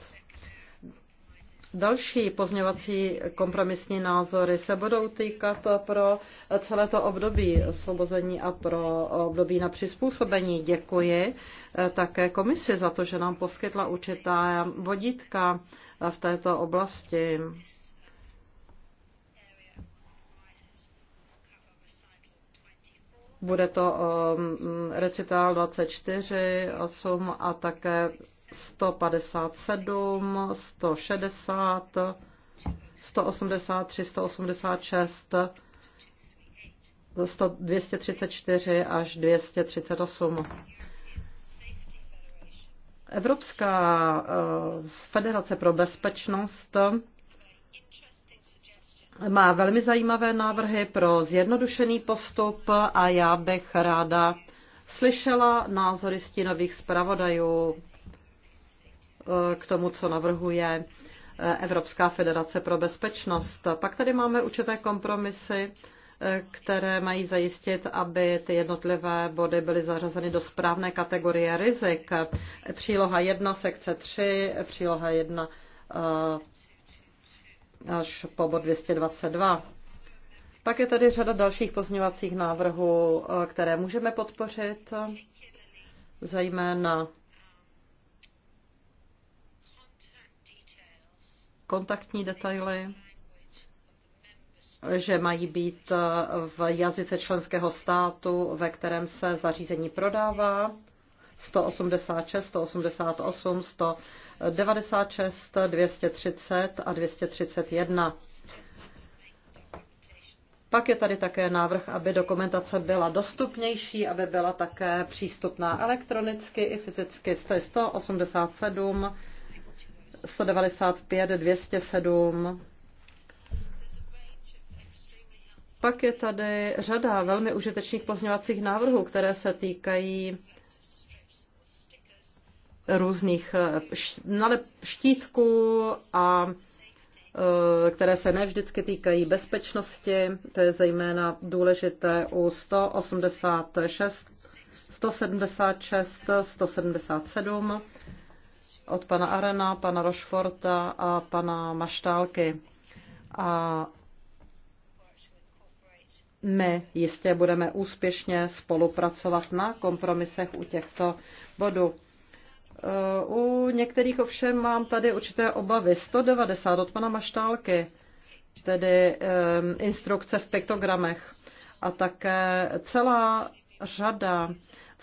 Další pozměvací kompromisní názory se budou týkat pro celé to období svobození a pro období na přizpůsobení. Děkuji také komisi za to, že nám poskytla určitá vodítka v této oblasti. Bude to um, recital 24, 8 a také 157, 160, 183, 186, 234 až 238. Evropská eh, federace pro bezpečnost má velmi zajímavé návrhy pro zjednodušený postup a já bych ráda slyšela názory stínových zpravodajů k tomu, co navrhuje eh, Evropská federace pro bezpečnost. Pak tady máme určité kompromisy, eh, které mají zajistit, aby ty jednotlivé body byly zařazeny do správné kategorie rizik. Příloha 1, sekce 3, příloha 1 eh, až po bod 222. Pak je tady řada dalších pozměňovacích návrhů, které můžeme podpořit, zejména kontaktní detaily, že mají být v jazyce členského státu, ve kterém se zařízení prodává, 186, 188, 196, 230 a 231. Pak je tady také návrh, aby dokumentace byla dostupnější, aby byla také přístupná elektronicky i fyzicky. 187, 195, 207. Pak je tady řada velmi užitečných pozměňovacích návrhů, které se týkají různých eh, štítků a eh, které se nevždycky týkají bezpečnosti, to je zejména důležité u 186, 176, 177 od pana Arena, pana Rošforta a pana Maštálky. A my jistě budeme úspěšně spolupracovat na kompromisech u těchto bodů. Uh, u některých ovšem mám tady určité obavy. 190 od pana Maštálky, tedy um, instrukce v piktogramech a také celá řada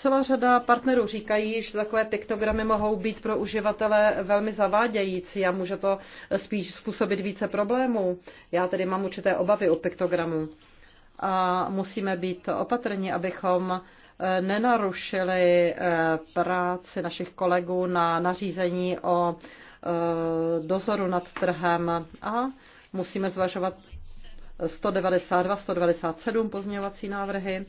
Celá řada partnerů říkají, že takové piktogramy mohou být pro uživatele velmi zavádějící a může to spíš způsobit více problémů. Já tedy mám určité obavy o piktogramu. A musíme být opatrní, abychom eh, nenarušili eh, práci našich kolegů na nařízení o eh, dozoru nad trhem a musíme zvažovat 192, 197 pozměňovací návrhy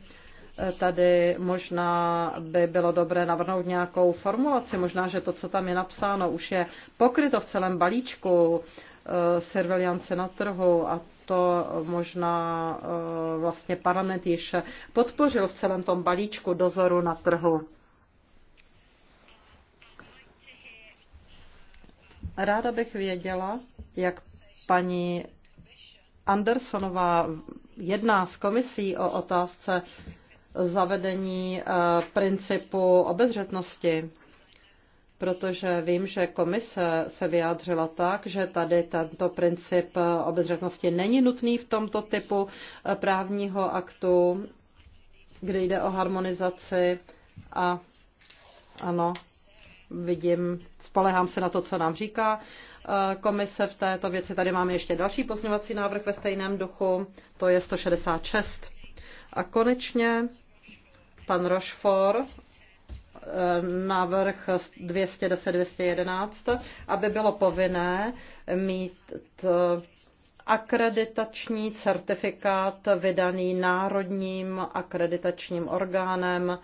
Tady možná by bylo dobré navrhnout nějakou formulaci, možná, že to, co tam je napsáno, už je pokryto v celém balíčku eh, surveillance na trhu a to možná eh, vlastně parlament již podpořil v celém tom balíčku dozoru na trhu. Ráda bych věděla, jak paní Andersonová jedná s komisí o otázce zavedení eh, principu obezřetnosti, protože vím, že komise se vyjádřila tak, že tady tento princip eh, obezřetnosti není nutný v tomto typu eh, právního aktu, kde jde o harmonizaci a ano, vidím, spolehám se na to, co nám říká komise v této věci. Tady máme ještě další pozměňovací návrh ve stejném duchu, to je 166. A konečně pan Rochefort eh, návrh 210-211, aby bylo povinné mít eh, akreditační certifikát vydaný národním akreditačním orgánem.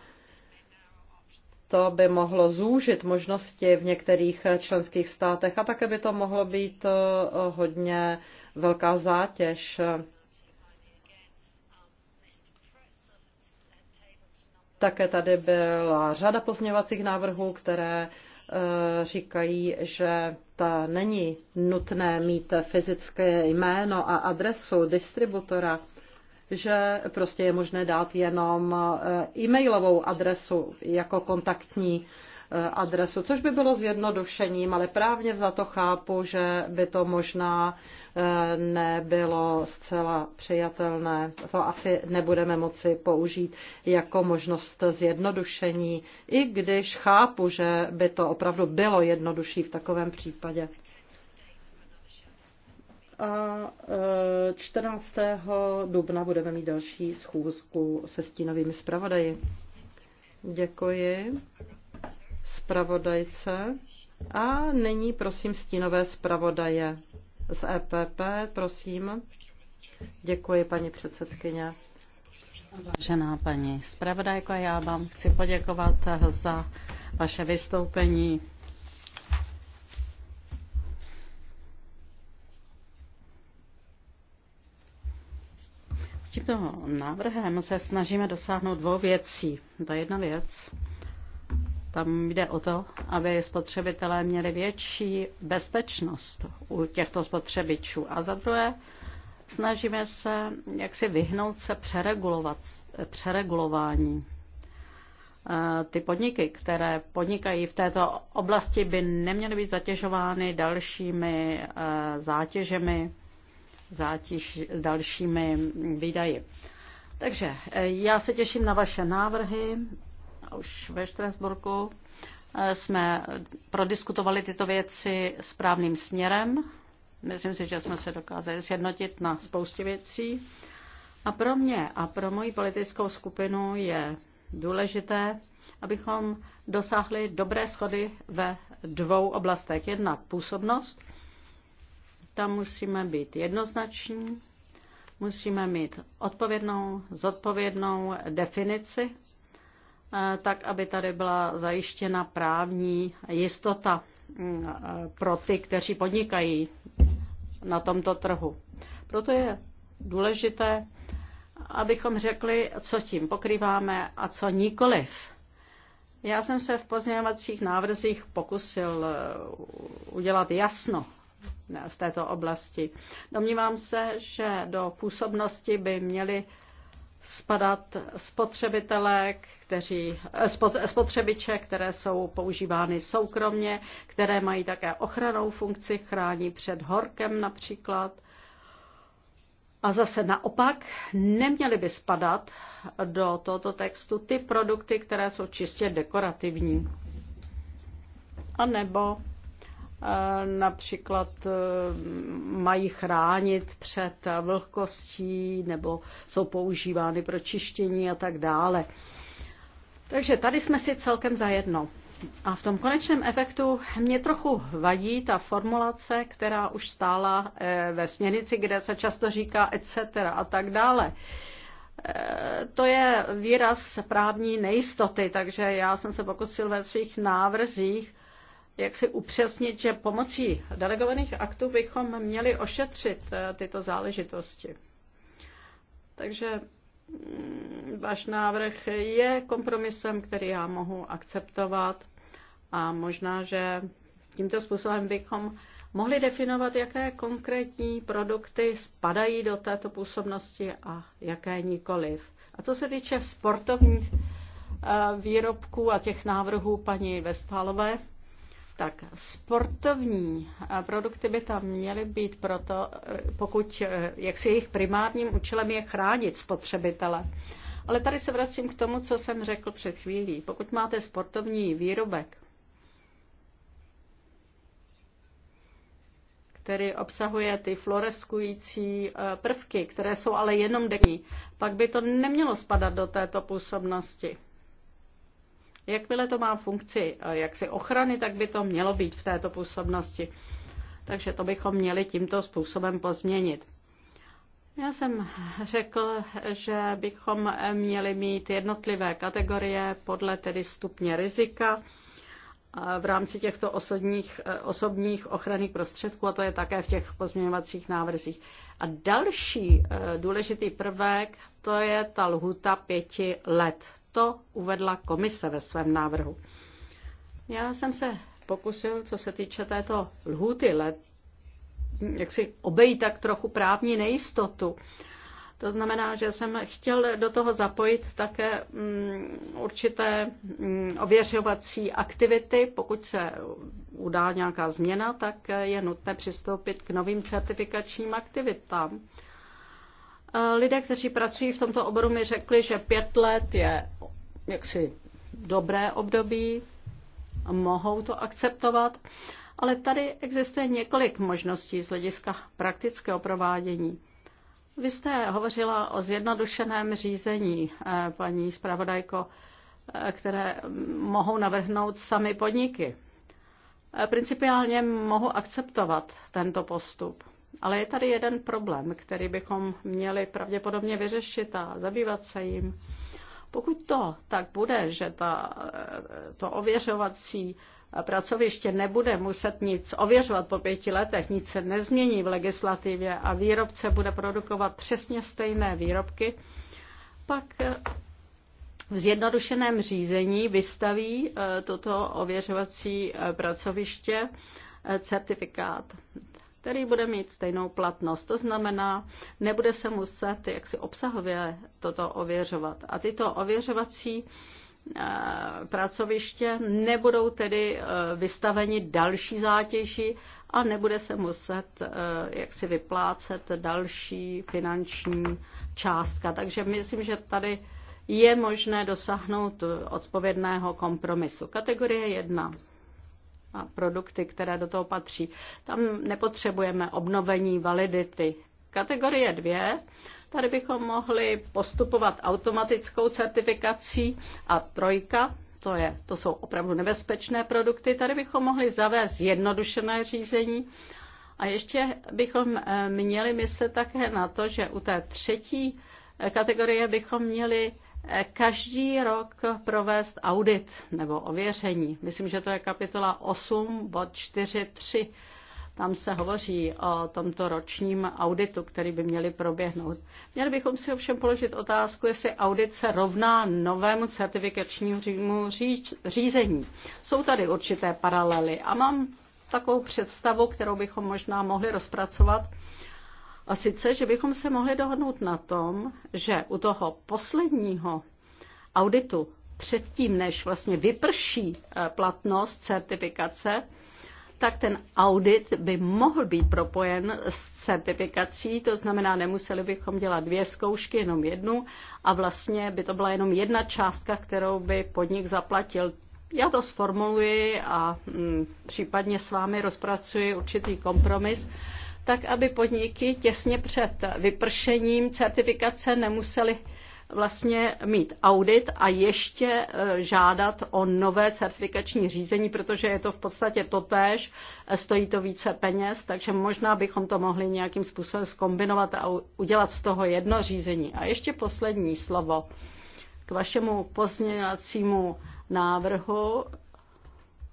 To by mohlo zúžit možnosti v některých členských státech a také by to mohlo být eh, hodně velká zátěž Také tady byla řada pozměvacích návrhů, které eh, říkají, že ta není nutné mít fyzické jméno a adresu distributora, že prostě je možné dát jenom eh, e-mailovou adresu jako kontaktní eh, adresu, což by bylo zjednodušením, ale právně za to chápu, že by to možná nebylo zcela přijatelné. To asi nebudeme moci použít jako možnost zjednodušení, i když chápu, že by to opravdu bylo jednodušší v takovém případě a 14. E, dubna budeme mít další schůzku se stínovými zpravodaji. Děkuji zpravodajce. A nyní prosím stínové zpravodaje z EPP, prosím. Děkuji, paní předsedkyně. Vážená paní zpravodajko, já vám chci poděkovat za vaše vystoupení. S tímto návrhem se snažíme dosáhnout dvou věcí. Ta jedna věc tam jde o to, aby spotřebitelé měli větší bezpečnost u těchto spotřebičů. A za druhé, snažíme se jaksi vyhnout se přeregulovat, přeregulování. Eh, ty podniky, které podnikají v této oblasti, by neměly být zatěžovány dalšími eh, zátěžemi, zátěž, dalšími výdaji. Takže eh, já se těším na vaše návrhy už ve Štrasburku eh, jsme prodiskutovali tyto věci správným směrem. Myslím si, že jsme se dokázali sjednotit na spoustě věcí. A pro mě a pro moji politickou skupinu je důležité, abychom dosáhli dobré schody ve dvou oblastech. Jedna působnost, tam musíme být jednoznační, musíme mít odpovědnou, zodpovědnou definici Eh, tak aby tady byla zajištěna právní jistota mm, eh, pro ty, kteří podnikají na tomto trhu. Proto je důležité, abychom řekli, co tím pokrýváme a co nikoliv. Já jsem se v pozměňovacích návrzích pokusil eh, udělat jasno v této oblasti. Domnívám se, že do působnosti by měly spadat spotřebitelé, kteří, eh, eh, spotřebiče, které jsou používány soukromně, které mají také ochranou funkci, chrání před horkem například. A zase naopak, neměly by spadat do tohoto textu ty produkty, které jsou čistě dekorativní. A nebo Eh, například eh, mají chránit před vlhkostí nebo jsou používány pro čištění a tak dále. Takže tady jsme si celkem zajedno. A v tom konečném efektu mě trochu vadí ta formulace, která už stála eh, ve směrnici, kde se často říká etc. a tak dále. To je výraz právní nejistoty, takže já jsem se pokusil ve svých návrzích jak si upřesnit, že pomocí delegovaných aktů bychom měli ošetřit eh, tyto záležitosti. Takže mm, váš návrh je kompromisem, který já mohu akceptovat a možná, že tímto způsobem bychom mohli definovat, jaké konkrétní produkty spadají do této působnosti a jaké nikoliv. A co se týče sportovních eh, výrobků a těch návrhů paní Vestálové, tak sportovní eh, produkty by tam měly být proto, eh, pokud eh, jak si jejich primárním účelem je chránit spotřebitele. Ale tady se vracím k tomu, co jsem řekl před chvílí. Pokud máte sportovní výrobek, který obsahuje ty fluoreskující prvky, které jsou ale jenom denní, pak by to nemělo spadat do této působnosti. Jakmile to má funkci eh, jaksi ochrany, tak by to mělo být v této působnosti. Takže to bychom měli tímto způsobem pozměnit. Já jsem řekl, že bychom měli mít jednotlivé kategorie podle tedy stupně rizika eh, v rámci těchto osobních, eh, osobních ochranných prostředků a to je také v těch pozměňovacích návrzích. A další důležitý prvek, to je ta lhuta pěti let to uvedla komise ve svém návrhu. Já jsem se pokusil, co se týče této lhuty let, jak si obejít tak trochu právní nejistotu. To znamená, že jsem chtěl do toho zapojit také mm, určité mm, ověřovací aktivity. Pokud se udá nějaká změna, tak je nutné přistoupit k novým certifikačním aktivitám. Lidé, kteří pracují v tomto oboru, mi řekli, že pět let je jaksi dobré období, mohou to akceptovat, ale tady existuje několik možností z hlediska praktického provádění. Vy jste hovořila o zjednodušeném řízení, eh, paní zpravodajko, eh, které mohou navrhnout sami podniky. Eh, principiálně mohu akceptovat tento postup. Ale je tady jeden problém, který bychom měli pravděpodobně vyřešit a zabývat se jim. Pokud to tak bude, že ta, to ověřovací pracoviště nebude muset nic ověřovat po pěti letech, nic se nezmění v legislativě a výrobce bude produkovat přesně stejné výrobky, pak v zjednodušeném řízení vystaví eh, toto ověřovací eh, pracoviště eh, certifikát který bude mít stejnou platnost. To znamená, nebude se muset jaksi obsahově toto ověřovat. A tyto ověřovací eh, pracoviště nebudou tedy eh, vystaveni další zátěži a nebude se muset eh, jak si vyplácet další finanční částka. Takže myslím, že tady je možné dosáhnout odpovědného kompromisu. Kategorie 1 a produkty, které do toho patří. Tam nepotřebujeme obnovení validity. Kategorie 2, tady bychom mohli postupovat automatickou certifikací a trojka, to, je, to jsou opravdu nebezpečné produkty, tady bychom mohli zavést jednodušené řízení a ještě bychom eh, měli myslet také na to, že u té třetí eh, kategorie bychom měli každý rok provést audit nebo ověření. Myslím, že to je kapitola 8, bod 3. Tam se hovoří o tomto ročním auditu, který by měli proběhnout. Měli bychom si ovšem položit otázku, jestli audit se rovná novému certifikačnímu řízení. Jsou tady určité paralely a mám takovou představu, kterou bychom možná mohli rozpracovat a sice, že bychom se mohli dohodnout na tom, že u toho posledního auditu předtím, než vlastně vyprší eh, platnost certifikace, tak ten audit by mohl být propojen s certifikací, to znamená, nemuseli bychom dělat dvě zkoušky, jenom jednu a vlastně by to byla jenom jedna částka, kterou by podnik zaplatil. Já to sformuluji a hm, případně s vámi rozpracuji určitý kompromis, tak aby podniky těsně před vypršením certifikace nemusely vlastně mít audit a ještě e, žádat o nové certifikační řízení, protože je to v podstatě totéž, e, stojí to více peněz, takže možná bychom to mohli nějakým způsobem skombinovat a udělat z toho jedno řízení. A ještě poslední slovo k vašemu pozměňovacímu návrhu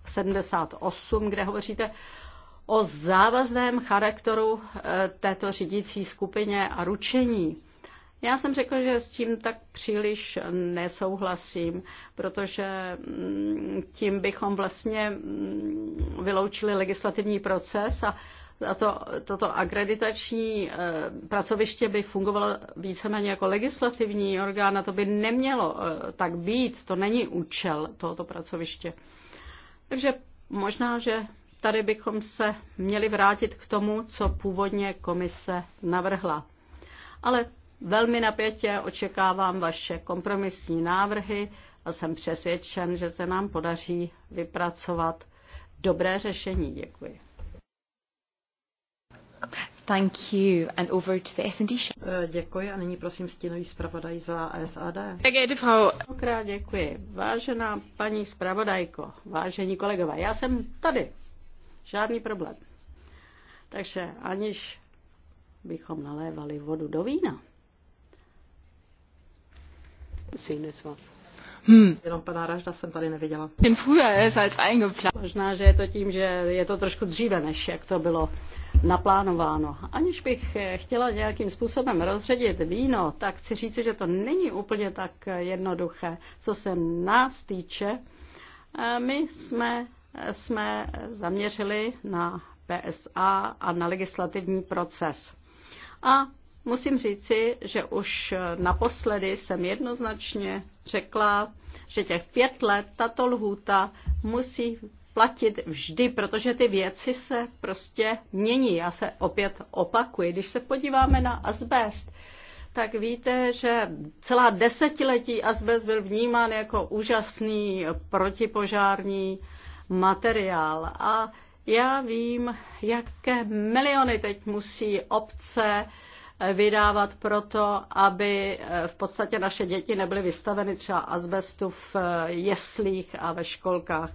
78, kde hovoříte o závazném charakteru eh, této řídící skupině a ručení. Já jsem řekl, že s tím tak příliš nesouhlasím, protože mm, tím bychom vlastně mm, vyloučili legislativní proces a to, toto akreditační eh, pracoviště by fungovalo víceméně jako legislativní orgán a to by nemělo eh, tak být. To není účel tohoto pracoviště. Takže možná, že tady bychom se měli vrátit k tomu, co původně komise navrhla. Ale velmi napětě očekávám vaše kompromisní návrhy a jsem přesvědčen, že se nám podaří vypracovat dobré řešení. Děkuji. Thank you. And over to the S&D eh, Děkuji a nyní prosím stínový zpravodaj za SAD. Děkuji. děkuji. Vážená paní zpravodajko, vážení kolegové, já jsem tady Žádný problém. Takže aniž bychom nalévali vodu do vína. Hmm. Jenom pana Ražda jsem tady neviděla. Er Možná, že je to tím, že je to trošku dříve, než jak to bylo naplánováno. Aniž bych chtěla nějakým způsobem rozředit víno, tak chci říct, že to není úplně tak jednoduché. Co se nás týče, eh, my jsme jsme zaměřili na PSA a na legislativní proces. A musím říci, že už naposledy jsem jednoznačně řekla, že těch pět let tato lhůta musí platit vždy, protože ty věci se prostě mění. Já se opět opakuji. Když se podíváme na asbest, tak víte, že celá desetiletí asbest byl vnímán jako úžasný protipožární materiál. A já vím, jaké miliony teď musí obce eh, vydávat proto, aby eh, v podstatě naše děti nebyly vystaveny třeba asbestu v eh, jeslích a ve školkách.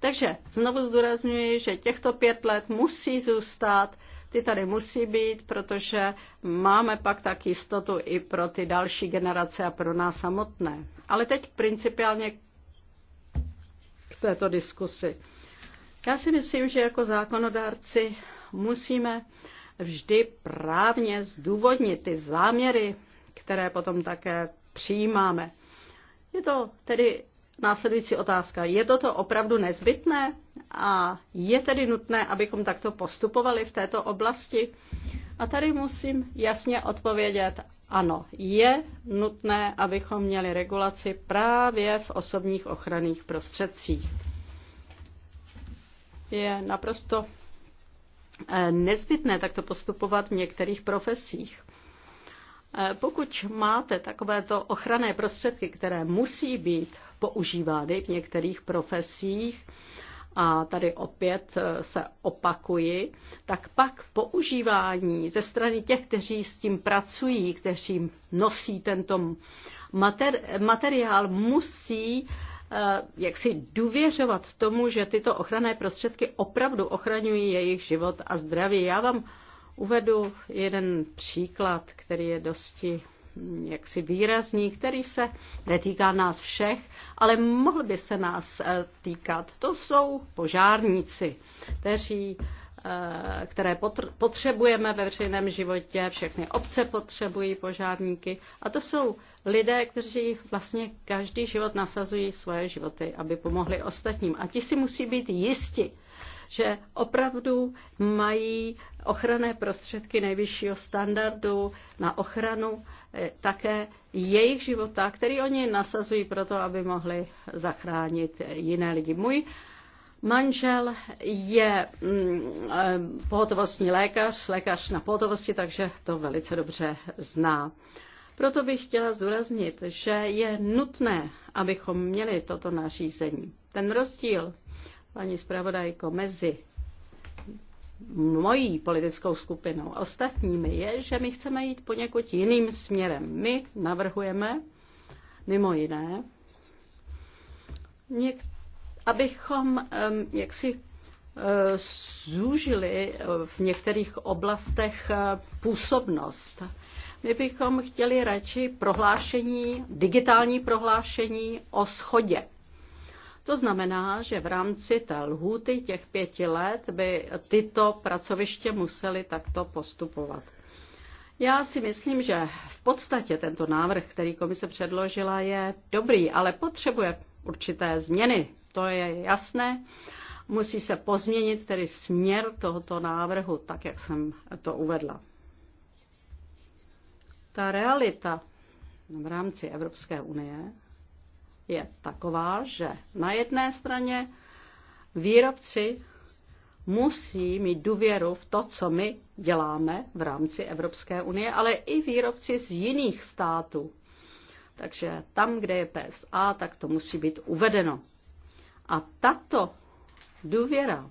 Takže znovu zdůrazňuji, že těchto pět let musí zůstat, ty tady musí být, protože máme pak tak jistotu i pro ty další generace a pro nás samotné. Ale teď principiálně této diskusi. Já si myslím, že jako zákonodárci musíme vždy právně zdůvodnit ty záměry, které potom také přijímáme. Je to tedy následující otázka. Je toto opravdu nezbytné a je tedy nutné, abychom takto postupovali v této oblasti? A tady musím jasně odpovědět ano, je nutné, abychom měli regulaci právě v osobních ochranných prostředcích. Je naprosto eh, nezbytné takto postupovat v některých profesích. Eh, pokud máte takovéto ochranné prostředky, které musí být používány v některých profesích, a tady opět eh, se opakuji, tak pak používání ze strany těch, kteří s tím pracují, kteří nosí tento materiál, musí eh, jak si důvěřovat tomu, že tyto ochranné prostředky opravdu ochraňují jejich život a zdraví. Já vám uvedu jeden příklad, který je dosti jaksi výrazní, který se netýká nás všech, ale mohl by se nás eh, týkat. To jsou požárníci, kteří eh, které potřebujeme ve veřejném životě, všechny obce potřebují požárníky a to jsou lidé, kteří vlastně každý život nasazují svoje životy, aby pomohli ostatním a ti si musí být jisti, že opravdu mají ochranné prostředky nejvyššího standardu na ochranu eh, také jejich života, který oni nasazují proto, aby mohli zachránit jiné lidi. Můj Manžel je mm, eh, pohotovostní lékař, lékař na pohotovosti, takže to velice dobře zná. Proto bych chtěla zdůraznit, že je nutné, abychom měli toto nařízení. Ten rozdíl paní zpravodajko, mezi mojí politickou skupinou a ostatními je, že my chceme jít poněkud jiným směrem. My navrhujeme, mimo jiné, něk- abychom um, jaksi eh, zúžili eh, v některých oblastech eh, působnost. My bychom chtěli radši prohlášení, digitální prohlášení o schodě. To znamená, že v rámci té lhůty těch pěti let by tyto pracoviště musely takto postupovat. Já si myslím, že v podstatě tento návrh, který komise předložila, je dobrý, ale potřebuje určité změny. To je jasné. Musí se pozměnit tedy směr tohoto návrhu, tak jak jsem to uvedla. Ta realita v rámci Evropské unie je taková, že na jedné straně výrobci musí mít důvěru v to, co my děláme v rámci Evropské unie, ale i výrobci z jiných států. Takže tam, kde je PSA, tak to musí být uvedeno. A tato důvěra,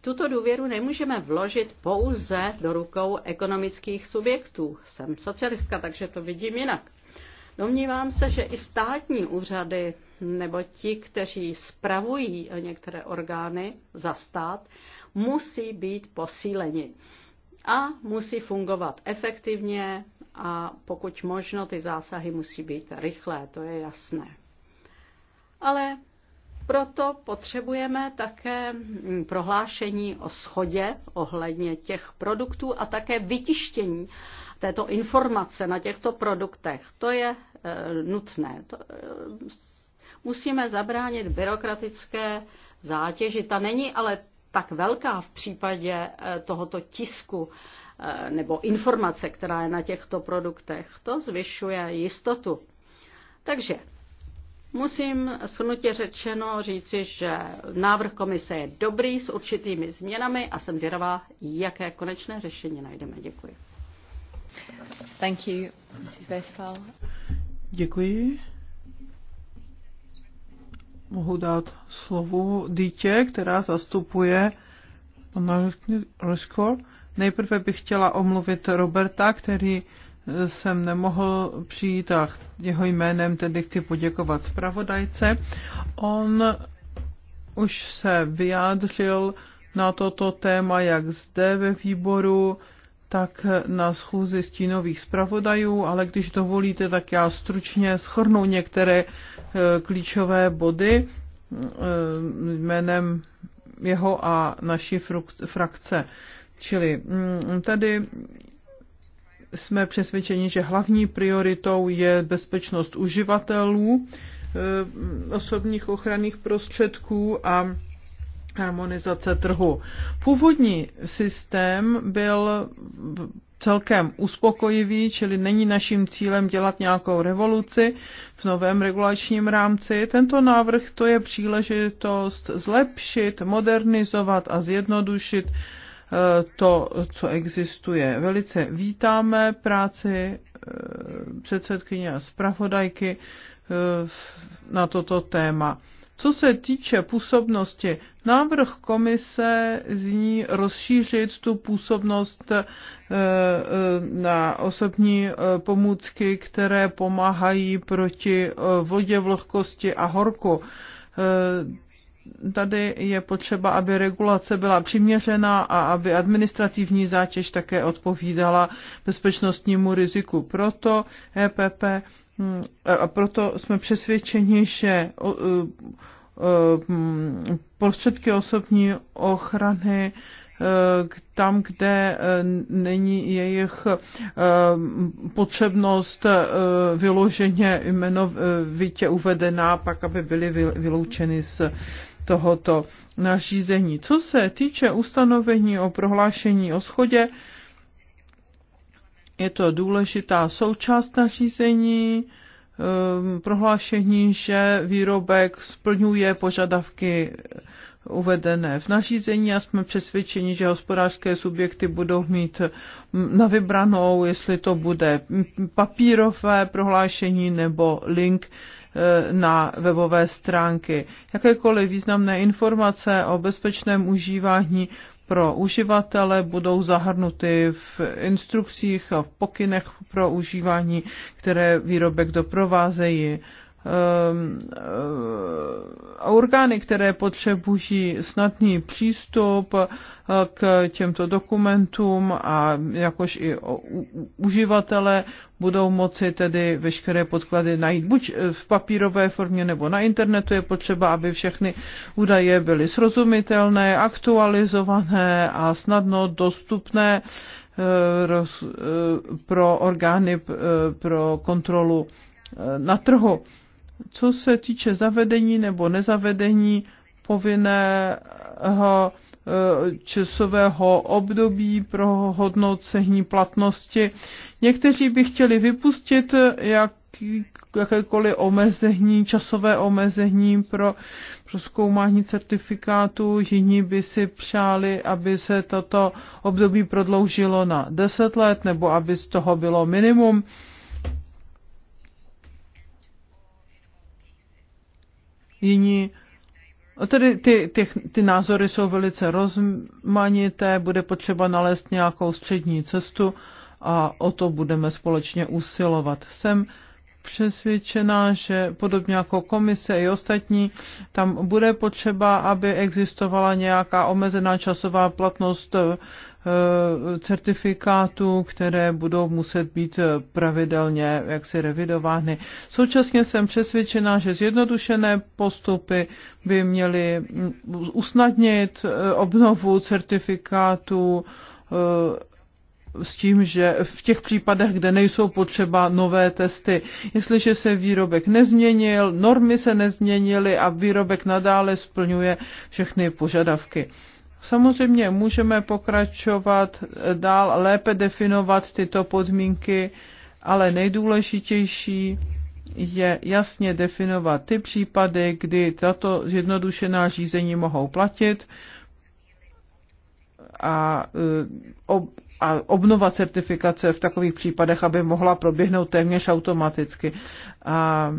tuto důvěru nemůžeme vložit pouze do rukou ekonomických subjektů. Jsem socialistka, takže to vidím jinak. Domnívám se, že i státní úřady nebo ti, kteří spravují některé orgány za stát, musí být posíleni a musí fungovat efektivně a pokud možno ty zásahy musí být rychlé, to je jasné. Ale proto potřebujeme také prohlášení o schodě ohledně těch produktů a také vytištění této informace na těchto produktech. To je eh, nutné. To, eh, musíme zabránit byrokratické zátěži. Ta není ale tak velká v případě eh, tohoto tisku nebo informace, která je na těchto produktech. To zvyšuje jistotu. Takže musím shrnutě řečeno říci, že návrh komise je dobrý s určitými změnami a jsem zvědavá, jaké konečné řešení najdeme. Děkuji. Děkuji. Mohu dát slovo dítě, která zastupuje pana Rusko. Nejprve bych chtěla omluvit Roberta, který jsem nemohl přijít a jeho jménem tedy chci poděkovat zpravodajce. On už se vyjádřil na toto téma, jak zde ve výboru, tak na schůzi stínových zpravodajů, ale když dovolíte, tak já stručně schrnu některé e, klíčové body e, jménem jeho a naší frakce. Čili mm, tady jsme přesvědčeni, že hlavní prioritou je bezpečnost uživatelů e, osobních ochranných prostředků a harmonizace trhu. Původní systém byl celkem uspokojivý, čili není naším cílem dělat nějakou revoluci v novém regulačním rámci. Tento návrh to je příležitost zlepšit, modernizovat a zjednodušit eh, to, co existuje. Velice vítáme práci eh, předsedkyně a zpravodajky eh, na toto téma. Co se týče působnosti, návrh komise zní rozšířit tu působnost eh, eh, na osobní eh, pomůcky, které pomáhají proti vodě, vlhkosti a horku tady je potřeba, aby regulace byla přiměřená a aby administrativní zátěž také odpovídala bezpečnostnímu riziku. Proto EPP Hmm, a proto jsme přesvědčeni, že e, e, hmm, prostředky osobní ochrany e, tam, kde není jejich potřebnost vyloženě jmenovitě uvedená, pak aby byly vyloučeny z tohoto nařízení. Co se týče ustanovení o prohlášení o schodě, je to důležitá součást nařízení, ehm, prohlášení, že výrobek splňuje požadavky uvedené v nařízení a jsme přesvědčeni, že hospodářské subjekty budou mít na vybranou, jestli to bude papírové prohlášení nebo link eh, na webové stránky. Jakékoliv významné informace o bezpečném užívání pro uživatele budou zahrnuty v instrukcích a v pokynech pro užívání, které výrobek doprovázejí. Ehm, eh, orgány, které potřebují snadný přístup eh, k těmto dokumentům a jakož i uživatele budou moci tedy veškeré podklady najít buď v papírové formě nebo na internetu. Je potřeba, aby všechny údaje byly srozumitelné, aktualizované a snadno dostupné eh, pro orgány pro kontrolu na trhu. Co se týče zavedení nebo nezavedení povinného eh, časového období pro hodnocení platnosti. Někteří by chtěli vypustit jak, jakékoliv omezení, časové omezení pro, pro zkoumání certifikátu, jiní by si přáli, aby se toto období prodloužilo na 10 let nebo aby z toho bylo minimum. Uh, jiní. Tedy ty, ty, ty názory jsou velice rozmanité, bude potřeba nalézt nějakou střední cestu a o to budeme společně usilovat. Jsem přesvědčena, že podobně jako komise i ostatní, tam bude potřeba, aby existovala nějaká omezená časová platnost eh, certifikátů, které budou muset být pravidelně jaksi revidovány. Současně jsem přesvědčena, že zjednodušené postupy by měly mm, usnadnit eh, obnovu certifikátů eh, s tím, že v těch případech, kde nejsou potřeba nové testy, jestliže se výrobek nezměnil, normy se nezměnily a výrobek nadále splňuje všechny požadavky. Samozřejmě můžeme pokračovat eh, dál, lépe definovat tyto podmínky, ale nejdůležitější je jasně definovat ty případy, kdy tato zjednodušená řízení mohou platit a eh, a obnova certifikace v takových případech, aby mohla proběhnout téměř automaticky. A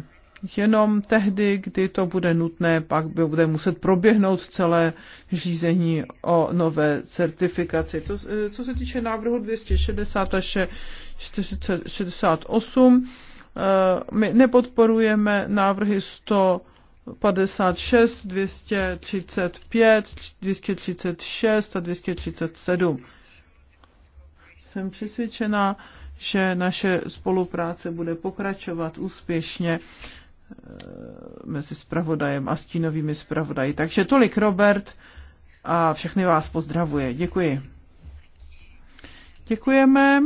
jenom tehdy, kdy to bude nutné, pak bude muset proběhnout celé řízení o nové certifikaci. To, eh, co se týče návrhu 260 až 68, eh, my nepodporujeme návrhy 100 56, 235, 236 a 237 jsem přesvědčena, že naše spolupráce bude pokračovat úspěšně eh, mezi spravodajem a stínovými spravodaji. Takže tolik Robert a všechny vás pozdravuje. Děkuji. Děkujeme.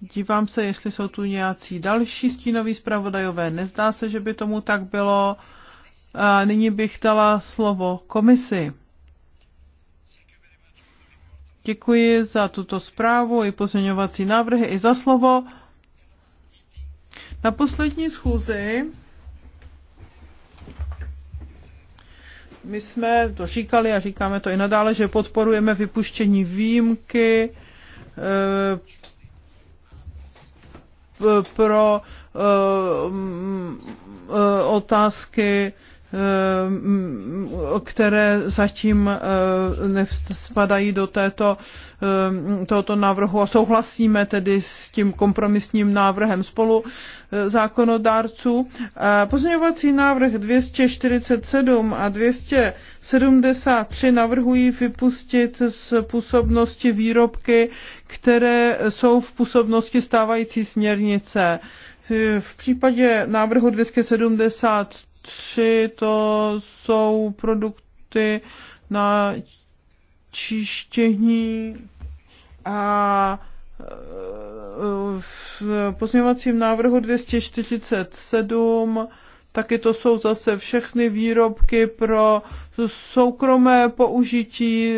Dívám se, jestli jsou tu nějací další stínoví zpravodajové. Nezdá se, že by tomu tak bylo. A nyní bych dala slovo komisi. Děkuji za tuto zprávu i pozměňovací návrhy, i za slovo. Na poslední schůzi my jsme to říkali a říkáme to i nadále, že podporujeme vypuštění výjimky eh, eh, pro eh, mm, otázky Eh, které zatím eh, nevzpadají do této, eh, tohoto návrhu a souhlasíme tedy s tím kompromisním návrhem spolu zákonodárců. Pozměňovací návrh 247 a 273 navrhují vypustit z působnosti výrobky, které jsou v působnosti stávající směrnice. V případě návrhu 270 tři to jsou produkty na čištění a e, v pozměvacím návrhu 247 taky to jsou zase všechny výrobky pro soukromé použití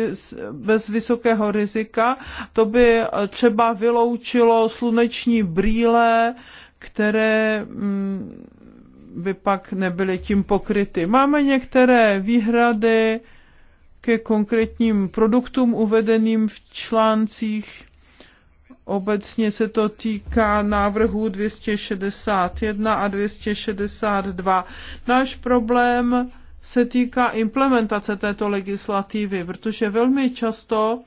bez vysokého rizika. To by třeba vyloučilo sluneční brýle, které mm, by pak nebyly tím pokryty. Máme některé výhrady ke konkrétním produktům uvedeným v článcích. Obecně se to týká návrhů 261 a 262. Náš problém se týká implementace této legislativy, protože velmi často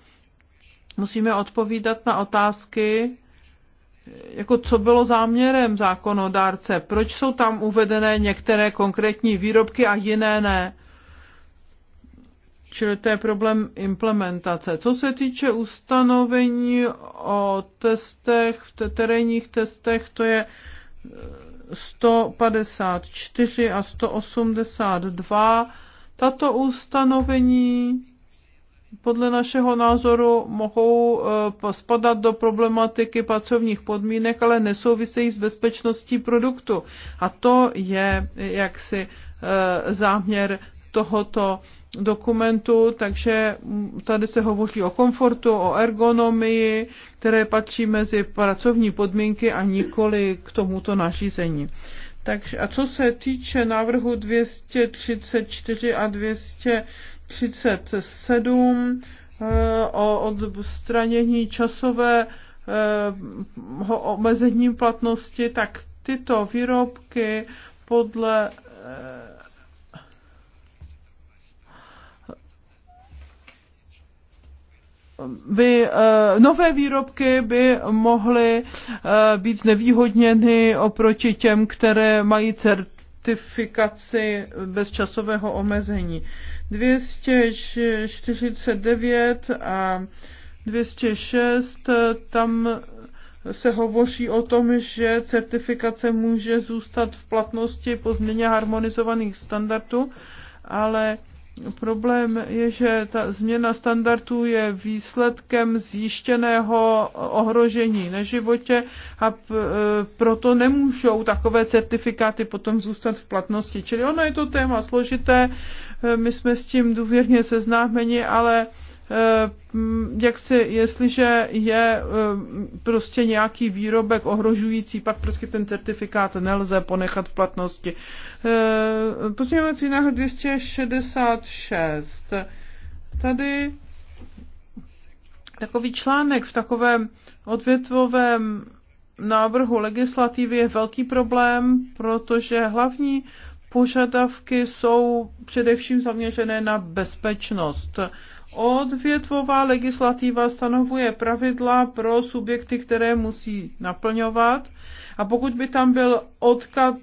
musíme odpovídat na otázky, jako co bylo záměrem zákonodárce, proč jsou tam uvedené některé konkrétní výrobky a jiné ne. Čili to je problém implementace. Co se týče ustanovení o testech, v terénních testech, to je 154 eh, a 182. Tato ustanovení podle našeho názoru mohou eh, spadat do problematiky pracovních podmínek, ale nesouvisejí s bezpečností produktu. A to je jaksi eh, záměr tohoto dokumentu, takže mm, tady se hovoří o komfortu, o ergonomii, které patří mezi pracovní podmínky a nikoli k tomuto nařízení. Takže a co se týče návrhu 234 a 200 37 eh, o odstranění časové eh, omezení platnosti, tak tyto výrobky podle eh, by nové výrobky by mohly být znevýhodněny oproti těm, které mají certifikaci bez časového omezení. 249 a 206, tam se hovoří o tom, že certifikace může zůstat v platnosti po změně harmonizovaných standardů, ale Problém je, že ta změna standardů je výsledkem zjištěného ohrožení na životě a e, proto nemůžou takové certifikáty potom zůstat v platnosti. Čili ono je to téma složité, e, my jsme s tím důvěrně seznámeni, ale Eh, jak si, jestliže je eh, prostě nějaký výrobek ohrožující, pak prostě ten certifikát nelze ponechat v platnosti. Eh, pozměňovací návrh 266. Tady takový článek v takovém odvětvovém návrhu legislativy je velký problém, protože hlavní požadavky jsou především zaměřené na bezpečnost. Odvětvová legislativa stanovuje pravidla pro subjekty, které musí naplňovat. A pokud by tam byl odkaz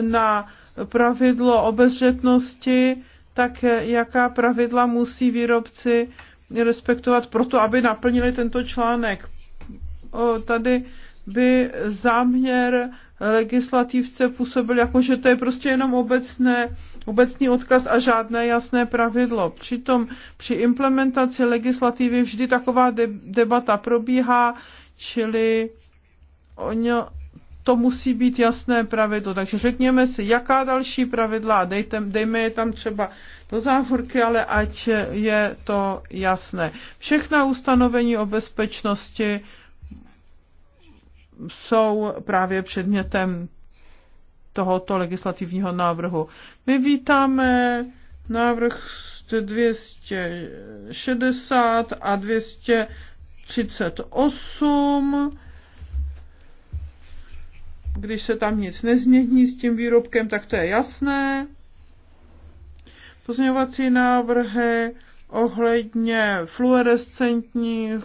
na pravidlo obezřetnosti, tak jaká pravidla musí výrobci respektovat proto, aby naplnili tento článek. O, tady by záměr legislativce působil jako, že to je prostě jenom obecné obecný odkaz a žádné jasné pravidlo. Přitom při implementaci legislativy vždy taková debata probíhá, čili oni, to musí být jasné pravidlo. Takže řekněme si, jaká další pravidla, dejte, dejme je tam třeba do závorky, ale ať je to jasné. Všechna ustanovení o bezpečnosti jsou právě předmětem tohoto legislativního návrhu. My vítáme návrh 260 a 238, když se tam nic nezmění s tím výrobkem, tak to je jasné. Pozměňovací návrhy ohledně fluorescentních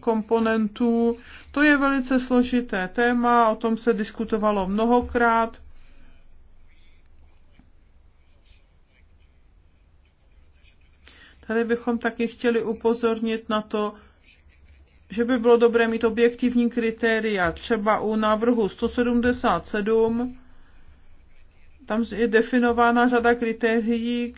komponentů. To je velice složité téma, o tom se diskutovalo mnohokrát. Tady bychom taky chtěli upozornit na to, že by bylo dobré mít objektivní kritéria. Třeba u návrhu 177 tam je definována řada kritérií,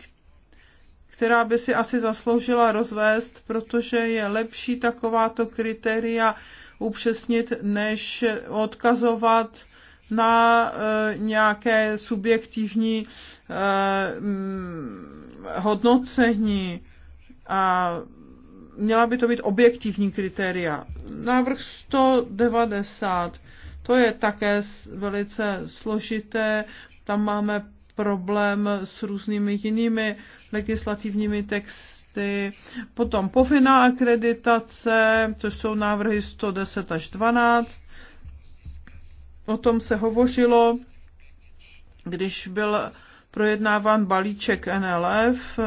která by si asi zasloužila rozvést, protože je lepší takováto kritéria upřesnit, než odkazovat na e, nějaké subjektivní e, hodnocení a měla by to být objektivní kritéria. Návrh 190, to je také velice složité, tam máme problém s různými jinými legislativními texty. Potom povinná akreditace, což jsou návrhy 110 až 12. O tom se hovořilo, když byl projednáván balíček NLF,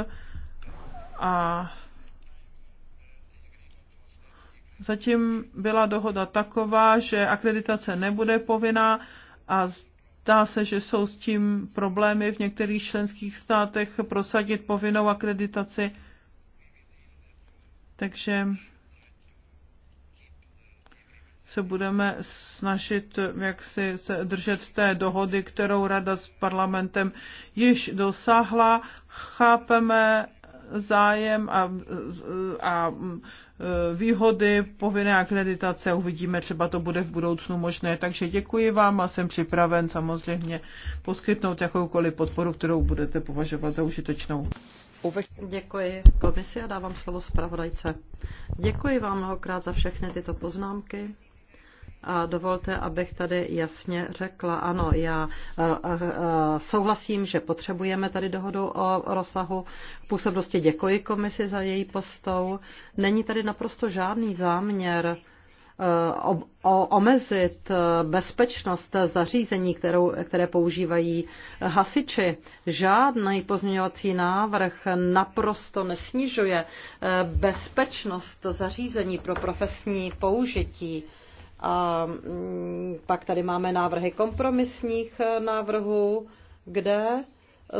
a zatím byla dohoda taková, že akreditace nebude povinná a zdá se, že jsou s tím problémy v některých členských státech prosadit povinnou akreditaci. Takže se budeme snažit jak si se držet té dohody, kterou Rada s parlamentem již dosáhla. Chápeme zájem a, a výhody povinné akreditace. Uvidíme, třeba to bude v budoucnu možné. Takže děkuji vám a jsem připraven samozřejmě poskytnout jakoukoliv podporu, kterou budete považovat za užitečnou. Děkuji komisi a dávám slovo zpravodajce. Děkuji vám mnohokrát za všechny tyto poznámky. A dovolte, abych tady jasně řekla, ano, já eh, eh, souhlasím, že potřebujeme tady dohodu o rozsahu působnosti. Děkuji komisi za její postou. Není tady naprosto žádný záměr eh, omezit bezpečnost zařízení, kterou, které používají hasiči. Žádný pozměňovací návrh naprosto nesnižuje bezpečnost zařízení pro profesní použití. A mm, pak tady máme návrhy kompromisních e, návrhů, kde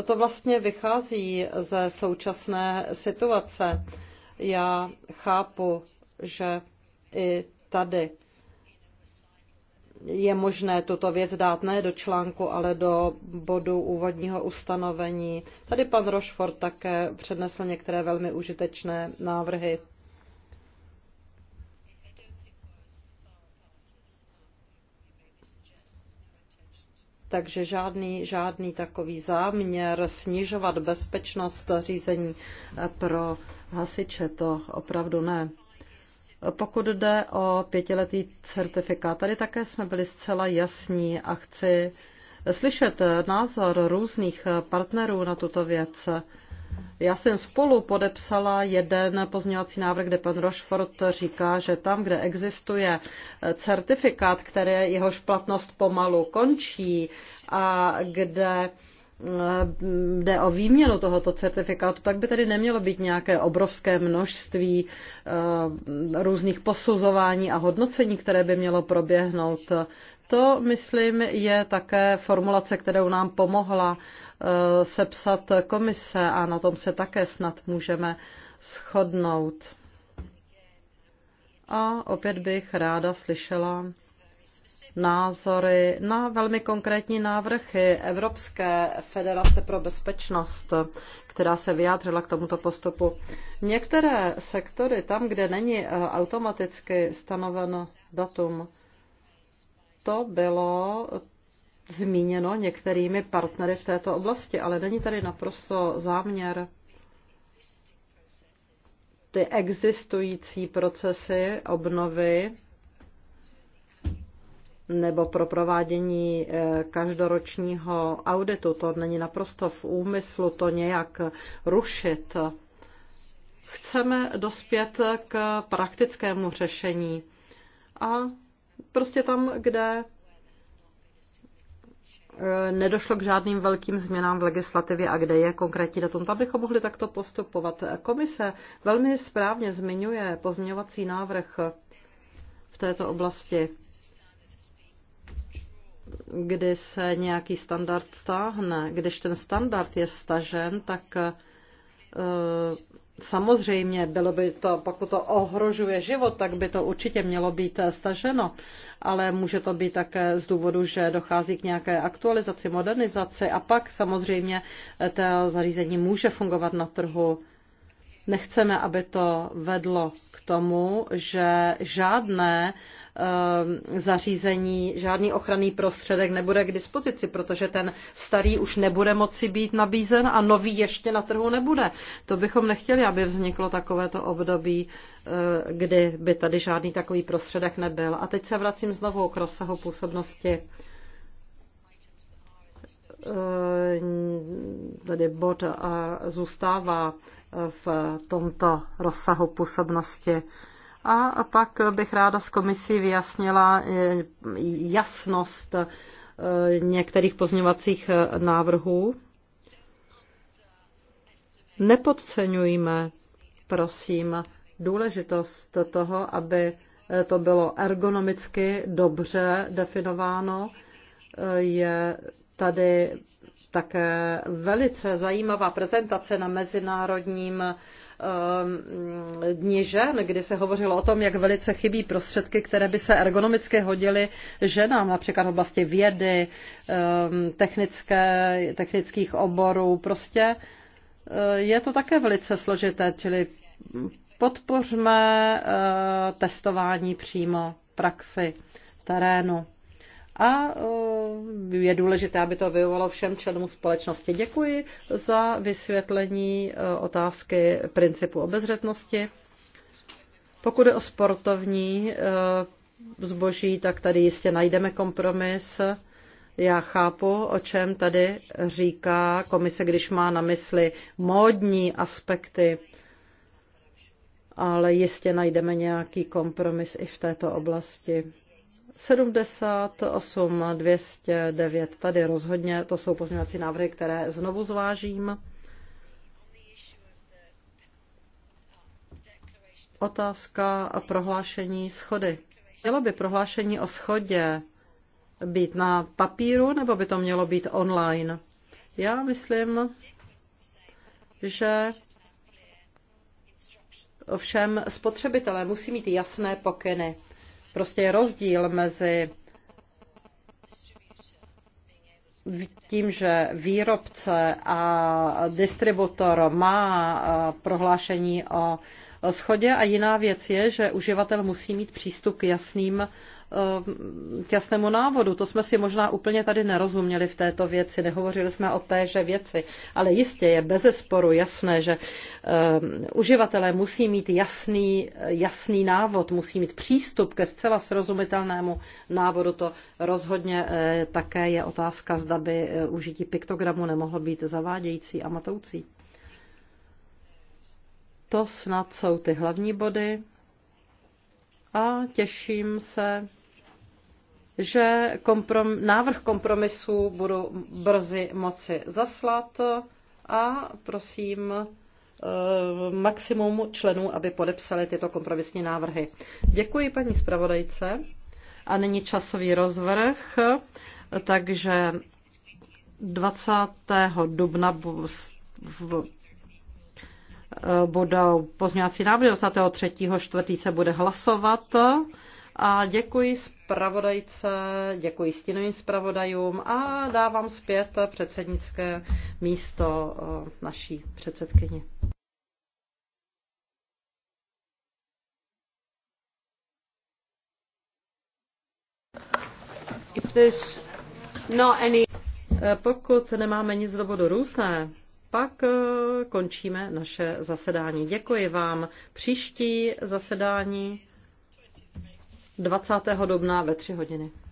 to vlastně vychází ze současné situace. Já chápu, že i tady je možné tuto věc dát ne do článku, ale do bodu úvodního ustanovení. Tady pan Rošford také přednesl některé velmi užitečné návrhy. Takže žádný, žádný takový záměr snižovat bezpečnost řízení pro hasiče to opravdu ne. Pokud jde o pětiletý certifikát, tady také jsme byli zcela jasní a chci slyšet názor různých partnerů na tuto věc. Já jsem spolu podepsala jeden pozměňovací návrh, kde pan Rochefort říká, že tam, kde existuje certifikát, které jehož platnost pomalu končí a kde mm, jde o výměnu tohoto certifikátu, tak by tady nemělo být nějaké obrovské množství eh, různých posuzování a hodnocení, které by mělo proběhnout. To, myslím, je také formulace, kterou nám pomohla Eh, sepsat komise a na tom se také snad můžeme shodnout. A opět bych ráda slyšela názory na velmi konkrétní návrhy Evropské federace pro bezpečnost, která se vyjádřila k tomuto postupu. Některé sektory, tam, kde není eh, automaticky stanoveno datum, to bylo zmíněno některými partnery v této oblasti, ale není tady naprosto záměr ty existující procesy obnovy nebo pro provádění eh, každoročního auditu. To není naprosto v úmyslu to nějak rušit. Chceme dospět k praktickému řešení a prostě tam, kde Eh, nedošlo k žádným velkým změnám v legislativě a kde je konkrétní datum. Tam bychom mohli takto postupovat. Komise velmi správně zmiňuje pozměňovací návrh v této oblasti, kdy se nějaký standard stáhne. Když ten standard je stažen, tak eh, Samozřejmě, bylo by to, pokud to ohrožuje život, tak by to určitě mělo být staženo, ale může to být také z důvodu, že dochází k nějaké aktualizaci, modernizaci a pak samozřejmě to zařízení může fungovat na trhu. Nechceme, aby to vedlo k tomu, že žádné uh, Ehm, zařízení, žádný ochranný prostředek nebude k dispozici, protože ten starý už nebude moci být nabízen a nový ještě na trhu nebude. To bychom nechtěli, aby vzniklo takovéto období, eh, kdy by tady žádný takový prostředek nebyl. A teď se vracím znovu k rozsahu působnosti eh, tedy bod eh, zůstává v tomto rozsahu působnosti a pak bych ráda s komisí vyjasnila eh, jasnost eh, některých pozněvacích eh, návrhů. Nepodceňujme, prosím, důležitost toho, aby to bylo ergonomicky dobře definováno. Je tady také velice zajímavá prezentace na mezinárodním Um, dní žen, kdy se hovořilo o tom, jak velice chybí prostředky, které by se ergonomicky hodily ženám, například v oblasti vědy, um, technické, technických oborů. Prostě uh, je to také velice složité, čili podpořme uh, testování přímo praxi terénu a eh, je důležité, aby to vyvolalo všem členům společnosti. Děkuji za vysvětlení eh, otázky principu obezřetnosti. Pokud je o sportovní eh, zboží, tak tady jistě najdeme kompromis. Já chápu, o čem tady říká komise, když má na mysli módní aspekty, ale jistě najdeme nějaký kompromis i v této oblasti. 78, 209, tady rozhodně, to jsou pozměňovací návrhy, které znovu zvážím. Otázka a prohlášení schody. Mělo by prohlášení o schodě být na papíru, nebo by to mělo být online? Já myslím, že ovšem spotřebitelé musí mít jasné pokyny Prostě je rozdíl mezi tím, že výrobce a distributor má prohlášení o schodě a jiná věc je, že uživatel musí mít přístup k jasným k eh, jasnému návodu. To jsme si možná úplně tady nerozuměli v této věci, nehovořili jsme o téže věci, ale jistě je bez sporu jasné, že eh, uživatelé musí mít jasný, jasný návod, musí mít přístup ke zcela srozumitelnému návodu. To rozhodně eh, také je otázka, zda by užití piktogramu nemohlo být zavádějící a matoucí. To snad jsou ty hlavní body a těším se, že komprom, návrh kompromisu budu brzy moci zaslat a prosím eh, maximum členů, aby podepsali tyto kompromisní návrhy. Děkuji paní zpravodajce. A nyní časový rozvrh, takže 20. dubna budou pozměňovací návrhy. 23. 4. se bude hlasovat. A děkuji zpravodajce, děkuji stínovým zpravodajům a dávám zpět předsednické místo eh, naší předsedkyni. If not any... Eh, pokud nemáme nic do bodu různé, pak eh, končíme naše zasedání. Děkuji vám. Příští zasedání 20. dubna ve 3 hodiny.